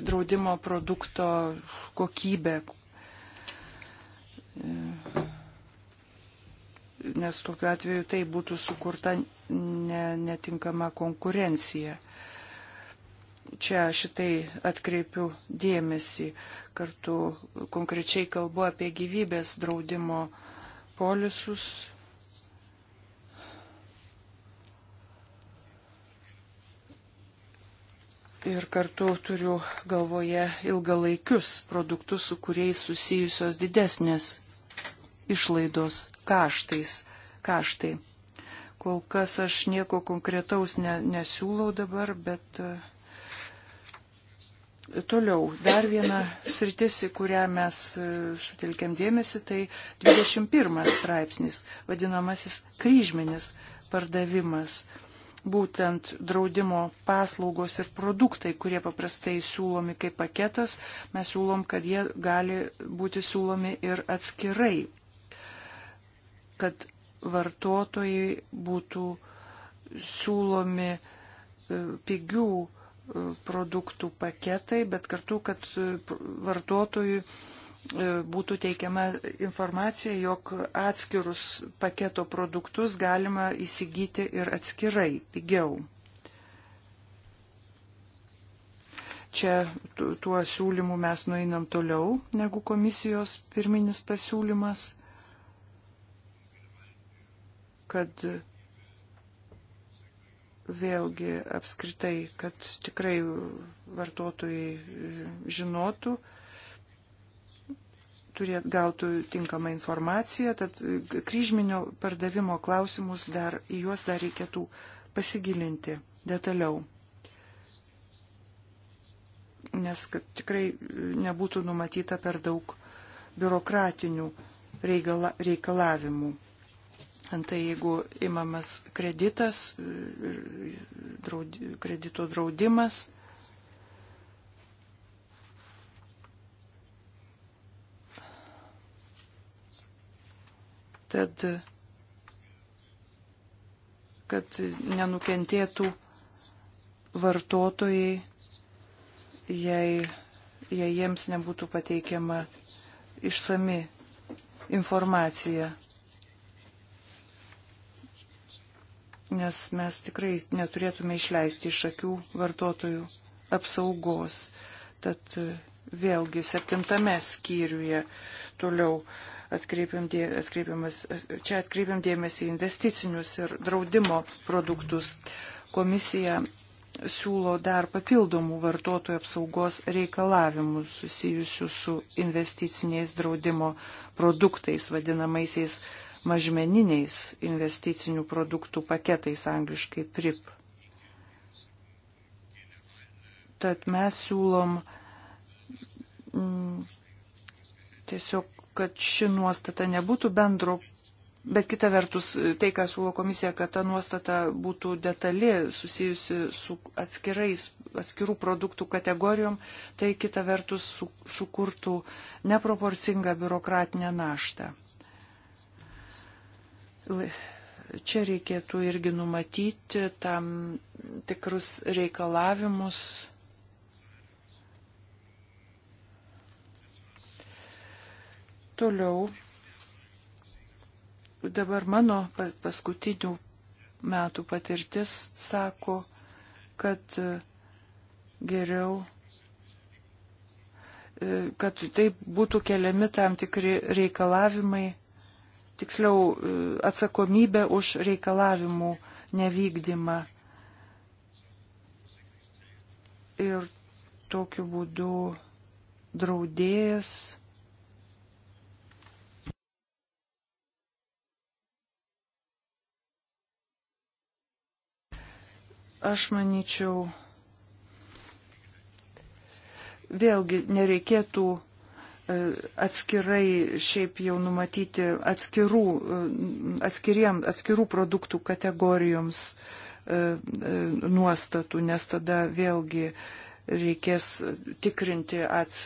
draudimo produkto kokybę. Nes tokiu atveju tai būtų sukurta netinkama konkurencija čia šitai atkreipiu dėmesį. Kartu konkrečiai kalbu apie gyvybės draudimo polisus. Ir kartu turiu galvoje ilgalaikius produktus, su kuriais susijusios didesnės išlaidos kaštais, kaštai. Kol kas aš nieko konkretaus ne, nesiūlau dabar, bet uh, Toliau, dar viena sritis, į kurią mes e, sutelkiam dėmesį, tai 21 straipsnis, vadinamasis kryžminis pardavimas. Būtent draudimo paslaugos ir produktai, kurie paprastai siūlomi kaip paketas, mes siūlom, kad jie gali būti siūlomi ir atskirai, kad vartotojai būtų siūlomi e, pigių produktų paketai, bet kartu, kad e, vartotojui e, būtų teikiama informacija, jog atskirus paketo produktus galima įsigyti ir atskirai, pigiau. Čia tuo siūlymu mes nueinam toliau negu komisijos pirminis pasiūlymas, kad vėlgi apskritai, kad tikrai vartotojai žinotų, turėt, gautų tinkamą informaciją, tad kryžminio pardavimo klausimus dar, į juos dar reikėtų pasigilinti detaliau. Nes kad tikrai nebūtų numatyta per daug biurokratinių reikala, reikalavimų. Antai jeigu imamas kreditas, draudi, kredito draudimas, tad kad nenukentėtų vartotojai, jei, jei jiems nebūtų pateikiama išsami informacija. nes mes tikrai neturėtume išleisti iš akių vartotojų apsaugos. Tad e, vėlgi septintame skyriuje toliau atkreipiam, dė, atkreipiamas, čia atkreipiam dėmesį investicinius ir draudimo produktus. Komisija siūlo dar papildomų vartotojų apsaugos reikalavimų susijusių su investiciniais draudimo produktais, vadinamaisiais mažmeniniais investicinių produktų paketais angliškai PRIP. Tad mes siūlom mm, tiesiog, kad ši nuostata nebūtų bendro, bet kita vertus tai, ką siūlo komisija, kad ta nuostata būtų detali, susijusi su atskirais, atskirų produktų kategorijom, tai kita vertus su, sukurtų neproporcingą biurokratinę naštą. Čia reikėtų irgi numatyti tam tikrus reikalavimus. Toliau dabar mano paskutinių metų patirtis sako, kad e, geriau, e, kad taip būtų keliami tam tikri reikalavimai tiksliau e, atsakomybę už reikalavimų nevykdymą. Ir tokiu būdu draudėjas aš manyčiau, vėlgi nereikėtų E, atskirai šiaip jau numatyti atskirų, e, atskiriem, atskirų produktų kategorijoms e, nuostatų, nes tada vėlgi reikės tikrinti ats,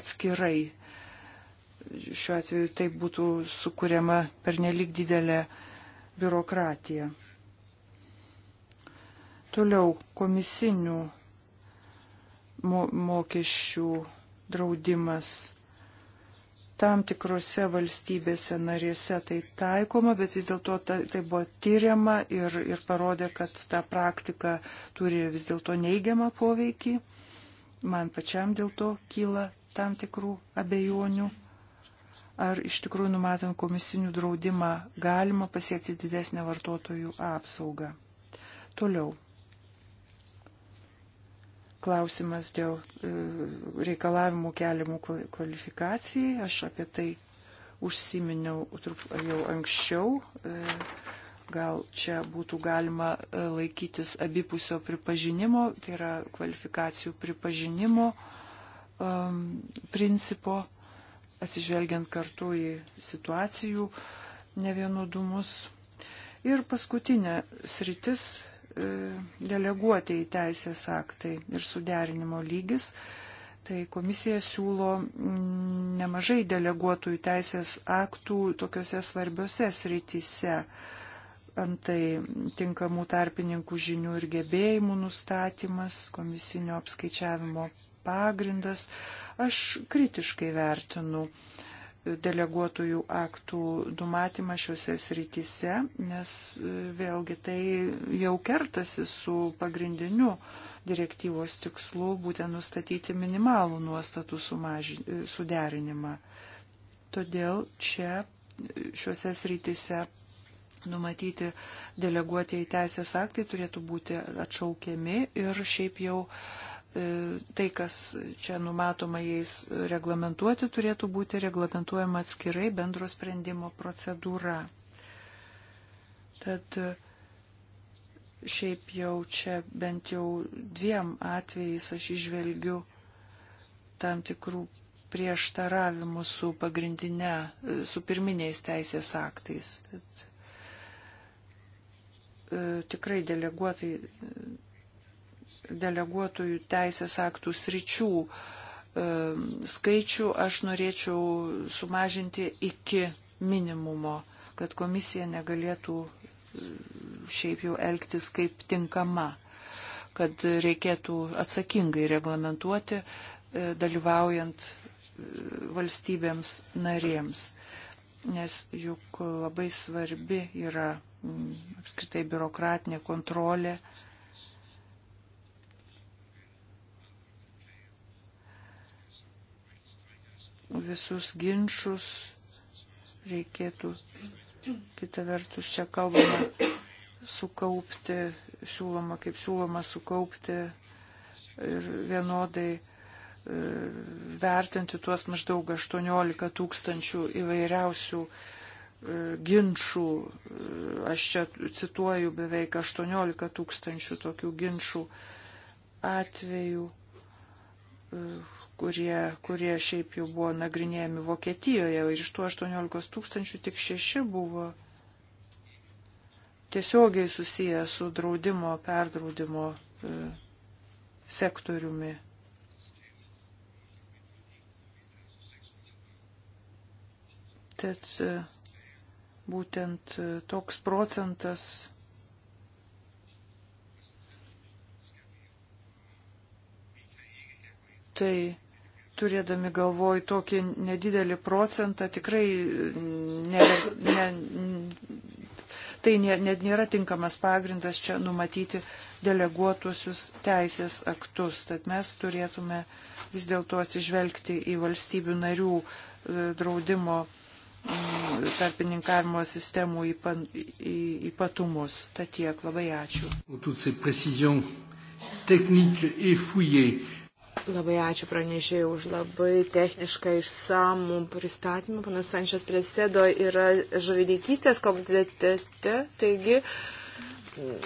atskirai. Šiuo atveju tai būtų sukūriama pernelik didelė biurokratija. Toliau komisinių mo mokesčių draudimas. Tam tikrose valstybėse narėse tai taikoma, bet vis dėlto tai, tai buvo tyriama ir, ir parodė, kad ta praktika turi vis dėlto neigiamą poveikį. Man pačiam dėl to kyla tam tikrų abejonių ar iš tikrųjų numatant komisinių draudimą galima pasiekti didesnę vartotojų apsaugą. Toliau klausimas dėl e, reikalavimų keliamų kvalifikacijai. Aš apie tai užsiminiau jau anksčiau. E, gal čia būtų galima e, laikytis abipusio pripažinimo, tai yra kvalifikacijų pripažinimo um, principo, atsižvelgiant kartu į situacijų nevienodumus. Ir paskutinė sritis E, deleguoti į teisės aktai ir suderinimo lygis. Tai komisija siūlo mm, nemažai deleguotųjų teisės aktų tokiuose svarbiose srityse. Antai tinkamų tarpininkų žinių ir gebėjimų nustatymas, komisinio apskaičiavimo pagrindas. Aš kritiškai vertinu uh, deleguotųjų aktų numatymą šiuose srityse, nes e, vėlgi tai jau kertasi su pagrindiniu direktyvos tikslu būtent nustatyti minimalų nuostatų sumažin, e, suderinimą. Todėl čia e, šiuose srityse numatyti deleguotieji teisės aktai turėtų būti atšaukiami ir šiaip jau uh, E, tai, kas čia numatoma jais reglamentuoti, turėtų būti reglamentuojama atskirai bendro sprendimo procedūra. Tad šiaip jau čia bent jau dviem atvejais aš išvelgiu tam tikrų prieštaravimų su pagrindinė, su pirminiais teisės aktais. Tad, e, tikrai deleguotai deleguotojų teisės aktų sričių e, skaičių aš norėčiau sumažinti iki minimumo, kad komisija negalėtų e, šiaip jau elgtis kaip tinkama, kad reikėtų atsakingai reglamentuoti, e, dalyvaujant valstybėms narėms. Nes juk labai svarbi yra apskritai biurokratinė kontrolė, uh, visus ginčius reikėtų, kita vertus, čia kalbama sukaupti, siūloma, kaip siūloma sukaupti ir vienodai e, vertinti tuos maždaug 18 tūkstančių įvairiausių e, ginčių. E, aš čia cituoju beveik 18 tūkstančių tokių ginčių atvejų, kurie, kurie šiaip jau buvo nagrinėjami Vokietijoje ir iš tų 18 tūkstančių tik 6 buvo tiesiogiai susiję su draudimo, perdraudimo e, sektoriumi. Tad e, būtent e, toks procentas tai turėdami galvoj tokį nedidelį procentą, tikrai ne, ne, tai ne, ne, nėra tinkamas pagrindas čia numatyti deleguotusius teisės aktus. Tad mes turėtume vis dėlto atsižvelgti į valstybių narių e, draudimo mm, tarpininkavimo sistemų ypatumus. Tad tiek, labai ačiū. Labai ačiū pranešėjai už labai technišką išsamų pristatymą. Panas Sančias Presėdo yra žuvininkystės komitete, taigi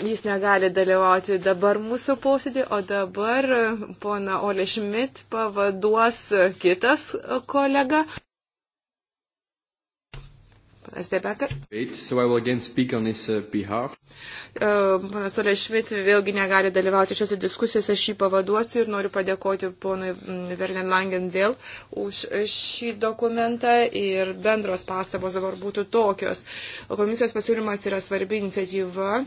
jis negali dalyvauti dabar mūsų posėdį, o dabar pona Ole Šmit pavaduos kitas kolega. Panas Debeker. So Panas uh, uh, Tolė Šmit vėlgi negali dalyvauti šiose diskusijose, aš jį pavaduosiu ir noriu padėkoti ponui Vernen mm, Langen vėl už šį dokumentą ir bendros pastabos dabar būtų tokios. Komisijos pasiūlymas yra svarbi iniciatyva,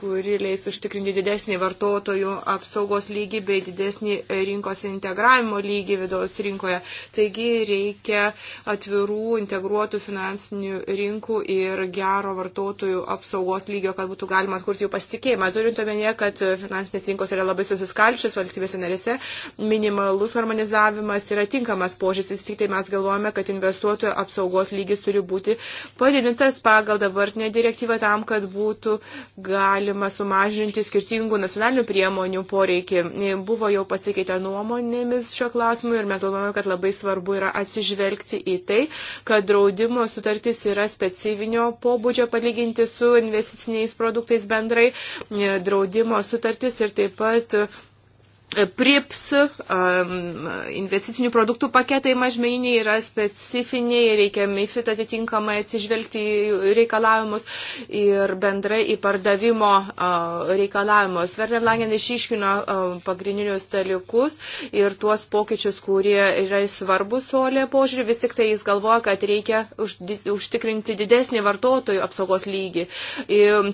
kuri leis užtikrinti didesnį vartotojų apsaugos lygį bei didesnį rinkos integravimo lygį vidaus rinkoje. Taigi reikia atvirų, integruotų finansinių rinkų ir gero vartotojų apsaugos lygio, kad būtų galima atkurti jų pasitikėjimą. Turint omenyje, kad finansinės rinkos yra labai susiskalčius valstybėse narėse, minimalus harmonizavimas yra tinkamas požiūris, tik tai mes galvojame, kad investuotojų apsaugos lygis turi būti padidintas pagal dabartinę direktyvą tam, kad būtų galima sumažinti skirtingų nacionalinių priemonių poreikį. Buvo jau pasikeitę nuomonėmis šio klausimu ir mes galvojame, kad labai svarbu yra atsižvelgti į tai, kad draudimo sutartis yra specifinio pobūdžio palyginti su investiciniais produktais bendrai, e, draudimo sutartis ir taip pat PRIPS, um, investicinių produktų paketai mažmeniniai yra specifiniai, reikia MIFID atitinkamai atsižvelgti į reikalavimus ir bendrai į pardavimo uh, reikalavimus. Werner Langen išiškino um, pagrindinius dalykus ir tuos pokyčius, kurie yra svarbus solė požiūrį, vis tik tai jis galvoja, kad reikia užtikrinti didesnį vartotojų apsaugos lygį.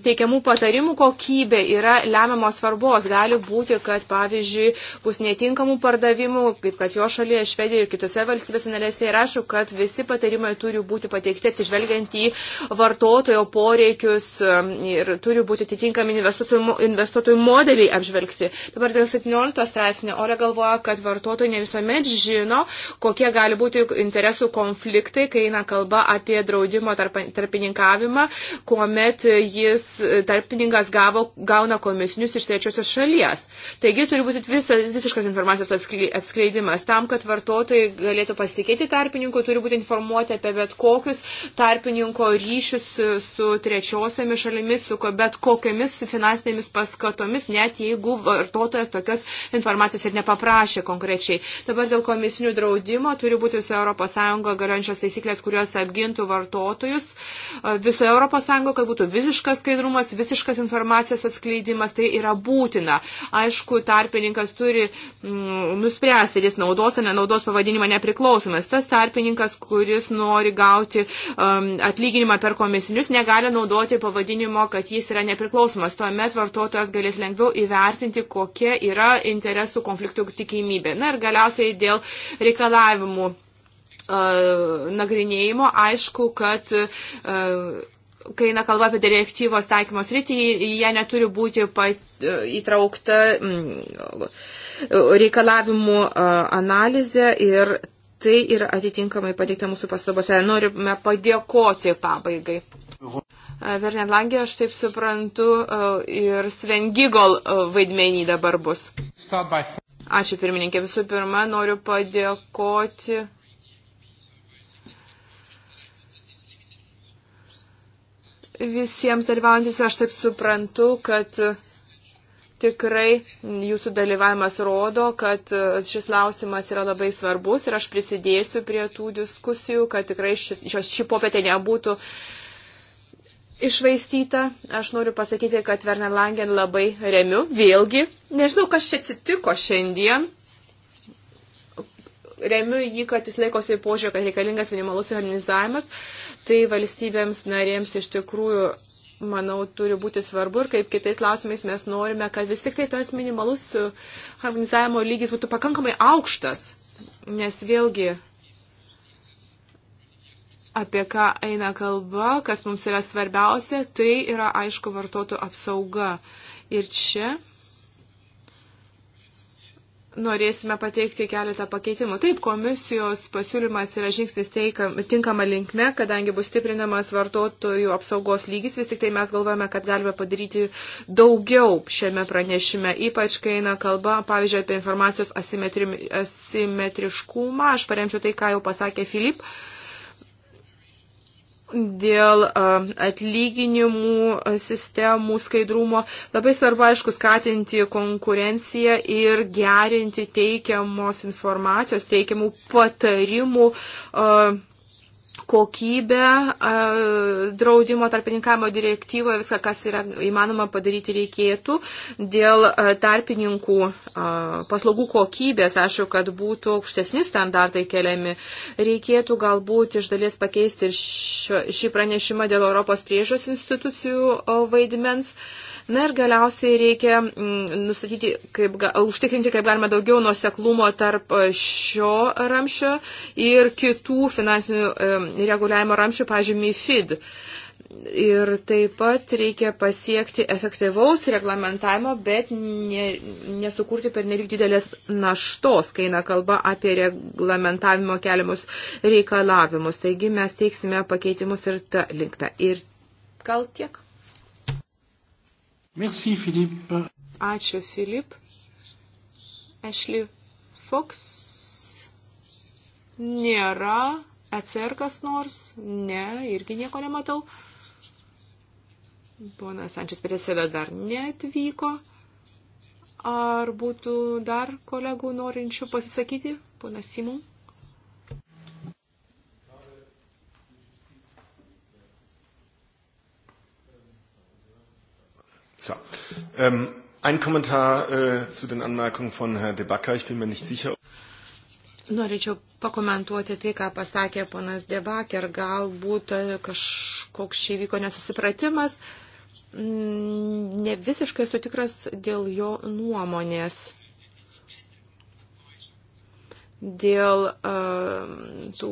Teikiamų patarimų kokybė yra lemiamos svarbos. Gali būti, kad pavyzdžiui, pavyzdžiui, bus netinkamų pardavimų, kaip kad jo šalyje, Švedijoje ir kitose valstybėse narėse. Ir ašku, kad visi patarimai turi būti pateikti atsižvelgiant į vartotojo poreikius um, ir turi būti atitinkami investuotojų, investuotojų modeliai apžvelgti. Dabar dėl 17 straipsnio Ore galvoja, kad vartotojai ne visuomet žino, kokie gali būti interesų konfliktai, kai eina kalba apie draudimo tarp, tarpininkavimą, kuomet jis tarpininkas gavo, gauna komisinius iš trečiosios šalies. Taigi turi būti visas, visiškas informacijos atskleidimas. Tam, kad vartotojai galėtų pasitikėti tarpininku, turi būti informuoti apie bet kokius tarpininko ryšius su trečiosiomis šalimis, su bet kokiamis finansinėmis paskatomis, net jeigu vartotojas tokios informacijos ir nepaprašė konkrečiai. Dabar dėl komisinių draudimo turi būti visoje ES galiojančios taisyklės, kurios apgintų vartotojus visoje ES, kad būtų visiškas skaidrumas, visiškas informacijos atskleidimas. Tai yra būtina. Aišku, tarpininkas tarpininkas turi mm, nuspręsti, ar jis naudos ar nenaudos pavadinimą nepriklausomas. Tas tarpininkas, kuris nori gauti um, atlyginimą per komisinius, negali naudoti pavadinimo, kad jis yra nepriklausomas. Tuomet vartotojas galės lengviau įvertinti, kokia yra interesų konfliktų tikimybė. Na ir galiausiai dėl reikalavimų uh, nagrinėjimo, aišku, kad uh, kai eina kalba apie direktyvos taikymos rytį, jie neturi būti pat, e, įtraukta mm, reikalavimų e, analizė ir tai yra atitinkamai pateikta mūsų pastabose. Norime padėkoti pabaigai. E, Vernet Langė, aš taip suprantu, ir Sven Gigol vaidmenį dabar bus. Ačiū pirmininkė. Visų pirma, noriu padėkoti visiems dalyvaujantis. Aš taip suprantu, kad tikrai jūsų dalyvavimas rodo, kad šis klausimas yra labai svarbus ir aš prisidėsiu prie tų diskusijų, kad tikrai šis, šios, ši popietė nebūtų išvaistyta. Aš noriu pasakyti, kad Werner Langen labai remiu. Vėlgi, nežinau, kas čia atsitiko šiandien remiu jį, kad jis laikosi požiūrį, kad reikalingas minimalus organizavimas, tai valstybėms narėms iš tikrųjų, manau, turi būti svarbu ir kaip kitais klausimais mes norime, kad vis tik tai tas minimalus e, harmonizavimo lygis būtų pakankamai aukštas, nes vėlgi apie ką eina kalba, kas mums yra svarbiausia, tai yra aišku vartotojų apsauga. Ir čia norėsime pateikti keletą pakeitimų. Taip, komisijos pasiūlymas yra žingsnis tinkama linkme, kadangi bus stiprinamas vartotojų apsaugos lygis, vis tik tai mes galvojame, kad galime padaryti daugiau šiame pranešime, ypač kai eina kalba, pavyzdžiui, apie informacijos asimetri asimetriškumą. Aš paremčiau tai, ką jau pasakė Filip. Uh, dėl atlyginimų sistemų skaidrumo. Labai svarbu, aišku, skatinti konkurenciją ir gerinti teikiamos informacijos, teikiamų patarimų uh, kokybę draudimo tarpininkavimo direktyvoje, viską, kas yra įmanoma padaryti reikėtų. Dėl tarpininkų paslaugų kokybės, aišku, kad būtų aukštesni standartai keliami, reikėtų galbūt iš dalies pakeisti ir šį pranešimą dėl Europos priežos institucijų vaidmens. Uh, Na ir galiausiai reikia mm, nustatyti, kaip, užtikrinti, kaip galima daugiau nuoseklumo tarp e, šio ramšio ir kitų finansinių e, reguliavimo ramšių, pavyzdžiui, MIFID. Ir taip pat reikia pasiekti efektyvaus reglamentavimo, bet ne, nesukurti per nelik didelės naštos, kai eina kalba apie reglamentavimo keliamus reikalavimus. Taigi mes teiksime pakeitimus ir tą linkmę. Ir gal tiek? Merci, Filip. Ačiū, Filip. Ashley Fox nėra. ECR kas nors? Ne, irgi nieko nematau. Ponas Sančias Preseda dar neatvyko. Ar būtų dar kolegų norinčių pasisakyti? Ponas Simon. Ähm, ein Kommentar äh, zu den Anmerkungen von Herrn De Backer. Ich bin mir nicht sicher. Norėčiau pakomentuoti tai, ką pasakė ponas Debaker. Galbūt äh, kažkoks čia įvyko nesusipratimas. Mm, ne visiškai sutikras dėl jo nuomonės dėl uh, tų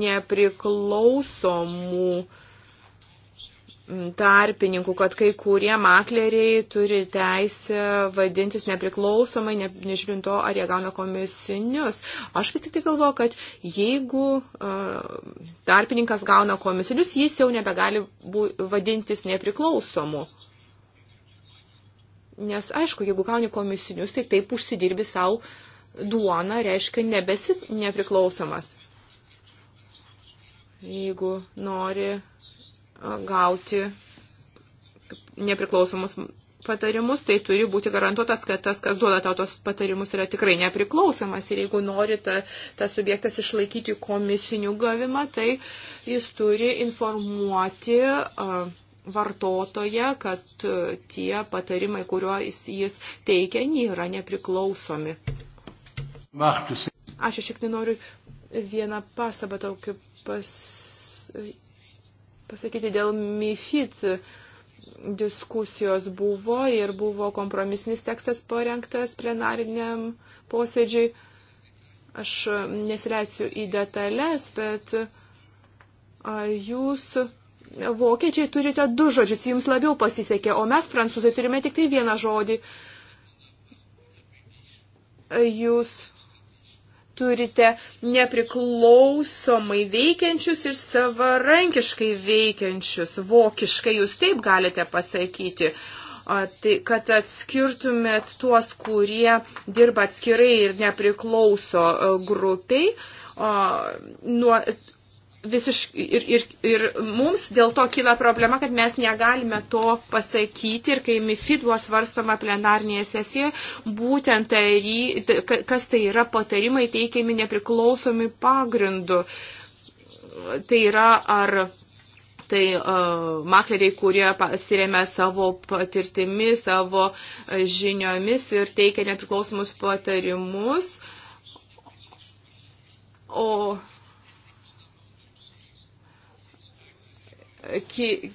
nepriklausomų tarpininkų, kad kai kurie makleriai turi teisę vadintis nepriklausomai, ne, nežiūrint to, ar jie gauna komisinius. Aš vis tik tai galvoju, kad jeigu uh, tarpininkas gauna komisinius, jis jau nebegali bū, vadintis nepriklausomu. Nes aišku, jeigu gauni komisinius, tai taip užsidirbi savo duoną, reiškia nebesi nepriklausomas. Jeigu nori gauti nepriklausomus patarimus, tai turi būti garantuotas, kad tas, kas duoda tau tos patarimus, yra tikrai nepriklausomas. Ir jeigu nori ta, tas subjektas išlaikyti komisinių gavimą, tai jis turi informuoti vartotoje, kad tie patarimai, kuriuos jis teikia, nėra nepriklausomi. Aš iš tikrųjų noriu vieną pasabą tokį pas pasakyti dėl MIFID diskusijos buvo ir buvo kompromisnis tekstas parengtas plenariniam posėdžiui. Aš nesileisiu į detalės, bet jūs vokiečiai turite du žodžius, jums labiau pasisekė, o mes prancūzai turime tik tai vieną žodį. Jūs turite nepriklausomai veikiančius ir savarankiškai veikiančius, vokiškai jūs taip galite pasakyti, tai kad atskirtumėt tuos, kurie dirba atskirai ir nepriklauso grupiai nuo visiškai ir, ir, ir mums dėl to kyla problema, kad mes negalime to pasakyti ir kai MIFID buvo svarstama plenarnėje sesijoje, būtent tary, kas tai yra patarimai teikiami nepriklausomi pagrindu. Tai yra ar tai uh, makleriai, kurie pasiremia savo patirtimi, savo žiniomis ir teikia nepriklausomus patarimus. O ki,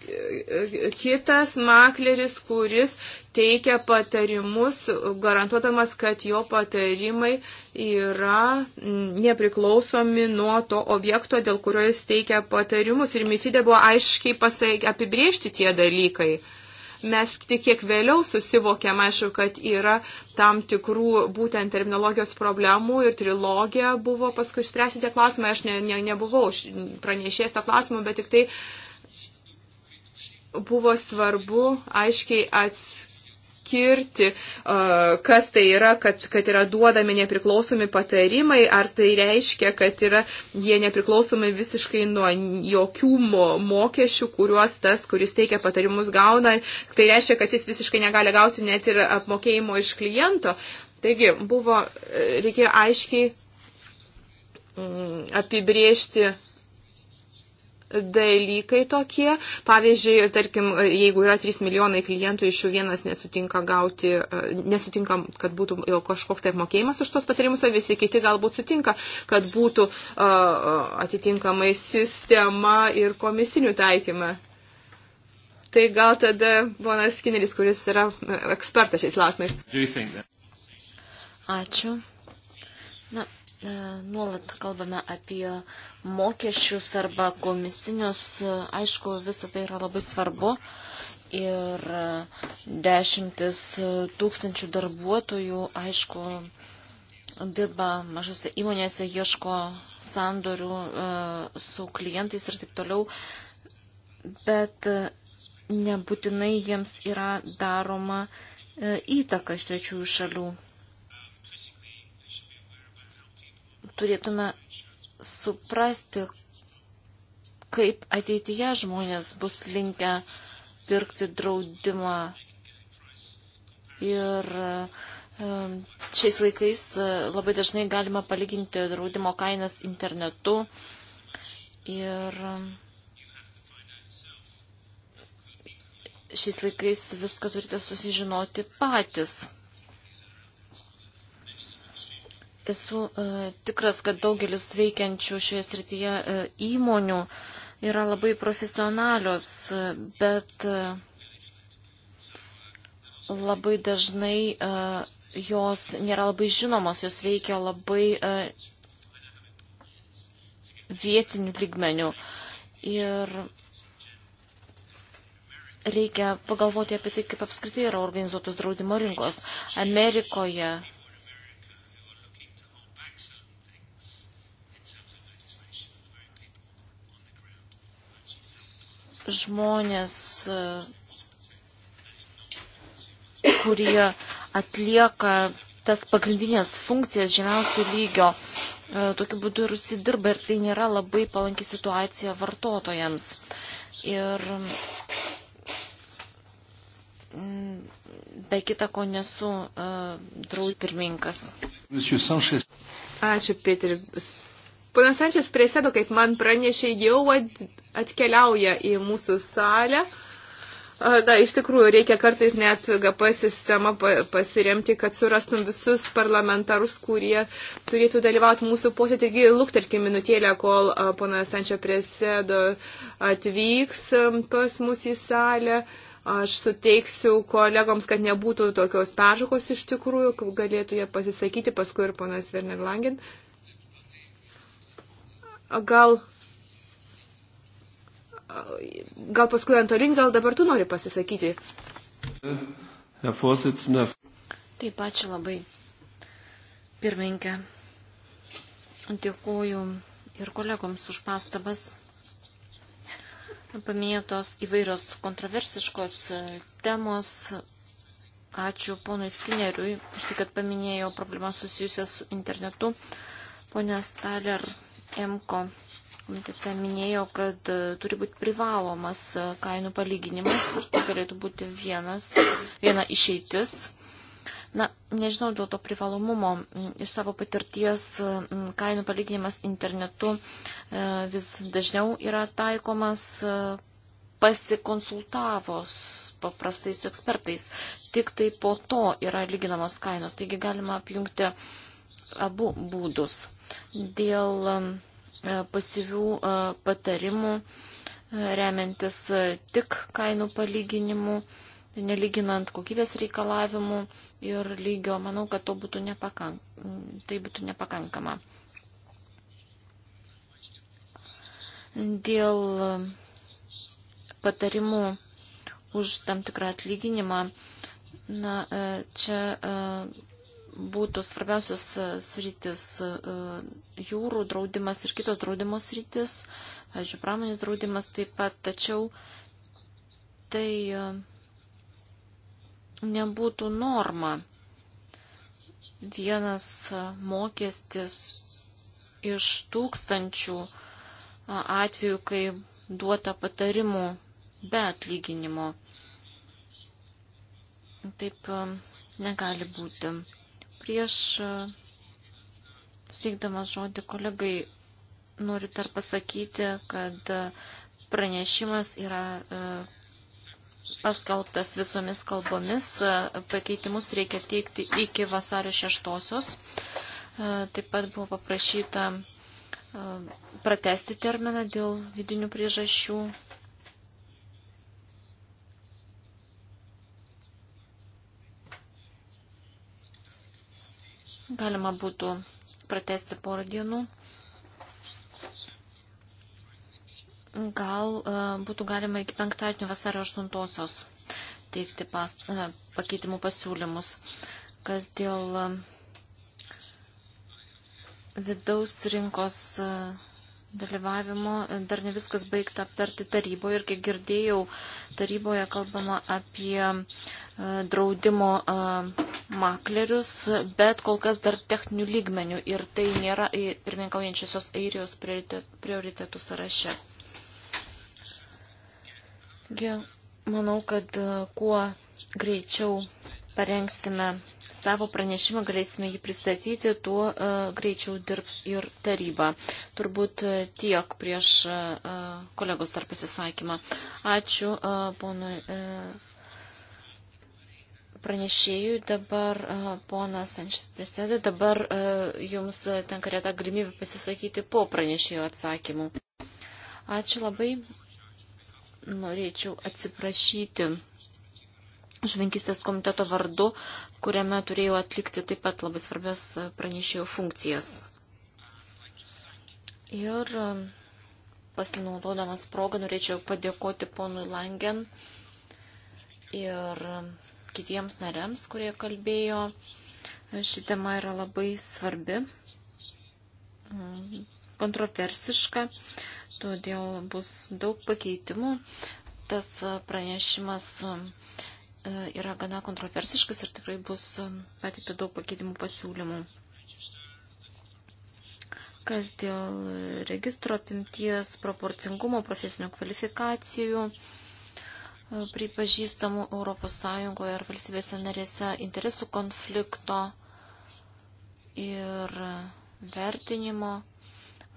kitas makleris, kuris teikia patarimus, garantuodamas, kad jo patarimai yra mm, nepriklausomi nuo to objekto, dėl kurio jis teikia patarimus. Ir Mifide buvo aiškiai pasai, apibriežti tie dalykai. Mes tik kiek vėliau susivokėm, aišku, kad yra tam tikrų būtent terminologijos problemų ir trilogija buvo paskui išspręsti tie klausimai. Aš ne, ne, nebuvau pranešėjęs to klausimą, bet tik tai uh, buvo svarbu aiškiai atskirti atskirti, kas tai yra, kad, kad yra duodami nepriklausomi patarimai, ar tai reiškia, kad yra jie nepriklausomi visiškai nuo jokių mo mokesčių, kuriuos tas, kuris teikia patarimus, gauna. Tai reiškia, kad jis visiškai negali gauti net ir apmokėjimo iš kliento. Taigi, buvo, e, reikėjo aiškiai mm, apibriežti dalykai tokie. Pavyzdžiui, tarkim, jeigu yra 3 milijonai klientų, iš jų vienas nesutinka gauti, e, nesutinka, kad būtų kažkoks tai apmokėjimas už tos patarimus, o visi kiti galbūt sutinka, kad būtų e, e, atitinkamai sistema ir komisinių taikymą. Tai gal tada ponas Skineris, kuris yra ekspertas šiais klausimais. Ačiū. E, nuolat kalbame apie mokesčius arba komisinius. Aišku, visą tai yra labai svarbu. Ir dešimtis tūkstančių darbuotojų, aišku, dirba mažose įmonėse, ieško sandorių e, su klientais ir taip toliau. Bet nebūtinai jiems yra daroma e, įtaka iš trečiųjų šalių. turėtume suprasti, kaip ateityje žmonės bus linkę pirkti draudimą. Ir e, šiais laikais e, labai dažnai galima palyginti draudimo kainas internetu. Ir e, šiais laikais viską turite susižinoti patys. Esu e, tikras, kad daugelis veikiančių šioje srityje e, įmonių yra labai profesionalios, e, bet e, labai dažnai e, jos nėra labai žinomos, jos veikia labai e, vietinių lygmenių. Ir reikia pagalvoti apie tai, kaip apskritai yra organizuotos draudimo rinkos. Amerikoje žmonės, e, kurie atlieka tas pagrindinės funkcijas žemiausių lygio, e, tokiu būdu ir užsidirba ir tai nėra labai palanki situacija vartotojams. Ir mm, be kita ko nesu uh, e, draug pirmininkas. Ačiū, Peteris. Ponas Sančias Presėdo, kaip man pranešė, jau atkeliauja į mūsų salę. Na, iš tikrųjų, reikia kartais net GP sistemą pasiremti, kad surastum visus parlamentarus, kurie turėtų dalyvauti mūsų posėdį. Taigi, luktelkim minutėlę, kol ponas Sančio Presėdo atvyks pas mus į salę. Aš suteiksiu kolegoms, kad nebūtų tokios peržakos iš tikrųjų, galėtų jie pasisakyti, paskui ir ponas Werner Langin. Gal Gal paskui Antolin, gal dabar tu nori pasisakyti? Taip, ačiū labai. Pirminkė, dėkuoju ir kolegoms už pastabas. Paminėtos įvairios kontroversiškos e, temos. Ačiū ponui Skineriui už tai, kad paminėjo problemas susijusias su internetu. Pone Staler Emko komitete minėjo, kad e, turi būti privalomas e, kainų palyginimas ir tai galėtų būti vienas, viena išeitis. Na, nežinau dėl to privalomumo. Iš savo patirties e, kainų palyginimas internetu vis dažniau yra taikomas pasikonsultavos paprastai su ekspertais. Tik tai po to yra lyginamos kainos. Taigi galima apjungti abu būdus. Dėl E, pasyvių e, patarimų, e, remiantis tik kainų palyginimu, neliginant kokybės reikalavimų ir lygio. Manau, kad to būtų nepakank... tai būtų nepakankama. Dėl patarimų už tam tikrą atlyginimą, na, čia būtų svarbiausios e, sritis e, jūrų draudimas ir kitos draudimo sritis, pavyzdžiui, pramonės draudimas taip pat, tačiau tai e, nebūtų norma. Vienas mokestis iš tūkstančių atvejų, kai duota patarimų be atlyginimo. Taip negali būti. Prieš e, suteikdamas žodį kolegai noriu dar pasakyti, kad e, pranešimas yra e, paskelbtas visomis kalbomis. Pakeitimus reikia teikti iki vasario šeštosios. Taip pat buvo paprašyta pratesti terminą dėl vidinių priežasčių. Galima būtų pratesti porą dienų. Gal e, būtų galima iki penktadienio vasario 8-osios teikti pas, e, pakeitimų pasiūlymus. Kas dėl e, vidaus rinkos dalyvavimo. Dar ne viskas baigta aptarti taryboje ir kiek girdėjau, taryboje kalbama apie e, draudimo e, maklerius, bet kol kas dar techninių lygmenių ir tai nėra pirmininkaujančiosios Airijos prioritetų sąraše. Taigi, manau, kad e, kuo greičiau parengsime savo pranešimą galėsime jį pristatyti, tuo e, greičiau dirbs ir taryba. Turbūt e, tiek prieš e, kolegos dar pasisakymą. Ačiū ponui pranešėjų, dabar ponas Sančias prisėdė, dabar jums tenka reta galimybė pasisakyti po pranešėjų atsakymų. Ačiū labai. Norėčiau atsiprašyti žvinkistės komiteto vardu, kuriame turėjau atlikti taip pat labai svarbias pranešėjų funkcijas. Ir um, pasinaudodamas progą norėčiau padėkoti ponui Langen ir um, kitiems nariams, kurie kalbėjo. Ši tema yra labai svarbi, um, kontroversiška, todėl bus daug pakeitimų. Tas pranešimas uh, E, yra gana kontroversiškas ir tikrai bus e, patikta daug pakeitimų pasiūlymų. Kas dėl registro apimties, proporcingumo, profesinių kvalifikacijų, e, pripažįstamų ES ar valstybėse narėse interesų konflikto ir vertinimo,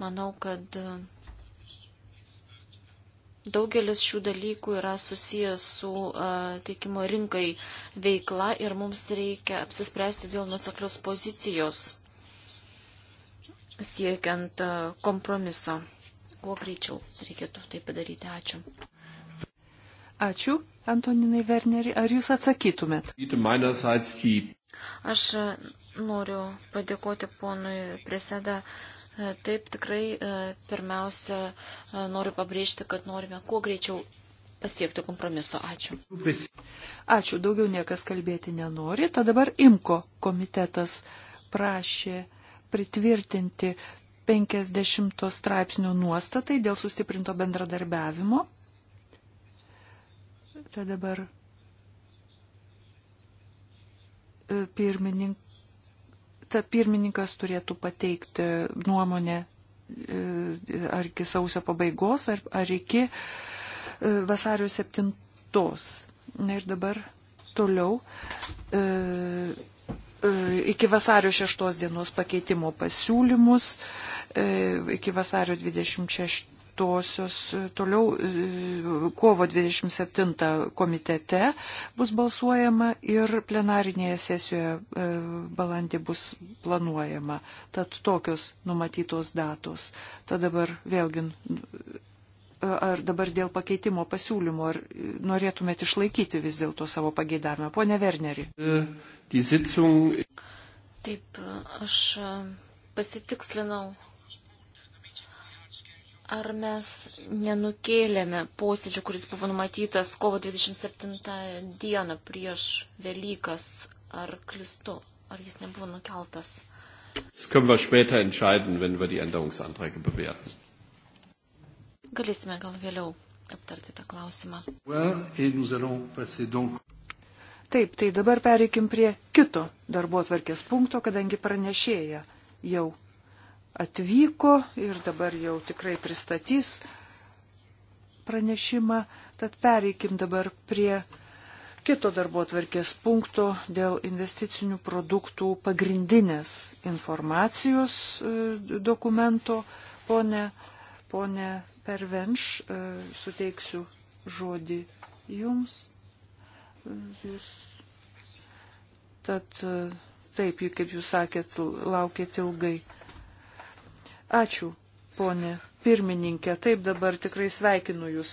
manau, kad Daugelis šių dalykų yra susijęs su teikimo rinkai veikla ir mums reikia apsispręsti dėl nuseklios pozicijos siekiant kompromiso. Kuo greičiau reikėtų tai padaryti. Ačiū. Ačiū, Antoninai Werneri. Ar jūs atsakytumėt? Aš noriu padėkoti ponui Priseda Taip, tikrai e, pirmiausia, e, noriu pabrėžti, kad norime kuo greičiau pasiekti kompromiso. Ačiū. Ačiū, daugiau niekas kalbėti nenori. Tad dabar IMKO komitetas prašė pritvirtinti 50 straipsnių nuostatai dėl sustiprinto bendradarbiavimo. Tad dabar e, pirmininkas ta pirmininkas turėtų pateikti nuomonę e, ar iki sausio pabaigos, ar, ar iki e, vasario 7. Na ir dabar toliau e, iki vasario 6 dienos pakeitimo pasiūlymus, iki vasario 26 toliau e, kovo 27 komitete bus balsuojama ir plenarinėje sesijoje e, balandį bus planuojama. Tad tokios numatytos datos. Tad dabar vėlgi, e, ar dabar dėl pakeitimo pasiūlymo, ar norėtumėt išlaikyti vis dėlto savo pageidavimą? Pone Werneri. Taip, aš pasitikslinau Ar mes nenukėlėme posėdžio, kuris buvo numatytas kovo 27 dieną prieš Velykas, ar klistu, ar jis nebuvo nukeltas? Galėsime gal vėliau aptarti tą klausimą. Taip, tai dabar pereikim prie kito darbo atvarkės punkto, kadangi pranešėja jau atvyko ir dabar jau tikrai pristatys pranešimą. Tad pereikim dabar prie kito darbo atvarkės punkto dėl investicinių produktų pagrindinės informacijos e, dokumento. Pone, pone Pervenš, e, suteiksiu žodį jums. E, jūs. Tad taip, kaip jūs sakėt, laukėt ilgai. Ačiū, ponė pirmininkė. Taip dabar tikrai sveikinu Jūs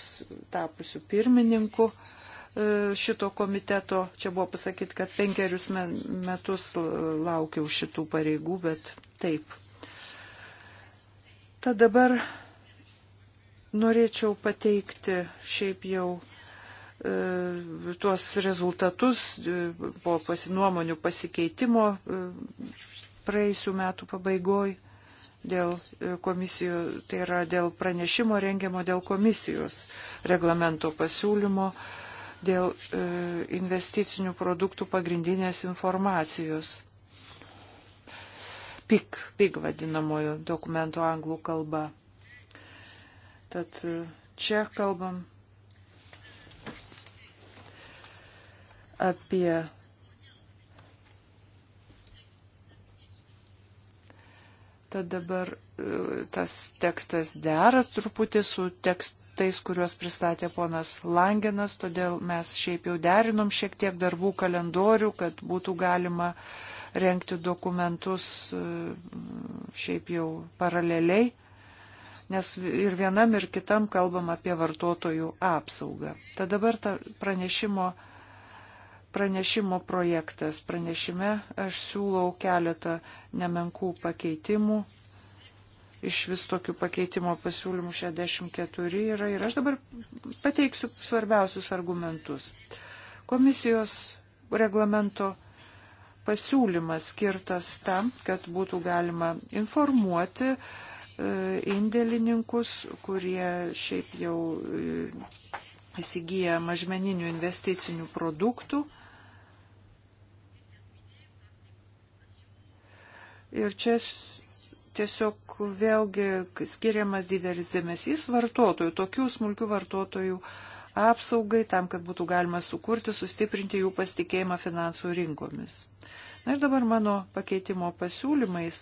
tapusiu pirmininku e, šito komiteto. Čia buvo pasakyti, kad penkerius metus laukiau šitų pareigų, bet taip. Tad dabar norėčiau pateikti šiaip jau e, tuos rezultatus e, po pasinuomonių pasikeitimo praeisių metų pabaigoj dėl e, komisijų, tai yra dėl pranešimo rengiamo dėl komisijos reglamento pasiūlymo, dėl e, investicinių produktų pagrindinės informacijos. PIK, PIK vadinamojo dokumento anglų kalba. Tad e, čia kalbam apie Tad dabar e, tas tekstas dera truputį su tekstais, kuriuos pristatė ponas Langenas, todėl mes šiaip jau derinom šiek tiek darbų kalendorių, kad būtų galima renkti dokumentus e, šiaip jau paraleliai nes ir vienam, ir kitam kalbam apie vartotojų apsaugą. Tad dabar ta pranešimo pranešimo projektas. Pranešime aš siūlau keletą nemenkų pakeitimų. Iš vis tokių pakeitimo pasiūlymų 64 yra ir aš dabar pateiksiu svarbiausius argumentus. Komisijos reglamento pasiūlymas skirtas tam, kad būtų galima informuoti e, indėlininkus, kurie šiaip jau e, įsigyja mažmeninių investicinių produktų Ir čia tiesiog vėlgi skiriamas didelis dėmesys vartotojų, tokių smulkių vartotojų apsaugai, tam, kad būtų galima sukurti, sustiprinti jų pasitikėjimą finansų rinkomis. Na ir dabar mano pakeitimo pasiūlymais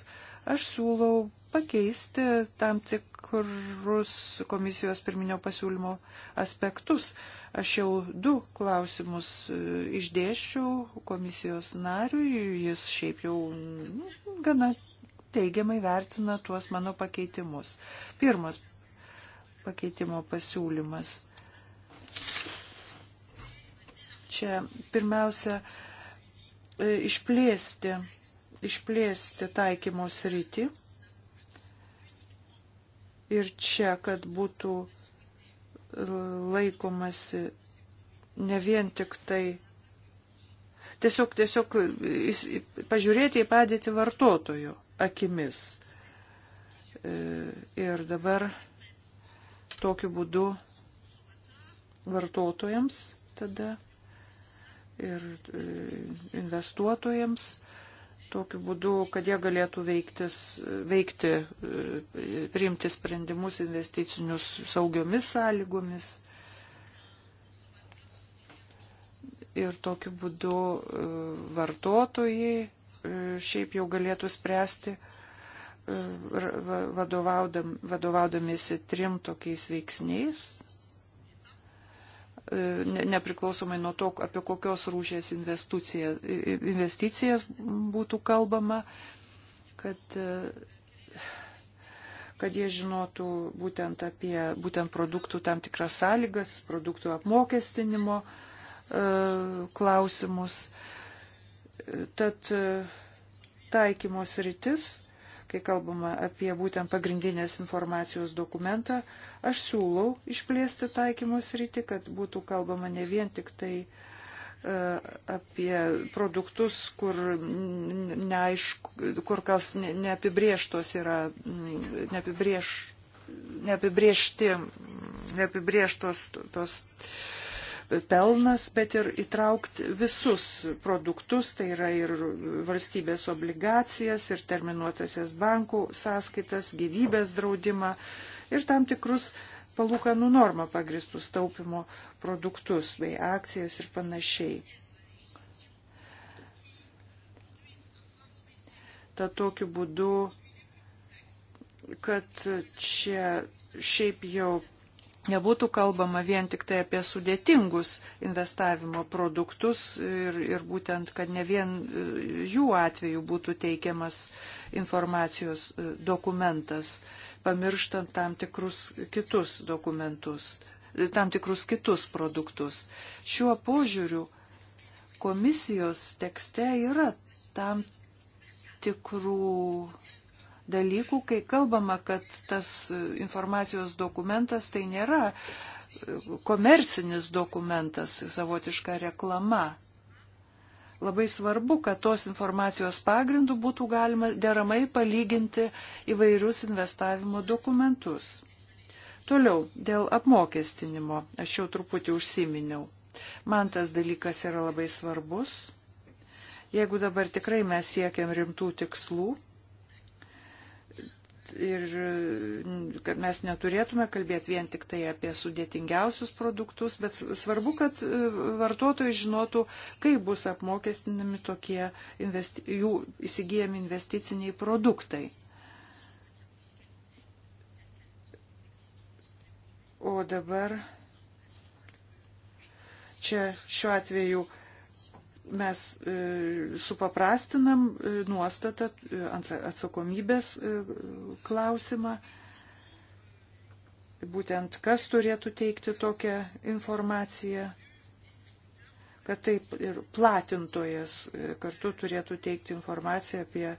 aš siūlau pakeisti tam tikrus komisijos pirminio pasiūlymo aspektus. Aš jau du klausimus e, išdėščiau komisijos nariui, jis šiaip jau nu, gana teigiamai vertina tuos mano pakeitimus. Pirmas pakeitimo pasiūlymas. Čia pirmiausia e, išplėsti, išplėsti taikymo sritį ir čia, kad būtų laikomasi ne vien tik tai. Tiesiog, tiesiog pažiūrėti į padėtį vartotojo akimis. E, ir dabar tokiu būdu vartotojams tada ir e, investuotojams tokiu būdu, kad jie galėtų veiktis, veikti, e, priimti sprendimus investicinius saugiomis sąlygomis. Ir tokiu būdu e, vartotojai e, šiaip jau galėtų spręsti vadovaudam, vadovaudamėsi trim tokiais veiksniais E, nepriklausomai nuo to, apie kokios rūšės investicijas būtų kalbama, kad, e, kad jie žinotų būtent apie būtent produktų tam tikras sąlygas, produktų apmokestinimo e, klausimus. Tad taikymos rytis kai kalbama apie būtent pagrindinės informacijos dokumentą, aš siūlau išplėsti taikymus rytį, kad būtų kalbama ne vien tik tai e, apie produktus, kur, neaišku, kur kas neapibrieštos yra, neapibrieš, neapibriešti, neapibrieštos tos. tos pelnas, bet ir įtraukti visus produktus, tai yra ir valstybės obligacijas, ir terminuotasias bankų sąskaitas, gyvybės draudimą ir tam tikrus palūkanų normą pagristus taupimo produktus bei akcijas ir panašiai. Ta tokiu būdu, kad čia šiaip jau nebūtų kalbama vien tik tai apie sudėtingus investavimo produktus ir, ir būtent, kad ne vien e, jų atveju būtų teikiamas informacijos e, dokumentas, pamirštant tam tikrus kitus dokumentus, e, tam tikrus kitus produktus. Šiuo požiūriu komisijos tekste yra tam tikrų dalykų, kai kalbama, kad tas e, informacijos dokumentas tai nėra e, komercinis dokumentas, savotiška reklama. Labai svarbu, kad tos informacijos pagrindų būtų galima deramai palyginti įvairius investavimo dokumentus. Toliau, dėl apmokestinimo, aš jau truputį užsiminiau. Man tas dalykas yra labai svarbus. Jeigu dabar tikrai mes siekiam rimtų tikslų, ir kad mes neturėtume kalbėti vien tik tai apie sudėtingiausius produktus, bet svarbu, kad e, vartotojai žinotų, kaip bus apmokestinami tokie investi jų įsigijami investiciniai produktai. O dabar čia šiuo atveju mes e, supaprastinam e, nuostatą e, atsakomybės klausimą, būtent kas turėtų teikti tokią informaciją, kad taip ir platintojas kartu turėtų teikti informaciją apie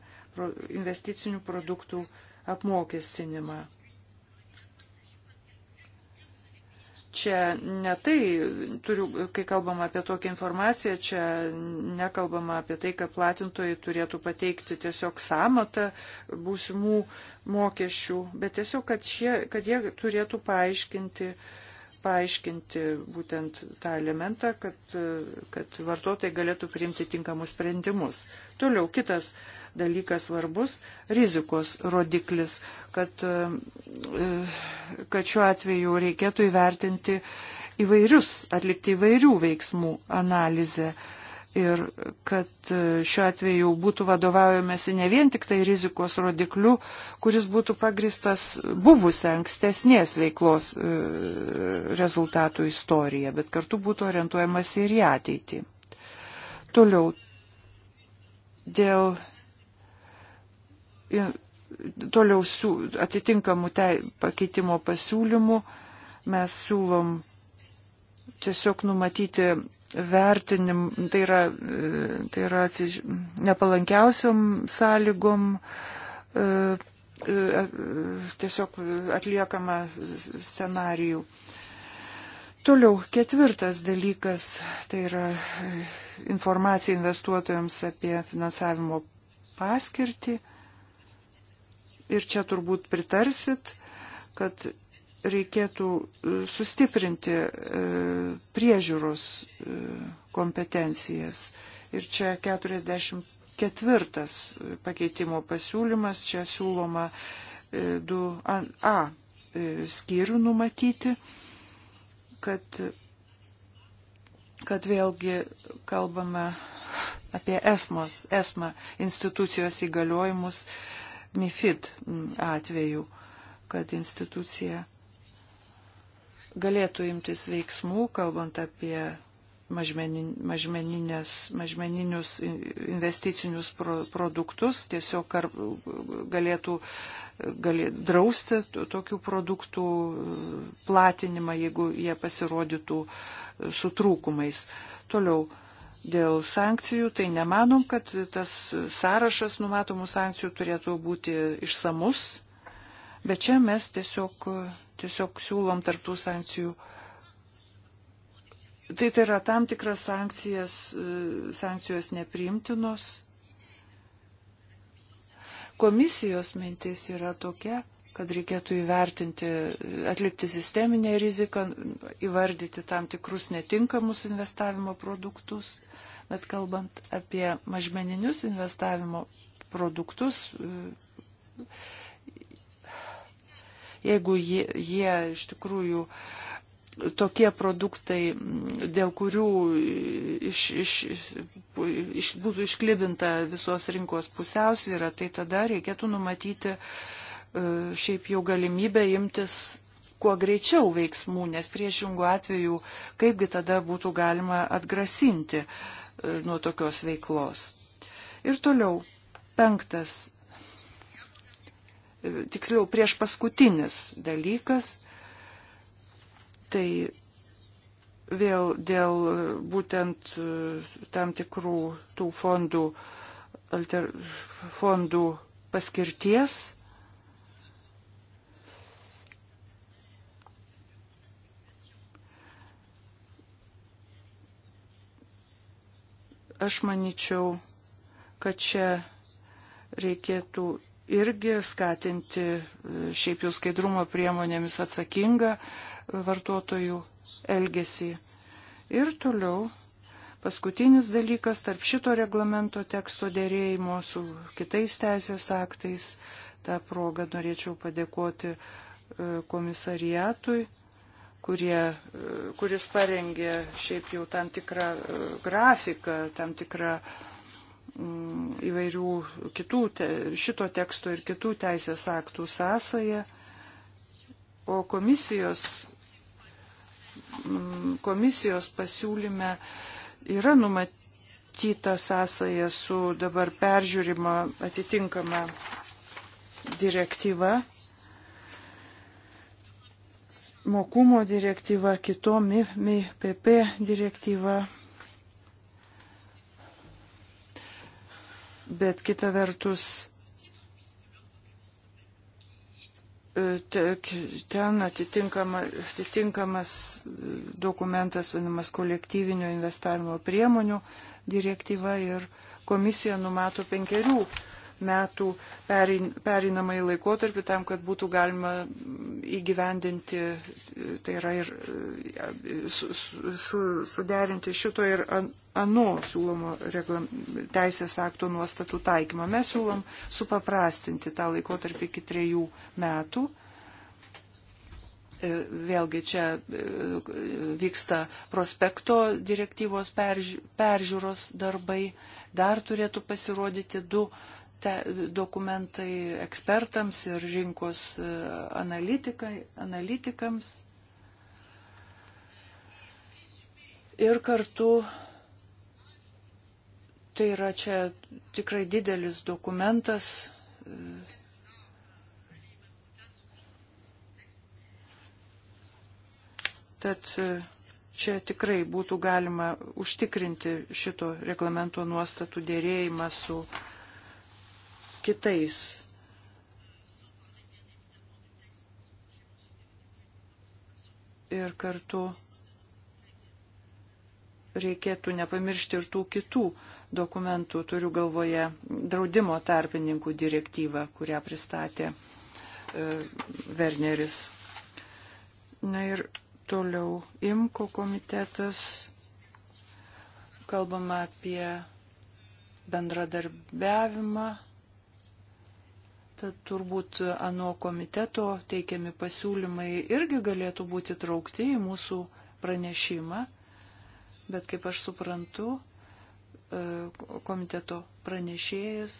investicinių produktų apmokestinimą. čia ne tai, turiu, kai kalbama apie tokią informaciją, čia nekalbama apie tai, kad platintojai turėtų pateikti tiesiog samatą būsimų mokesčių, bet tiesiog, kad, šie, kad jie turėtų paaiškinti, paaiškinti būtent tą elementą, kad, kad vartotojai galėtų priimti tinkamus sprendimus. Toliau kitas dalykas svarbus - rizikos rodiklis, kad, e, kad šiuo atveju reikėtų įvertinti įvairius, atlikti įvairių veiksmų analizę. Ir kad e, šiuo atveju būtų vadovaujamasi ne vien tik tai rizikos rodikliu, kuris būtų pagristas buvusią ankstesnės veiklos e, rezultatų istoriją, bet kartu būtų orientuojamas ir į ateitį. Toliau dėl toliau su atitinkamų tei, pakeitimo pasiūlymų mes siūlom tiesiog numatyti vertinim, tai yra, e, tai yra atsiž... nepalankiausiom sąlygom e, e, tiesiog atliekama scenarijų. Toliau ketvirtas dalykas, tai yra informacija investuotojams apie finansavimo paskirtį ir čia turbūt pritarsit, kad reikėtų e, sustiprinti e, priežiūros e, kompetencijas. Ir čia 44 pakeitimo pasiūlymas, čia siūloma 2A skyrių numatyti, kad, kad vėlgi kalbame apie esmos, esmą institucijos įgaliojimus, uh, MIFID atveju, kad institucija galėtų imtis veiksmų, kalbant apie mažmeninius investicinius pro, produktus, tiesiog kar, galėtų galė, drausti tokių produktų platinimą, jeigu jie pasirodytų su trūkumais. Toliau Dėl sankcijų, tai nemanom, kad tas sąrašas numatomų sankcijų turėtų būti išsamus, bet čia mes tiesiog, tiesiog siūlom tarptų sankcijų. Tai tai yra tam tikras sankcijas, sankcijos nepriimtinos. Komisijos mintis yra tokia, kad reikėtų įvertinti, atlikti sisteminę riziką, įvardyti tam tikrus netinkamus investavimo produktus. Bet kalbant apie mažmeninius investavimo produktus, jeigu jie, jie iš tikrųjų tokie produktai, dėl kurių iš, iš, iš, būtų išklibinta visos rinkos pusiausvyrą, tai tada reikėtų numatyti uh, E, šiaip jau galimybę imtis kuo greičiau veiksmų, nes priešingų atvejų kaipgi tada būtų galima atgrasinti e, nuo tokios veiklos. Ir toliau, penktas, e, tiksliau, prieš paskutinis dalykas, tai vėl dėl būtent tam tikrų tų fondų, alter, fondų paskirties Aš manyčiau, kad čia reikėtų irgi skatinti šiaip jau skaidrumo priemonėmis atsakingą vartotojų elgesį. Ir toliau Paskutinis dalykas tarp šito reglamento teksto dėrėjimo su kitais teisės aktais. Ta proga norėčiau padėkoti e, komisariatui kurie, e, kuris parengė šiaip jau tam tikrą e, grafiką, tam tikrą mm, įvairių kitų, šito teksto ir kitų teisės aktų sąsąją. O komisijos, mm, komisijos pasiūlyme yra numatyta sąsaja su dabar peržiūrima atitinkama direktyva mokumo direktyva, kitom MIPP direktyva. Bet kita vertus, e, ten atitinkama, atitinkamas dokumentas vadinamas kolektyvinio investavimo priemonių direktyva ir komisija numato penkerių metų pereinamai laikotarpį tam, kad būtų galima įgyvendinti, tai yra ir su, su, suderinti šito ir ano siūlomo reglam, teisės akto nuostatų taikymą. Mes siūlom supaprastinti tą laikotarpį iki trejų metų e, vėlgi čia e, vyksta prospekto direktyvos peržiūros darbai. Dar turėtų pasirodyti du te, dokumentai ekspertams ir rinkos e, analitikams. Ir kartu tai yra čia tikrai didelis dokumentas. E, tad e, čia tikrai būtų galima užtikrinti šito reglamento nuostatų dėrėjimą su uh, kitais. Ir kartu reikėtų nepamiršti ir tų kitų dokumentų, turiu galvoje draudimo tarpininkų direktyvą, kurią pristatė e, Werneris. Na ir toliau IMKO komitetas. Kalbama apie bendradarbiavimą Tad turbūt ano komiteto teikiami pasiūlymai irgi galėtų būti traukti į mūsų pranešimą, bet kaip aš suprantu, e, komiteto pranešėjas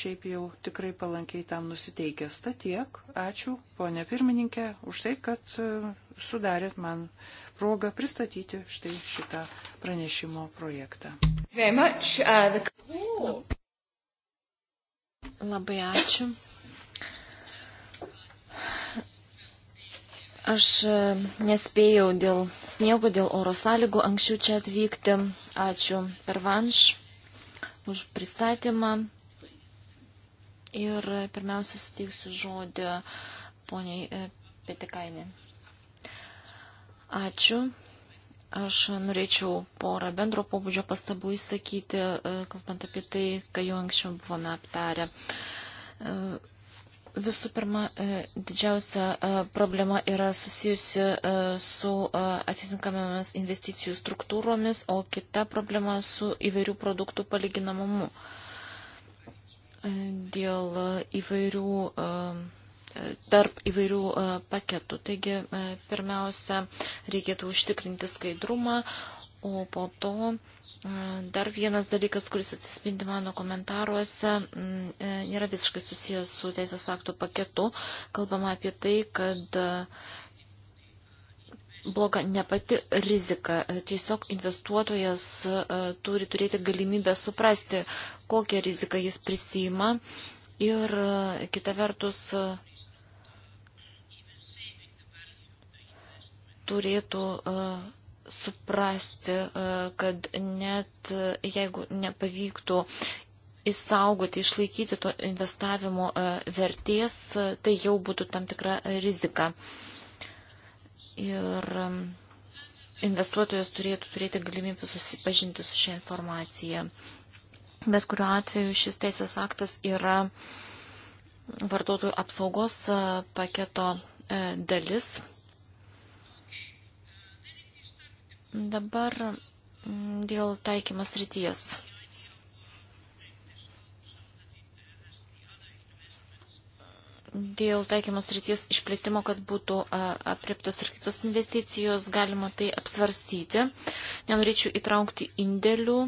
šiaip jau tikrai palankiai tam nusiteikęs. Ta tiek, ačiū, ponė pirmininkė, už tai, kad e, sudarėt man progą pristatyti štai šitą pranešimo projektą. Very much, uh, the... Labai ačiū. Aš e, nespėjau dėl sniego, dėl oro sąlygų anksčiau čia atvykti. Ačiū per vanš už pristatymą. Ir pirmiausia suteiksiu žodį poniai e, Petikainė. Ačiū. Aš norėčiau porą bendro pobūdžio pastabų įsakyti, e, kalbant apie tai, ką jau anksčiau buvome aptarę. Visų pirma, e, didžiausia e, problema yra susijusi e, su atitinkamėmis investicijų struktūromis, o kita problema su įvairių produktų palyginamumu. Dėl įvairių, tarp įvairių paketų. Taigi, pirmiausia, reikėtų užtikrinti skaidrumą, o po to Dar vienas dalykas, kuris atsispindi mano komentaruose, mm, e, yra visiškai susijęs su teisės aktų paketu. Kalbama apie tai, kad e, bloga ne pati rizika, e, tiesiog investuotojas turi turėti galimybę suprasti, kokią riziką jis prisima ir kita vertus turėtų uh, suprasti, e, kad net e, jeigu nepavyktų išsaugoti, išlaikyti to investavimo e, vertės, tai jau būtų tam tikra rizika. Ir investuotojas turėtų turėti galimybę susipažinti su šią informaciją. Bet kuriuo atveju šis teisės aktas yra vartotojų apsaugos paketo dalis Dabar mm, dėl taikymos ryties. Dėl taikymos ryties išplėtimo, kad būtų apriptos ir kitos investicijos, galima tai apsvarstyti. Nenorėčiau įtraukti indėlių,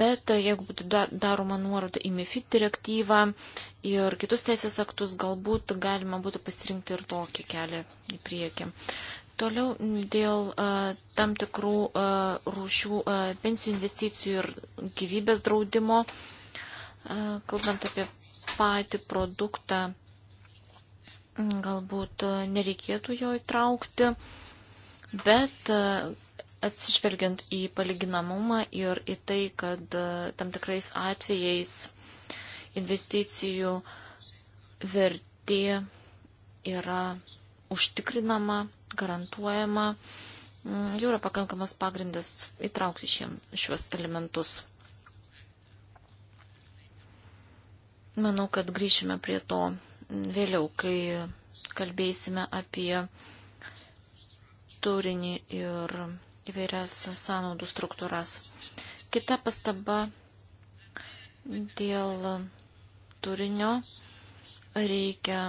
bet jeigu būtų daroma nuoroda į MIFID direktyvą ir kitus teisės aktus, galbūt galima būtų pasirinkti ir tokį kelią į priekį. Toliau dėl a, e, tam tikrų a, e, rūšių a, e, pensijų investicijų ir gyvybės draudimo, a, kalbant apie patį produktą, galbūt a, nereikėtų jo įtraukti, bet a, atsižvelgiant į palyginamumą ir į tai, kad a, tam tikrais atvejais investicijų vertė yra užtikrinama garantuojama, mm, jau yra pakankamas pagrindas įtraukti šiem, šiuos elementus. Manau, kad grįšime prie to mm, vėliau, kai kalbėsime apie turinį ir įvairias sąnaudų struktūras. Kita pastaba dėl turinio reikia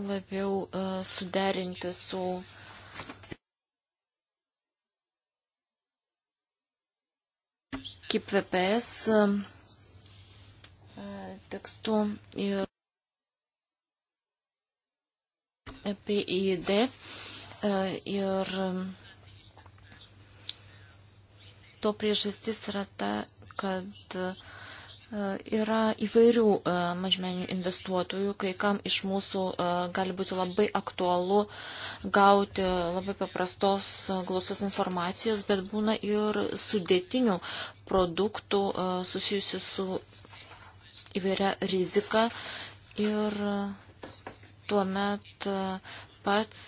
labiau e, suderinti su kaip VPS e, tekstu ir PID e, ir to priežastis yra ta, kad uh, E, yra įvairių e, mažmenių investuotojų, kai kam iš mūsų e, gali būti labai aktualu gauti labai paprastos glausos informacijos, bet būna ir sudėtinių produktų susijusių su įvairia rizika ir tuomet pats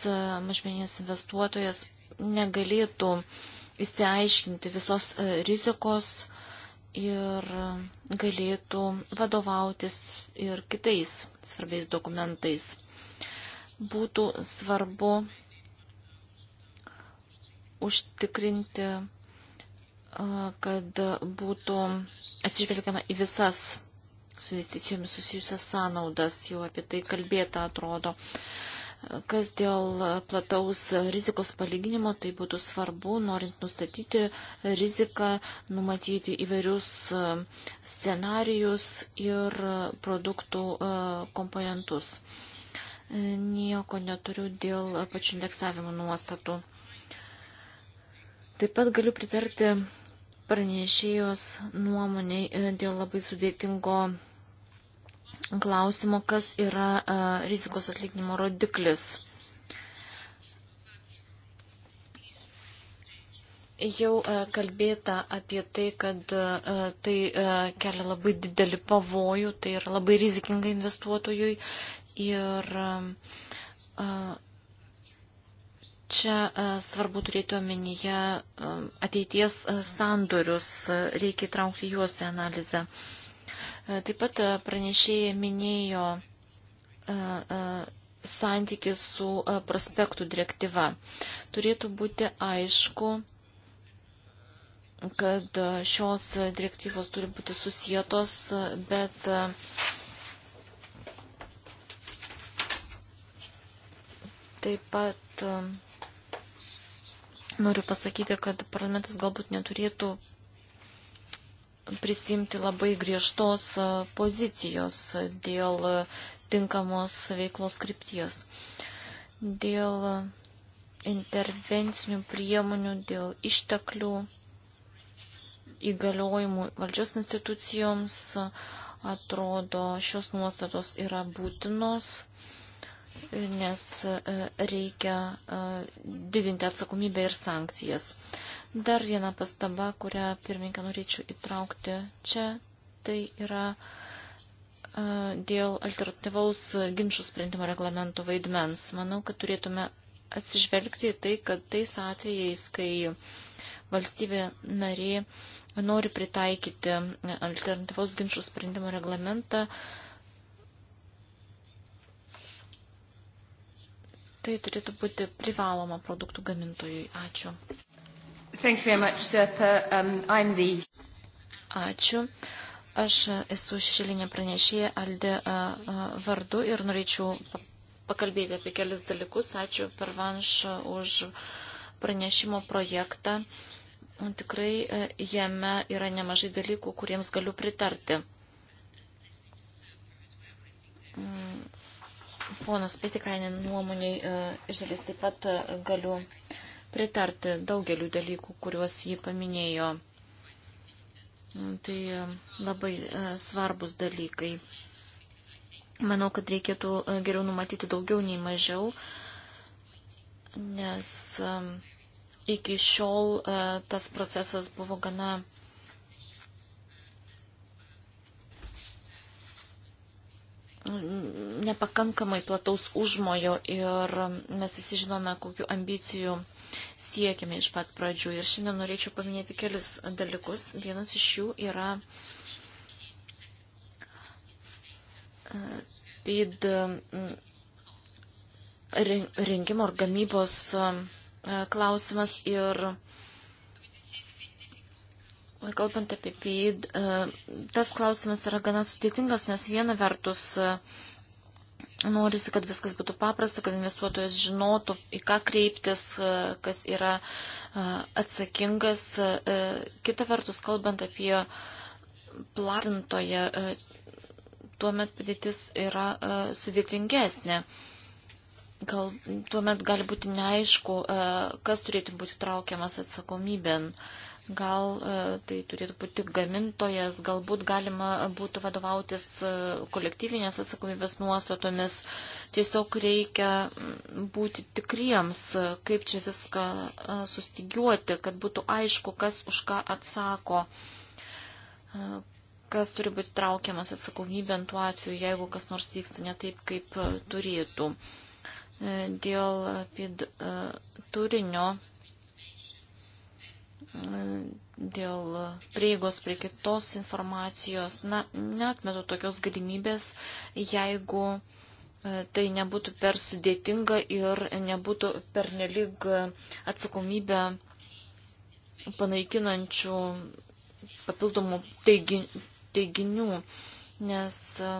mažmeninis investuotojas negalėtų įsiaiškinti visos rizikos ir galėtų vadovautis ir kitais svarbiais dokumentais. Būtų svarbu užtikrinti, kad būtų atsižvelgiama į visas su investicijomis susijusias sąnaudas, jau apie tai kalbėta atrodo. Uh, Kas dėl plataus rizikos palyginimo, tai būtų svarbu, norint nustatyti riziką, numatyti įvairius e, scenarijus ir produktų e, komponentus. E, nieko neturiu dėl pačių indeksavimo nuostatų. Taip pat galiu pritarti pranešėjos nuomoniai dėl labai sudėtingo klausimo, kas yra a, rizikos atlyginimo rodiklis. Jau kalbėta apie tai, kad tai kelia labai didelį pavojų, tai yra labai rizikinga investuotojui ir čia svarbu turėti omenyje ateities sandorius, reikia įtraukti juos į analizę. E, taip pat e, pranešėjai minėjo e, santyki su prospektų direktyva. Turėtų būti aišku, kad šios direktyvos turi būti susijėtos, bet taip pat noriu pasakyti, kad parlamentas galbūt neturėtų prisimti labai griežtos pozicijos dėl tinkamos veiklos krypties. Dėl intervencinių priemonių, dėl išteklių įgaliojimų valdžios institucijoms atrodo šios nuostatos yra būtinos nes e, reikia e, didinti atsakomybę ir sankcijas. Dar viena pastaba, kurią pirmininkę norėčiau įtraukti čia, tai yra e, dėl alternatyvaus ginčių sprendimo reglamento vaidmens. Manau, kad turėtume atsižvelgti į tai, kad tais atvejais, kai valstybė narė nori pritaikyti alternatyvaus ginčių sprendimo reglamentą, uh, Tai turėtų būti privaloma produktų gamintojui. Ačiū. Much, um, the... Ačiū. Aš esu šešėlinė pranešėja Aldė vardu ir norėčiau pakalbėti apie kelis dalykus. Ačiū per vanšą už pranešimo projektą. Tikrai jame yra nemažai dalykų, kuriems galiu pritarti. Mm, Ponas Pitikainin nuomoniai e, iš dalies taip pat e, galiu pritarti daugeliu dalykų, kuriuos jį paminėjo. Mm, tai e, labai svarbus dalykai. Manau, kad reikėtų geriau numatyti daugiau nei mažiau, nes iki šiol tas procesas buvo gana nepakankamai plataus užmojo ir mes visi žinome, kokiu ambicijų siekime iš pat pradžių. Ir šiandien norėčiau paminėti kelis dalykus. Vienas iš jų yra e, PID mm, rengimo ar gamybos e, klausimas ir kalbant apie PID, e, tas klausimas yra gana sudėtingas, nes viena vertus e, norisi, kad viskas būtų paprasta, kad investuotojas žinotų, į ką kreiptis, e, kas yra atsakingas. Kita vertus, kalbant apie platintoje, tuomet padėtis yra sudėtingesnė. Gal, tuomet gali būti neaišku, kas turėtų būti traukiamas atsakomybėn. Uh, Gal e, tai turėtų būti gamintojas, galbūt galima būtų vadovautis e, kolektyvinės atsakomybės nuostatomis. Tiesiog reikia būti tikriems, e, kaip čia viską sustigiuoti, kad būtų aišku, kas už ką atsako, kas turi būti traukiamas atsakomybė ant tuo atveju, jeigu kas nors vyksta ne taip, kaip turėtų. Dėl PID turinio dėl prieigos prie kitos informacijos. Na, netmetu tokios galimybės, jeigu e, tai nebūtų per sudėtinga ir nebūtų per nelig atsakomybę panaikinančių papildomų teiginių, nes e,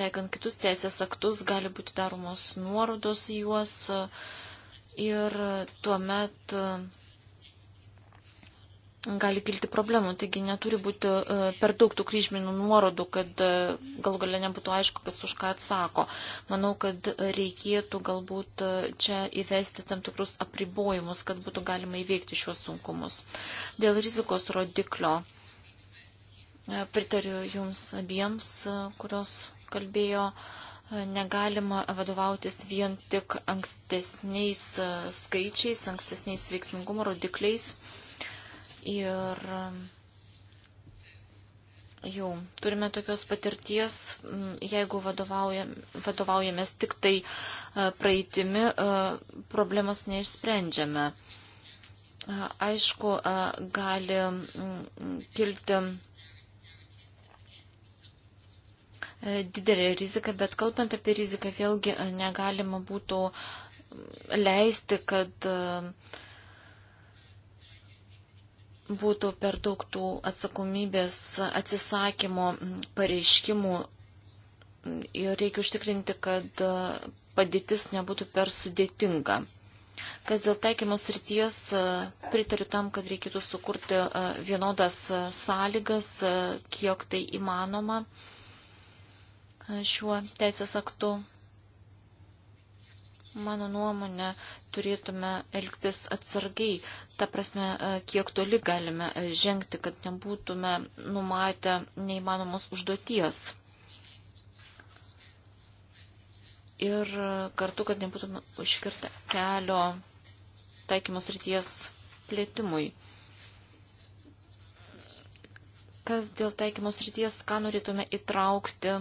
taikant kitus teisės aktus gali būti daromos nuorodos į juos e, ir tuomet met gali kilti problemų, taigi neturi būti e, per daug tų kryžminių nuorodų, kad e, gal galia nebūtų aišku, kas už ką atsako. Manau, kad reikėtų galbūt e, čia įvesti tam tikrus apribojimus, kad būtų galima įveikti šios sunkumus. Dėl rizikos rodiklio pritariu Jums abiems, kurios kalbėjo negalima vadovautis vien tik ankstesniais skaičiais, ankstesniais veiksmingumo rodikliais. Ir um, jau turime tokios patirties, jeigu vadovaujamės tik tai e, praeitimi, e, problemos neišsprendžiame. E, aišku, gali kilti didelė rizika, bet kalbant apie riziką, vėlgi negalima būtų leisti, kad uh, būtų per daug tų atsakomybės atsisakymo pareiškimų ir reikia užtikrinti, kad padėtis nebūtų per sudėtinga. Kas dėl taikymo srities, pritariu tam, kad reikėtų sukurti vienodas sąlygas, kiek tai įmanoma šiuo teisės aktu. Mano nuomonė, turėtume elgtis atsargiai, ta prasme, e, kiek toli galime e, žengti, kad nebūtume numatę neįmanomos užduoties. Ir e, kartu, kad nebūtume užkirta kelio taikymos ryties plėtimui. Kas dėl taikymos ryties, ką norėtume įtraukti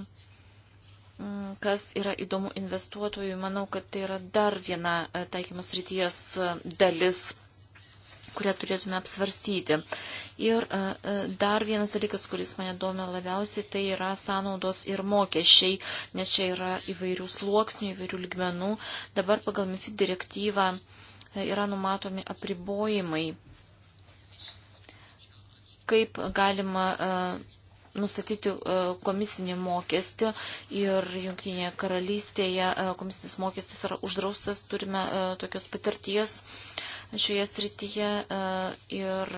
kas yra įdomu investuotojui, manau, kad tai yra dar viena e, taikymus ryties e, dalis kurią turėtume apsvarstyti. Ir e, dar vienas dalykas, kuris mane domina labiausiai, tai yra sąnaudos ir mokesčiai, nes čia yra įvairių sluoksnių, įvairių ligmenų. Dabar pagal MIFID direktyvą yra numatomi apribojimai kaip galima nustatyti e, komisinį mokestį ir Junktinėje karalystėje e, komisinis mokestis yra uždraustas, turime e, tokios patirties šioje srityje ir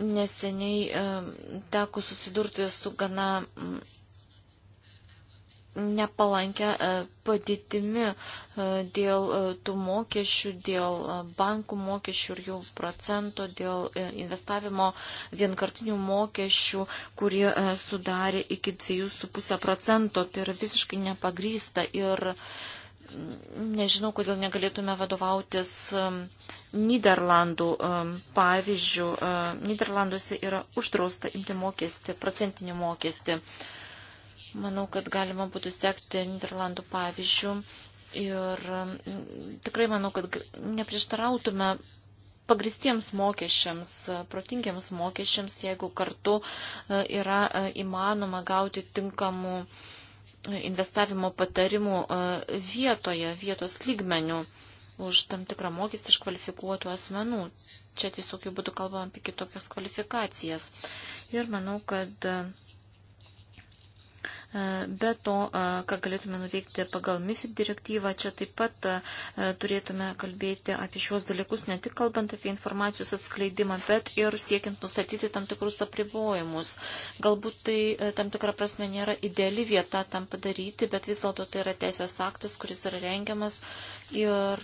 neseniai teko susidurti su gana nepalankę e, padėtimi e, dėl e, tų mokesčių, dėl bankų mokesčių ir jų procento, dėl investavimo vienkartinių mokesčių, kurie sudarė iki 2,5 procento. Tai yra visiškai nepagrysta ir nežinau, kodėl negalėtume vadovautis Niderlandų pavyzdžių. Niderlanduose yra uždrausta imti mokestį, procentinį mokestį. mokestį Manau, kad galima būtų sekti Niderlandų pavyzdžių ir tikrai manau, kad neprieštarautume pagristiems mokesčiams, protingiams mokesčiams, jeigu kartu e, yra e, įmanoma gauti tinkamų e, investavimo patarimų vietoje, vietos lygmenių už tam tikrą mokestį iš kvalifikuotų asmenų. Čia tiesiog jau būtų kalbama apie kitokias kvalifikacijas. Ir manau, kad E, be to, e, ką galėtume nuveikti pagal MIFID direktyvą, čia taip pat e, turėtume kalbėti apie šiuos dalykus, ne tik kalbant apie informacijos atskleidimą, bet ir siekiant nustatyti tam tikrus apribojimus. Galbūt tai tam tikrą prasme nėra ideali vieta tam padaryti, bet vis dėlto tai yra teisės aktas, kuris yra rengiamas ir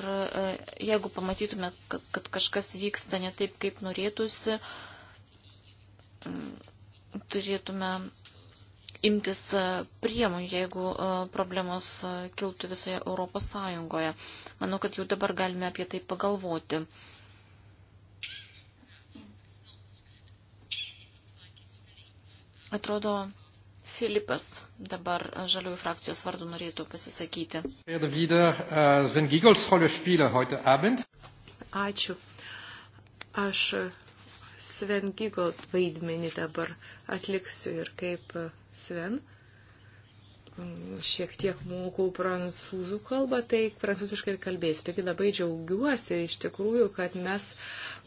jeigu pamatytume, kad kažkas vyksta ne taip, kaip norėtųsi, turėtume imtis e, priemonių, jeigu e, problemos e, kiltų visoje Europos Sąjungoje. Manau, kad jau dabar galime apie tai pagalvoti. Atrodo, Filipas dabar žaliųjų frakcijos vardu norėtų pasisakyti. Äh, Ačiū. Aš Sven Gigold vaidmenį dabar atliksiu ir kaip Sven šiek tiek mokau prancūzų kalbą, tai prancūziškai ir kalbėsiu. Taigi labai džiaugiuosi iš tikrųjų, kad mes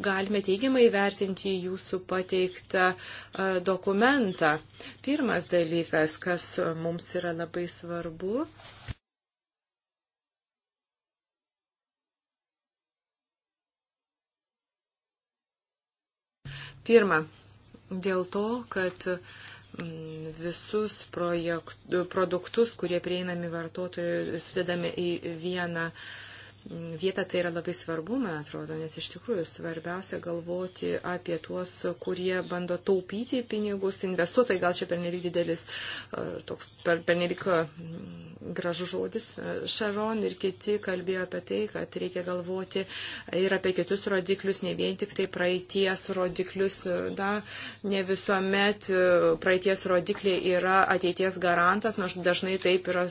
galime teigiamai vertinti jūsų pateiktą e, dokumentą. Pirmas dalykas, kas mums yra labai svarbu. Pirma, dėl to, kad uh, Mm, visus projekt, produktus, kurie prieinami vartotojui, sudedame į vieną uh, vietą tai yra labai svarbu, man atrodo, nes iš tikrųjų svarbiausia galvoti apie tuos, kurie bando taupyti pinigus, investuotojai gal čia pernelyg didelis, e, toks pernelyg mm, gražus žodis. Šaron e, ir kiti kalbėjo apie tai, kad reikia galvoti ir apie kitus rodiklius, ne vien tik tai praeities rodiklius, na, e, ne visuomet praeities rodikliai yra ateities garantas, nors dažnai taip yra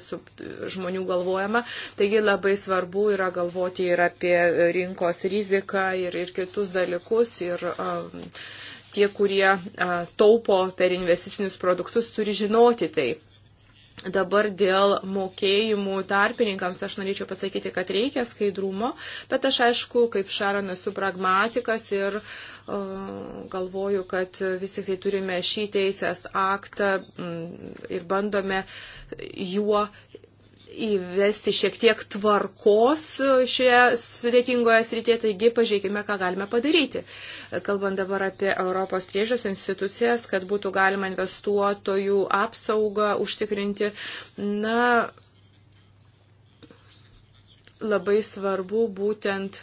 žmonių galvojama. Taigi labai svarbu yra galvoti galvoti ir apie rinkos riziką ir, ir kitus dalykus. Ir, um, tie, kurie taupo per investicinius produktus, turi žinoti tai. Dabar dėl mokėjimų tarpininkams aš norėčiau pasakyti, kad reikia skaidrumo, bet aš aišku, kaip Šaron esu pragmatikas ir uh, galvoju, kad vis tik tai turime šį teisės aktą mm, ir bandome juo įvesti šiek tiek tvarkos šioje sudėtingoje srityje, taigi pažiūrėkime, ką galime padaryti. Kalbant dabar apie Europos priežas institucijas, kad būtų galima investuotojų apsaugą užtikrinti, na, labai svarbu būtent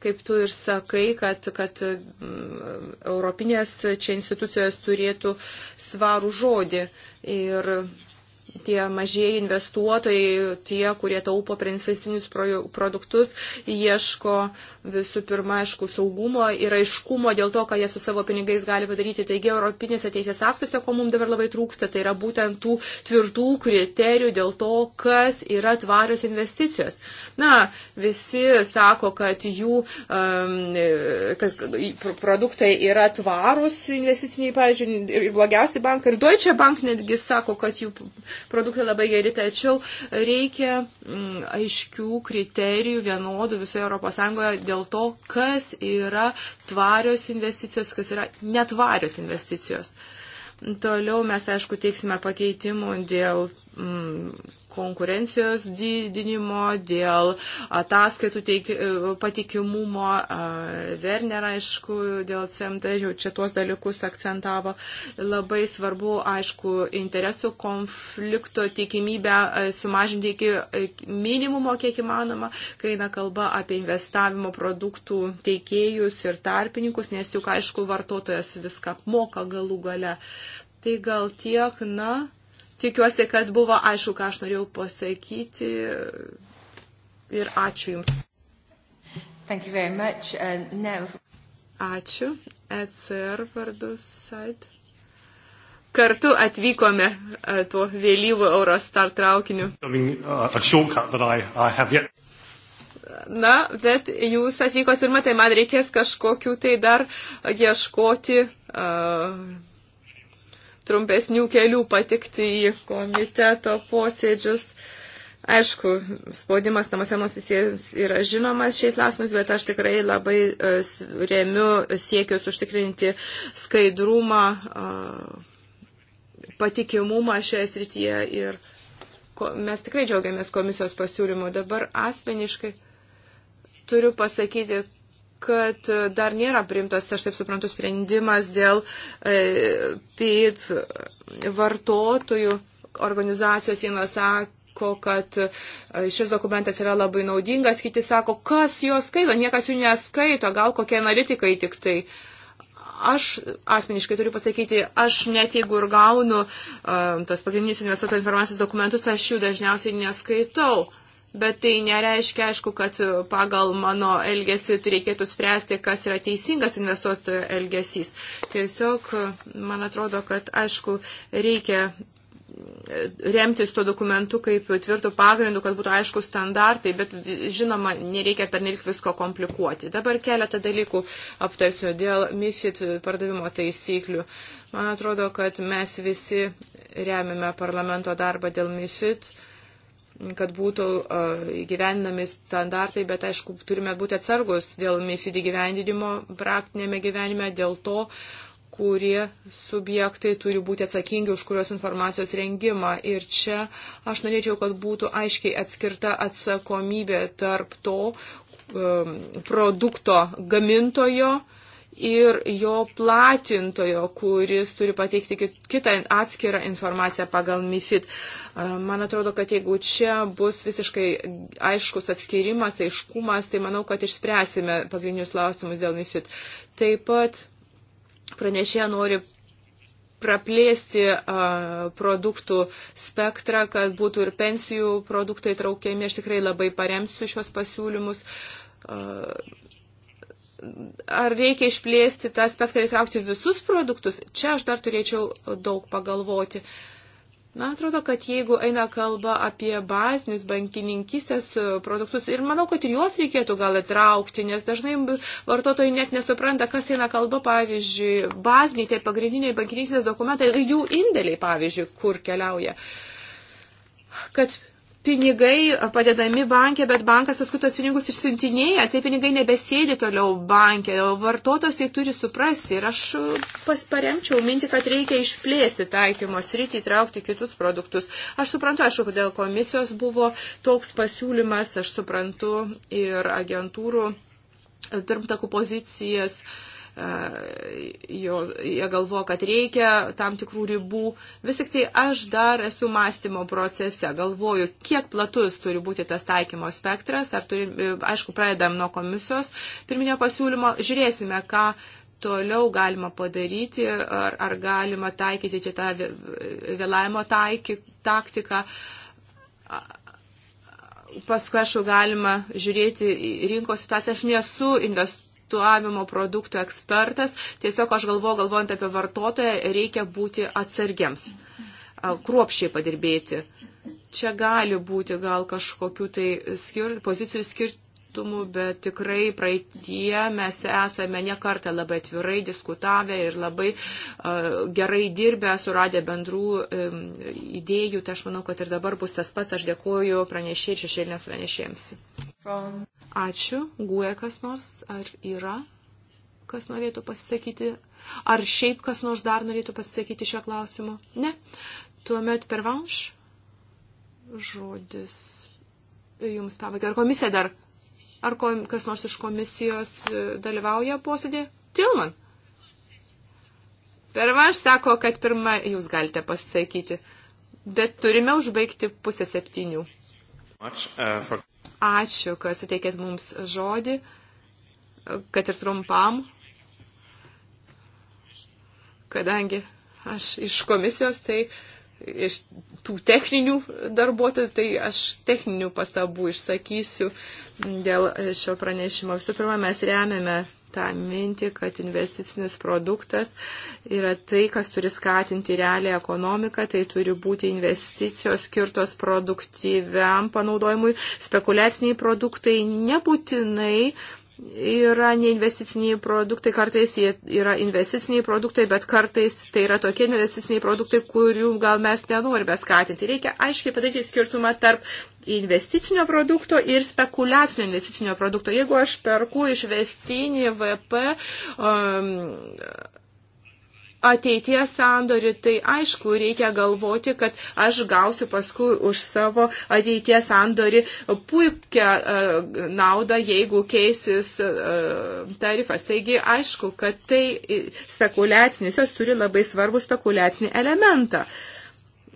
kaip tu ir sakai, kad, kad mm, europinės čia institucijos turėtų svarų žodį. Ir tie mažieji investuotojai, tie, kurie taupo princesinius produktus, ieško visų pirma, aišku, saugumo ir aiškumo dėl to, ką jie su savo pinigais gali padaryti. Taigi, Europinėse teisės aktuose, ko mums dabar labai trūksta, tai yra būtent tų tvirtų kriterijų dėl to, kas yra tvarios investicijos. Na, visi sako, kad jų um, kad produktai yra tvarūs investiciniai, pavyzdžiui, ir blogiausi bankai, ir Deutsche Bank netgi sako, kad jų produktai labai geri, tačiau reikia mm, aiškių kriterijų vienodų visoje Europos Sąjungoje dėl to, kas yra tvarios investicijos, kas yra netvarios investicijos. Toliau mes, aišku, teiksime pakeitimų dėl mm, konkurencijos didinimo, dėl ataskaitų teik, patikimumo. Werner, aišku, dėl CMT jau čia tuos dalykus akcentavo. Labai svarbu, aišku, interesų konflikto tikimybę sumažinti iki e, minimumo, kiek įmanoma, kai eina kalba apie investavimo produktų teikėjus ir tarpininkus, nes juk, aišku, vartotojas viską apmoka galų gale. Tai gal tiek, na, Tikiuosi, kad buvo aišku, ką aš norėjau pasakyti ir ačiū Jums. Uh, ačiū. ECR vardus sait. Kartu atvykome e, tuo vėlyvu Eurostar traukiniu. Uh, Na, bet jūs atvykot pirmą, tai man reikės kažkokių tai dar ieškoti. Uh, trumpesnių kelių patikti į komiteto posėdžius. Aišku, spaudimas namuose mums visiems yra žinomas šiais klausimais, bet aš tikrai labai e, remiu siekius užtikrinti skaidrumą, e, patikimumą šioje srityje ir mes tikrai džiaugiamės komisijos pasiūlymu. Dabar asmeniškai turiu pasakyti, kad e, dar nėra primtas, aš taip suprantu, sprendimas dėl e, PIT vartotojų organizacijos vienas sako, kad e, šis dokumentas yra labai naudingas, kiti sako, kas juos skaito, niekas jų neskaito, gal kokie analitikai tik tai. Aš asmeniškai turiu pasakyti, aš net jeigu ir gaunu um, tas pagrindinius investuotojų informacijos dokumentus, aš jų dažniausiai neskaitau. Bet tai nereiškia, aišku, kad pagal mano elgesį tai reikėtų spręsti, kas yra teisingas investuotojo elgesys. Tiesiog, man atrodo, kad, aišku, reikia remtis tuo dokumentu kaip tvirtų pagrindų, kad būtų aišku standartai, bet žinoma, nereikia pernelik visko komplikuoti. Dabar keletą dalykų aptarsiu dėl MIFID pardavimo taisyklių. Man atrodo, kad mes visi remiame parlamento darbą dėl MIFID. Uh, kad būtų gyveninami standartai, bet aišku, turime būti atsargus dėl MIFID gyvendinimo praktinėme gyvenime, dėl to, kurie subjektai turi būti atsakingi už kurios informacijos rengimą. Ir čia aš norėčiau, kad būtų aiškiai atskirta atsakomybė tarp to um, produkto gamintojo, uh, ir jo platintojo, kuris turi pateikti kitą atskirą informaciją pagal MIFID. Man atrodo, kad jeigu čia bus visiškai aiškus atskirimas, aiškumas, tai manau, kad išspręsime pagrindinius klausimus dėl MIFID. Taip pat pranešė nori praplėsti produktų spektrą, kad būtų ir pensijų produktai traukiami. Aš tikrai labai paremsiu šios pasiūlymus. Uh, ar reikia išplėsti tą aspektą ir įtraukti visus produktus, čia aš dar turėčiau daug pagalvoti. Man atrodo, kad jeigu eina kalba apie bazinius bankininkistės e, produktus, ir manau, kad ir juos reikėtų gal atraukti, nes dažnai vartotojai net nesupranta, kas eina kalba, pavyzdžiui, baziniai tie pagrindiniai bankininkistės dokumentai, jų indėliai, pavyzdžiui, kur keliauja. Kad pinigai padedami bankė, bet bankas paskui tos pinigus išsiuntinėja, tai pinigai nebesėdi toliau bankė, o vartotojas tai turi suprasti. Ir aš pasparemčiau minti, kad reikia išplėsti taikymo sritį, įtraukti kitus produktus. Aš suprantu, aišku, kodėl komisijos buvo toks pasiūlymas, aš suprantu ir agentūrų pirmtakų pozicijas. Uh, E, jo, jie galvoja, kad reikia tam tikrų ribų. Vis tik tai aš dar esu mąstymo procese, galvoju, kiek platus turi būti tas taikymo spektras, ar turi, e, aišku, pradedam nuo komisijos pirminio pasiūlymo, žiūrėsime, ką toliau galima padaryti, ar, ar galima taikyti čia tą vėlavimo taiky, taktiką paskui aš jau galima žiūrėti rinkos situaciją. Aš nesu investuotojas konsultuavimo produktų ekspertas. Tiesiog aš galvoju, galvojant apie vartotoją, reikia būti atsargiams, kruopšiai padirbėti. Čia gali būti gal kažkokių tai skir pozicijų skirti skirtumų, bet tikrai praeitie mes esame nekartą labai atvirai diskutavę ir labai gerai dirbę, suradę bendrų idėjų. Tai aš manau, kad ir dabar bus tas pats. Aš dėkuoju pranešėjai ir šešėlėms pranešėjams. Ačiū. Guė kas nors? Ar yra? kas norėtų pasisakyti, ar šiaip kas nors dar norėtų pasisakyti šio klausimu. Ne. Tuomet per vanš žodis jums pabaigai. Ar komisija dar Ar ko, kas nors iš komisijos e, dalyvauja posėdė? Tilman. Pervaš sako, kad pirmą jūs galite pasisakyti, bet turime užbaigti pusę septynių. Uh, Ačiū, kad suteikėt mums žodį, e, kad ir trumpam, kadangi aš iš komisijos, tai uh, iš tų techninių darbuotojų, tai aš techninių pastabų išsakysiu dėl šio pranešimo. Visų pirma, mes remiame tą mintį, kad investicinis produktas yra tai, kas turi skatinti realią ekonomiką, tai turi būti investicijos skirtos produktyviam panaudojimui, spekuliaciniai produktai nebūtinai yra neinvesticiniai produktai, kartais jie yra investiciniai produktai, bet kartais tai yra tokie investiciniai produktai, kurių gal mes nenorime skatinti. Reikia aiškiai padaryti skirtumą tarp investicinio produkto ir spekuliacinio investicinio produkto. Jeigu aš perku išvestinį VP um, ateities sandorių, tai aišku, reikia galvoti, kad aš gausiu paskui už savo ateities sandorį puikią e, naudą, jeigu keisis e, tarifas. Taigi, aišku, kad tai spekuliacinis, jos turi labai svarbų spekuliacinį elementą. Uh,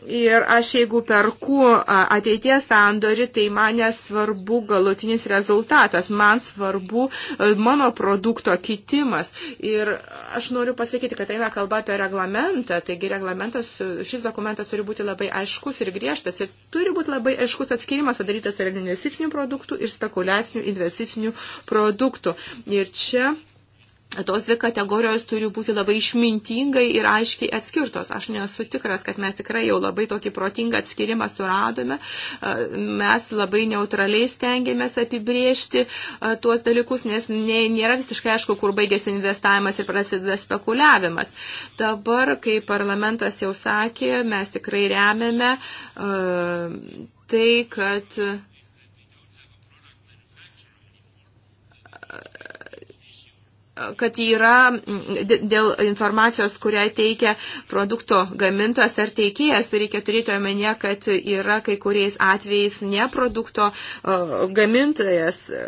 Ir aš jeigu perku ateities sandori, tai man nesvarbu galutinis rezultatas, man svarbu e, mano produkto kitimas. Ir aš noriu pasakyti, kad eina kalba apie reglamentą, taigi reglamentas, šis dokumentas turi būti labai aiškus ir griežtas ir turi būti labai aiškus atskirimas padarytas ir investicinių produktų ir spekuliacinių investicinių produktų. Ir čia tos dvi kategorijos turi būti labai išmintingai ir aiškiai atskirtos. Aš nesu tikras, kad mes tikrai jau labai tokį protingą atskirimą suradome. Mes labai neutraliai stengiamės apibriežti tuos dalykus, nes nėra visiškai aišku, kur baigėsi investavimas ir prasideda spekuliavimas. Dabar, kai parlamentas jau sakė, mes tikrai remiame tai, kad kad yra mm, dėl informacijos, kurią teikia produkto gamintojas ar teikėjas, tai reikia turėti omenyje, kad yra kai kuriais atvejais ne produkto e, gamintojas e,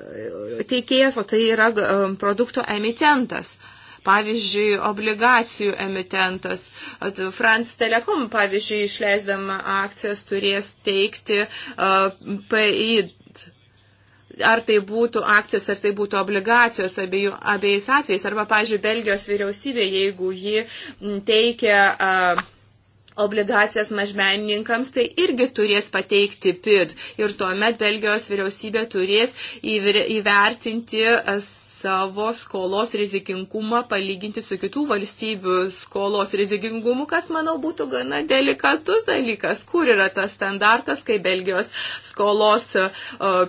teikėjas, o tai yra e, produkto emitentas pavyzdžiui, obligacijų emitentas. France Telecom, pavyzdžiui, išleisdama akcijas turės teikti PI ar tai būtų akcijos, ar tai būtų obligacijos abiejų, abiejais atvejais. Arba, pažiūrėjau, Belgijos vyriausybė, jeigu ji mm, teikia. Uh, obligacijas mažmenininkams, tai irgi turės pateikti PID. Ir tuomet Belgijos vyriausybė turės įvertinti savo skolos rizikingumą palyginti su kitų valstybių skolos rizikingumu, kas, manau, būtų gana delikatus dalykas, kur yra tas standartas, kai Belgijos skolos e,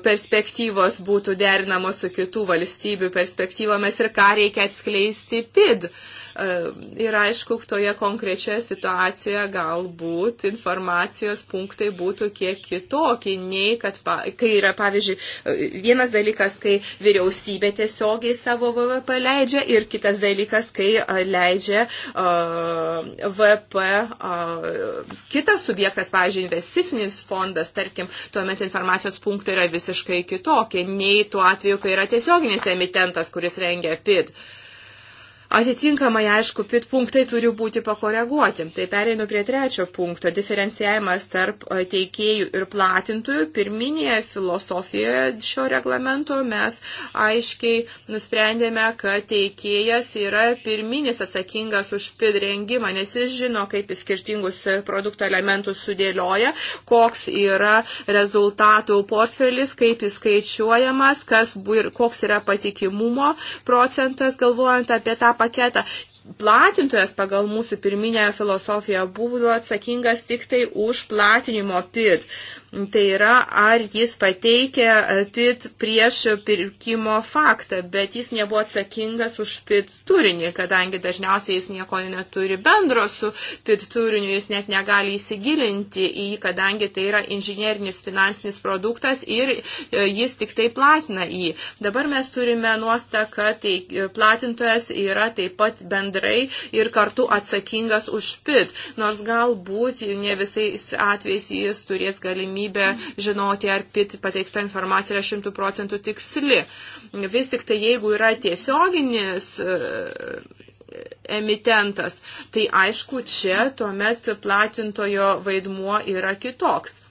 perspektyvos būtų derinamos su kitų valstybių perspektyvomis ir ką reikia atskleisti PID. Uh, Ir aišku, toje konkrečioje situacijoje galbūt informacijos punktai būtų kiek kitokie, nei kad, kai yra, pavyzdžiui, vienas dalykas, kai vyriausybė tiesiogiai savo VVP leidžia ir kitas dalykas, kai leidžia VP kitas subjektas, pavyzdžiui, investicinis fondas, tarkim, tuomet informacijos punktai yra visiškai kitokie, nei tuo atveju, kai yra tiesioginis emitentas, kuris rengia PID. Uh, Atitinkamai, aišku, pit punktai turi būti pakoreguoti. Tai pereinu prie trečio punkto - diferencijavimas tarp e, teikėjų ir platintojų. Pirminėje filosofijoje šio reglamento mes aiškiai nusprendėme, kad teikėjas yra pirminis atsakingas už pit rengimą, nes jis žino, kaip jis skirtingus produkto elementus sudėlioja, koks yra rezultatų portfelis, kaip jis skaičiuojamas, kas, koks yra patikimumo procentas, galvojant apie tą paketą. Platintojas pagal mūsų pirminę filosofiją buvo atsakingas tik tai už platinimo pit. Tai yra, ar jis pateikė e, PIT prieš pirkimo faktą, bet jis nebuvo atsakingas už PIT turinį, kadangi dažniausiai jis nieko neturi bendro su PIT turiniu, jis net negali įsigilinti į jį, kadangi tai yra inžinierinis finansinis produktas ir e, jis tik tai platina jį. Dabar mes turime nuostą, kad tai platintojas yra taip pat bendrai ir kartu atsakingas už PIT, nors galbūt ne visais atvejais jis turės galimybę galimybę žinoti, ar PIT pateikta informacija yra šimtų procentų tiksli. Vis tik tai jeigu yra tiesioginis e, emitentas, tai aišku, čia tuomet platintojo vaidmuo yra kitoks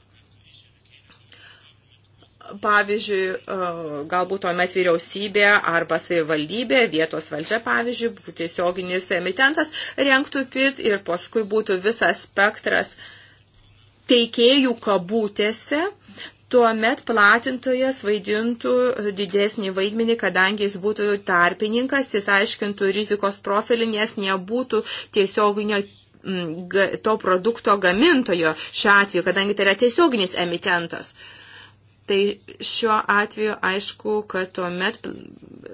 pavyzdžiui, e, galbūt tuomet vyriausybė arba savivaldybė, vietos valdžia, pavyzdžiui, tiesioginis emitentas renktų PIT ir paskui būtų visas spektras uh, teikėjų kabutėse, tuomet platintojas vaidintų didesnį vaidmenį, kadangi jis būtų tarpininkas, jis aiškintų rizikos profilį, nes nebūtų tiesioginio mm, to produkto gamintojo šiuo atveju, kadangi tai yra tiesioginis emitentas. Tai šiuo atveju aišku, kad tuomet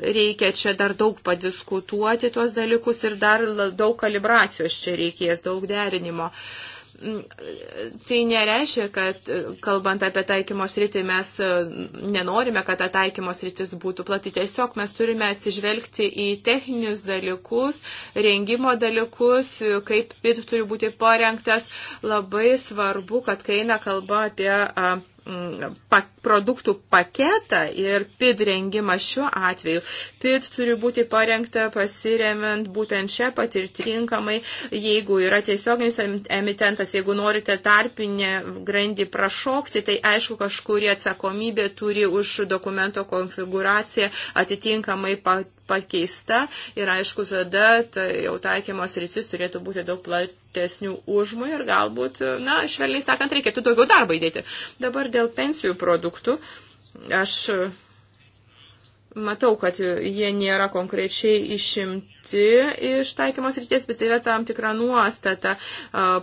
reikia čia dar daug padiskutuoti tuos dalykus ir dar daug kalibracijos čia reikės, daug derinimo. Uh, Tai nereiškia, kad kalbant apie taikymos rytį mes e, nenorime, kad ta taikymos rytis būtų plati. Tiesiog mes turime atsižvelgti į techninius dalykus, rengimo dalykus, e, kaip pitus turi būti parengtas. Labai svarbu, kad kai eina kalba apie Mm, produktų paketą ir PID rengimą šiuo atveju. PID turi būti parengta pasiremiant būtent šią patirtį tinkamai, jeigu yra tiesioginis emitentas, jeigu norite tarpinę grandį prašokti, tai aišku, kažkurie atsakomybė turi už dokumento konfiguraciją atitinkamai pakeista ir aišku, tada tai jau taikymos rytis turėtų būti daug plat, platesnių užmų ir galbūt, na, švelniai sakant, reikėtų daugiau darbo įdėti. Dabar dėl pensijų produktų aš Matau, kad jie nėra konkrečiai išimti iš taikymos ryties, bet tai yra tam tikra nuostata.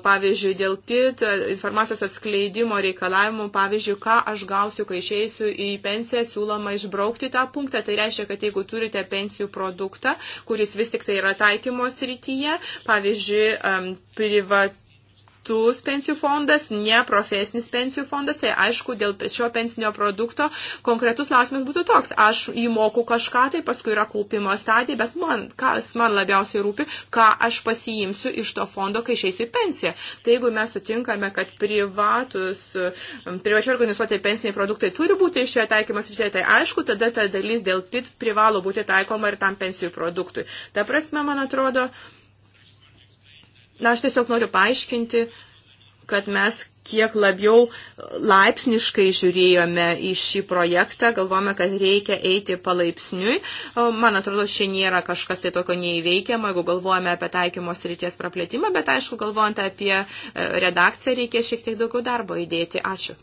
Pavyzdžiui, dėl PIT informacijos atskleidimo reikalavimų, pavyzdžiui, ką aš gausiu, kai išeisiu į pensiją, siūloma išbraukti tą punktą. Tai reiškia, kad jeigu turite pensijų produktą, kuris vis tik tai yra taikymos rytyje, pavyzdžiui, privat privatus pensijų fondas, ne profesinis pensijų fondas. Tai aišku, dėl šio pensinio produkto konkretus klausimas būtų toks. Aš įmoku kažką, tai paskui yra kaupimo stadija, bet man, kas man labiausiai rūpi, ką aš pasiimsiu iš to fondo, kai išeisiu į pensiją. Tai jeigu mes sutinkame, kad privatus, privačiai organizuoti pensiniai produktai turi būti iš šio taikymas rytėje, tai aišku, tada ta dalis dėl PIT privalo būti taikoma ir tam pensijų produktui. Ta prasme, man atrodo, Na, aš tiesiog noriu paaiškinti, kad mes kiek labiau laipsniškai žiūrėjome į šį projektą, galvome, kad reikia eiti palaipsniui. Man atrodo, čia nėra kažkas tai tokio neįveikiamo, jeigu galvojame apie taikymos ryties praplėtimą, bet aišku, galvojant apie e, redakciją, reikės šiek tiek daugiau darbo įdėti. Ačiū.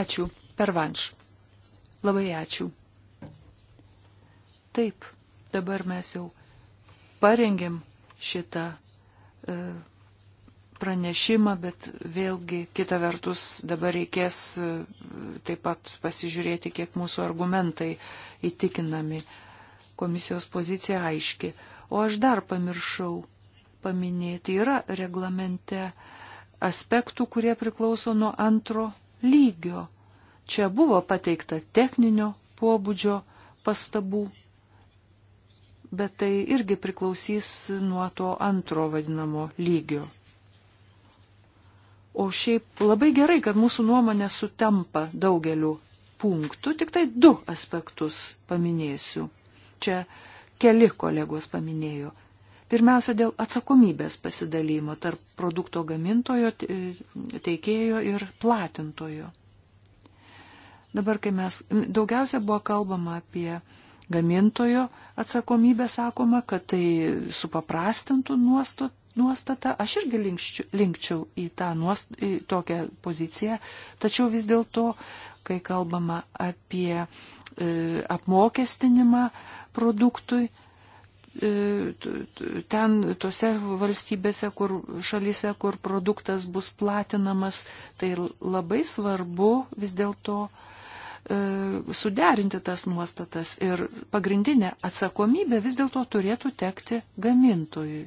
Ačiū. Pervanš. Labai ačiū. Taip, dabar mes jau parengėm šitą e, pranešimą, bet vėlgi kita vertus dabar reikės e, taip pat pasižiūrėti, kiek mūsų argumentai įtikinami. Komisijos pozicija aiški. O aš dar pamiršau paminėti, yra reglamente aspektų, kurie priklauso nuo antro lygio. Čia buvo pateikta techninio pobūdžio pastabų, bet tai irgi priklausys nuo to antro vadinamo lygio. O šiaip labai gerai, kad mūsų nuomonė sutampa daugeliu punktų, tik tai du aspektus paminėsiu. Čia keli kolegos paminėjo. Pirmiausia, dėl atsakomybės pasidalymo tarp produkto gamintojo, teikėjo ir platintojo. Dabar, kai mes daugiausia buvo kalbama apie gamintojo atsakomybę sakoma, kad tai supaprastintų nuostatų nuostata, aš irgi linkščiu, linkčiau į tą nuost, į tokią poziciją, tačiau vis dėlto, kai kalbama apie e, apmokestinimą produktui, e, ten tose valstybėse, kur šalyse, kur produktas bus platinamas, tai labai svarbu vis dėlto e, E, suderinti tas nuostatas ir pagrindinė atsakomybė vis dėlto turėtų tekti gamintojui,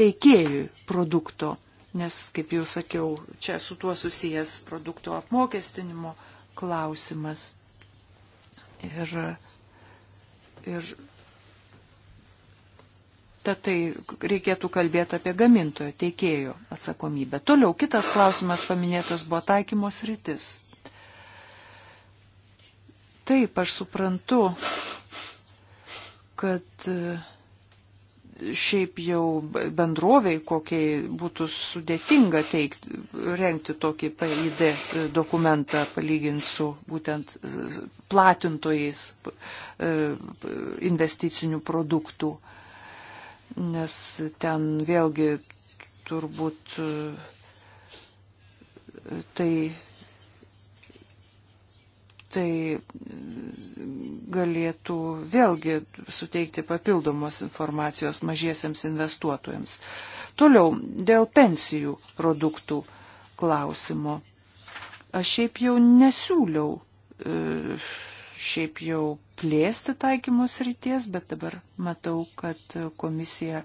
teikėjui produkto, nes, kaip jau sakiau, čia su tuo susijęs produkto apmokestinimo klausimas. Ir, ir tad tai reikėtų kalbėti apie gamintojo, teikėjo atsakomybę. Toliau kitas klausimas paminėtas buvo taikymos rytis. Taip, aš suprantu, kad e, šiaip jau bendroviai kokiai būtų sudėtinga teikti, renkti tokį PID e, dokumentą palyginti su būtent e, platintojais investicinių produktų, nes ten vėlgi turbūt tai tai galėtų vėlgi suteikti papildomos informacijos mažiesiams investuotojams. Toliau, dėl pensijų produktų klausimo. Aš šiaip jau nesiūliau, e, šiaip jau plėsti taikymos ryties, bet dabar matau, kad komisija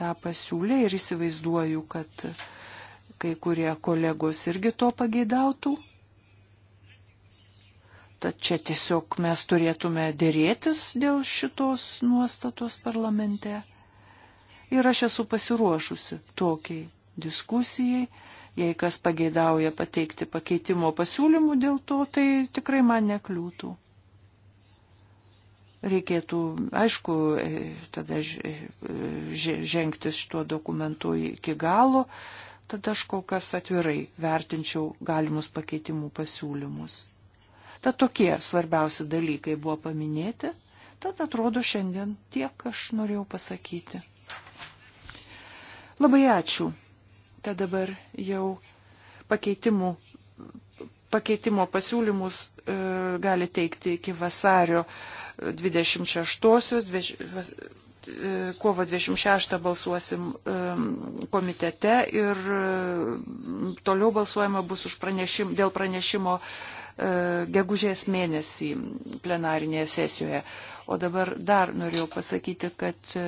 tą pasiūlė ir įsivaizduoju, kad kai kurie kolegos irgi to pageidautų. Tad čia tiesiog mes turėtume dėrėtis dėl šitos nuostatos parlamente. Ir aš esu pasiruošusi tokiai diskusijai. Jei kas pageidauja pateikti pakeitimo pasiūlymų dėl to, tai tikrai man nekliūtų. Reikėtų, aišku, e, tada e, žengtis šituo dokumentu iki galo, tada aš kol kas atvirai vertinčiau galimus pakeitimų pasiūlymus. Tad tokie svarbiausi dalykai buvo paminėti. Tad atrodo šiandien tiek aš norėjau pasakyti. Labai ačiū. Tad dabar jau pakeitimų, pakeitimo pasiūlymus e, gali teikti iki vasario 26-osios. E, e, kovo 26 balsuosim e, komitete ir e, toliau balsuojama bus pranešim, dėl pranešimo E, gegužės mėnesį plenarinėje sesijoje. O dabar dar norėjau pasakyti, kad e,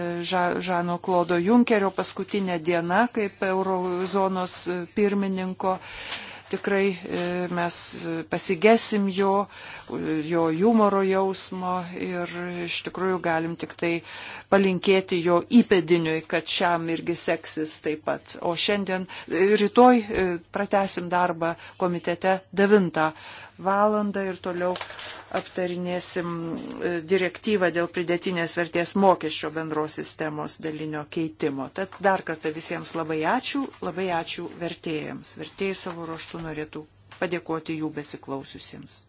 Žano Klodo Junkerio paskutinė diena kaip eurozonos pirmininko tikrai e, mes pasigesim jo, jo humoro jausmo ir iš tikrųjų galim tik tai palinkėti jo įpėdiniui, kad šiam irgi seksis taip pat. O šiandien, e, rytoj e, pratesim darbą komitete 9 valandą ir toliau aptarinėsim e, direktyvą dėl pridėtinės vertės mokesčio bendros sistemos dalinio keitimo. Tad dar kartą visiems labai ačiū, labai ačiū vertėjams. Vertėjai savo ruoštų norėtų padėkoti jų besiklausiusiems.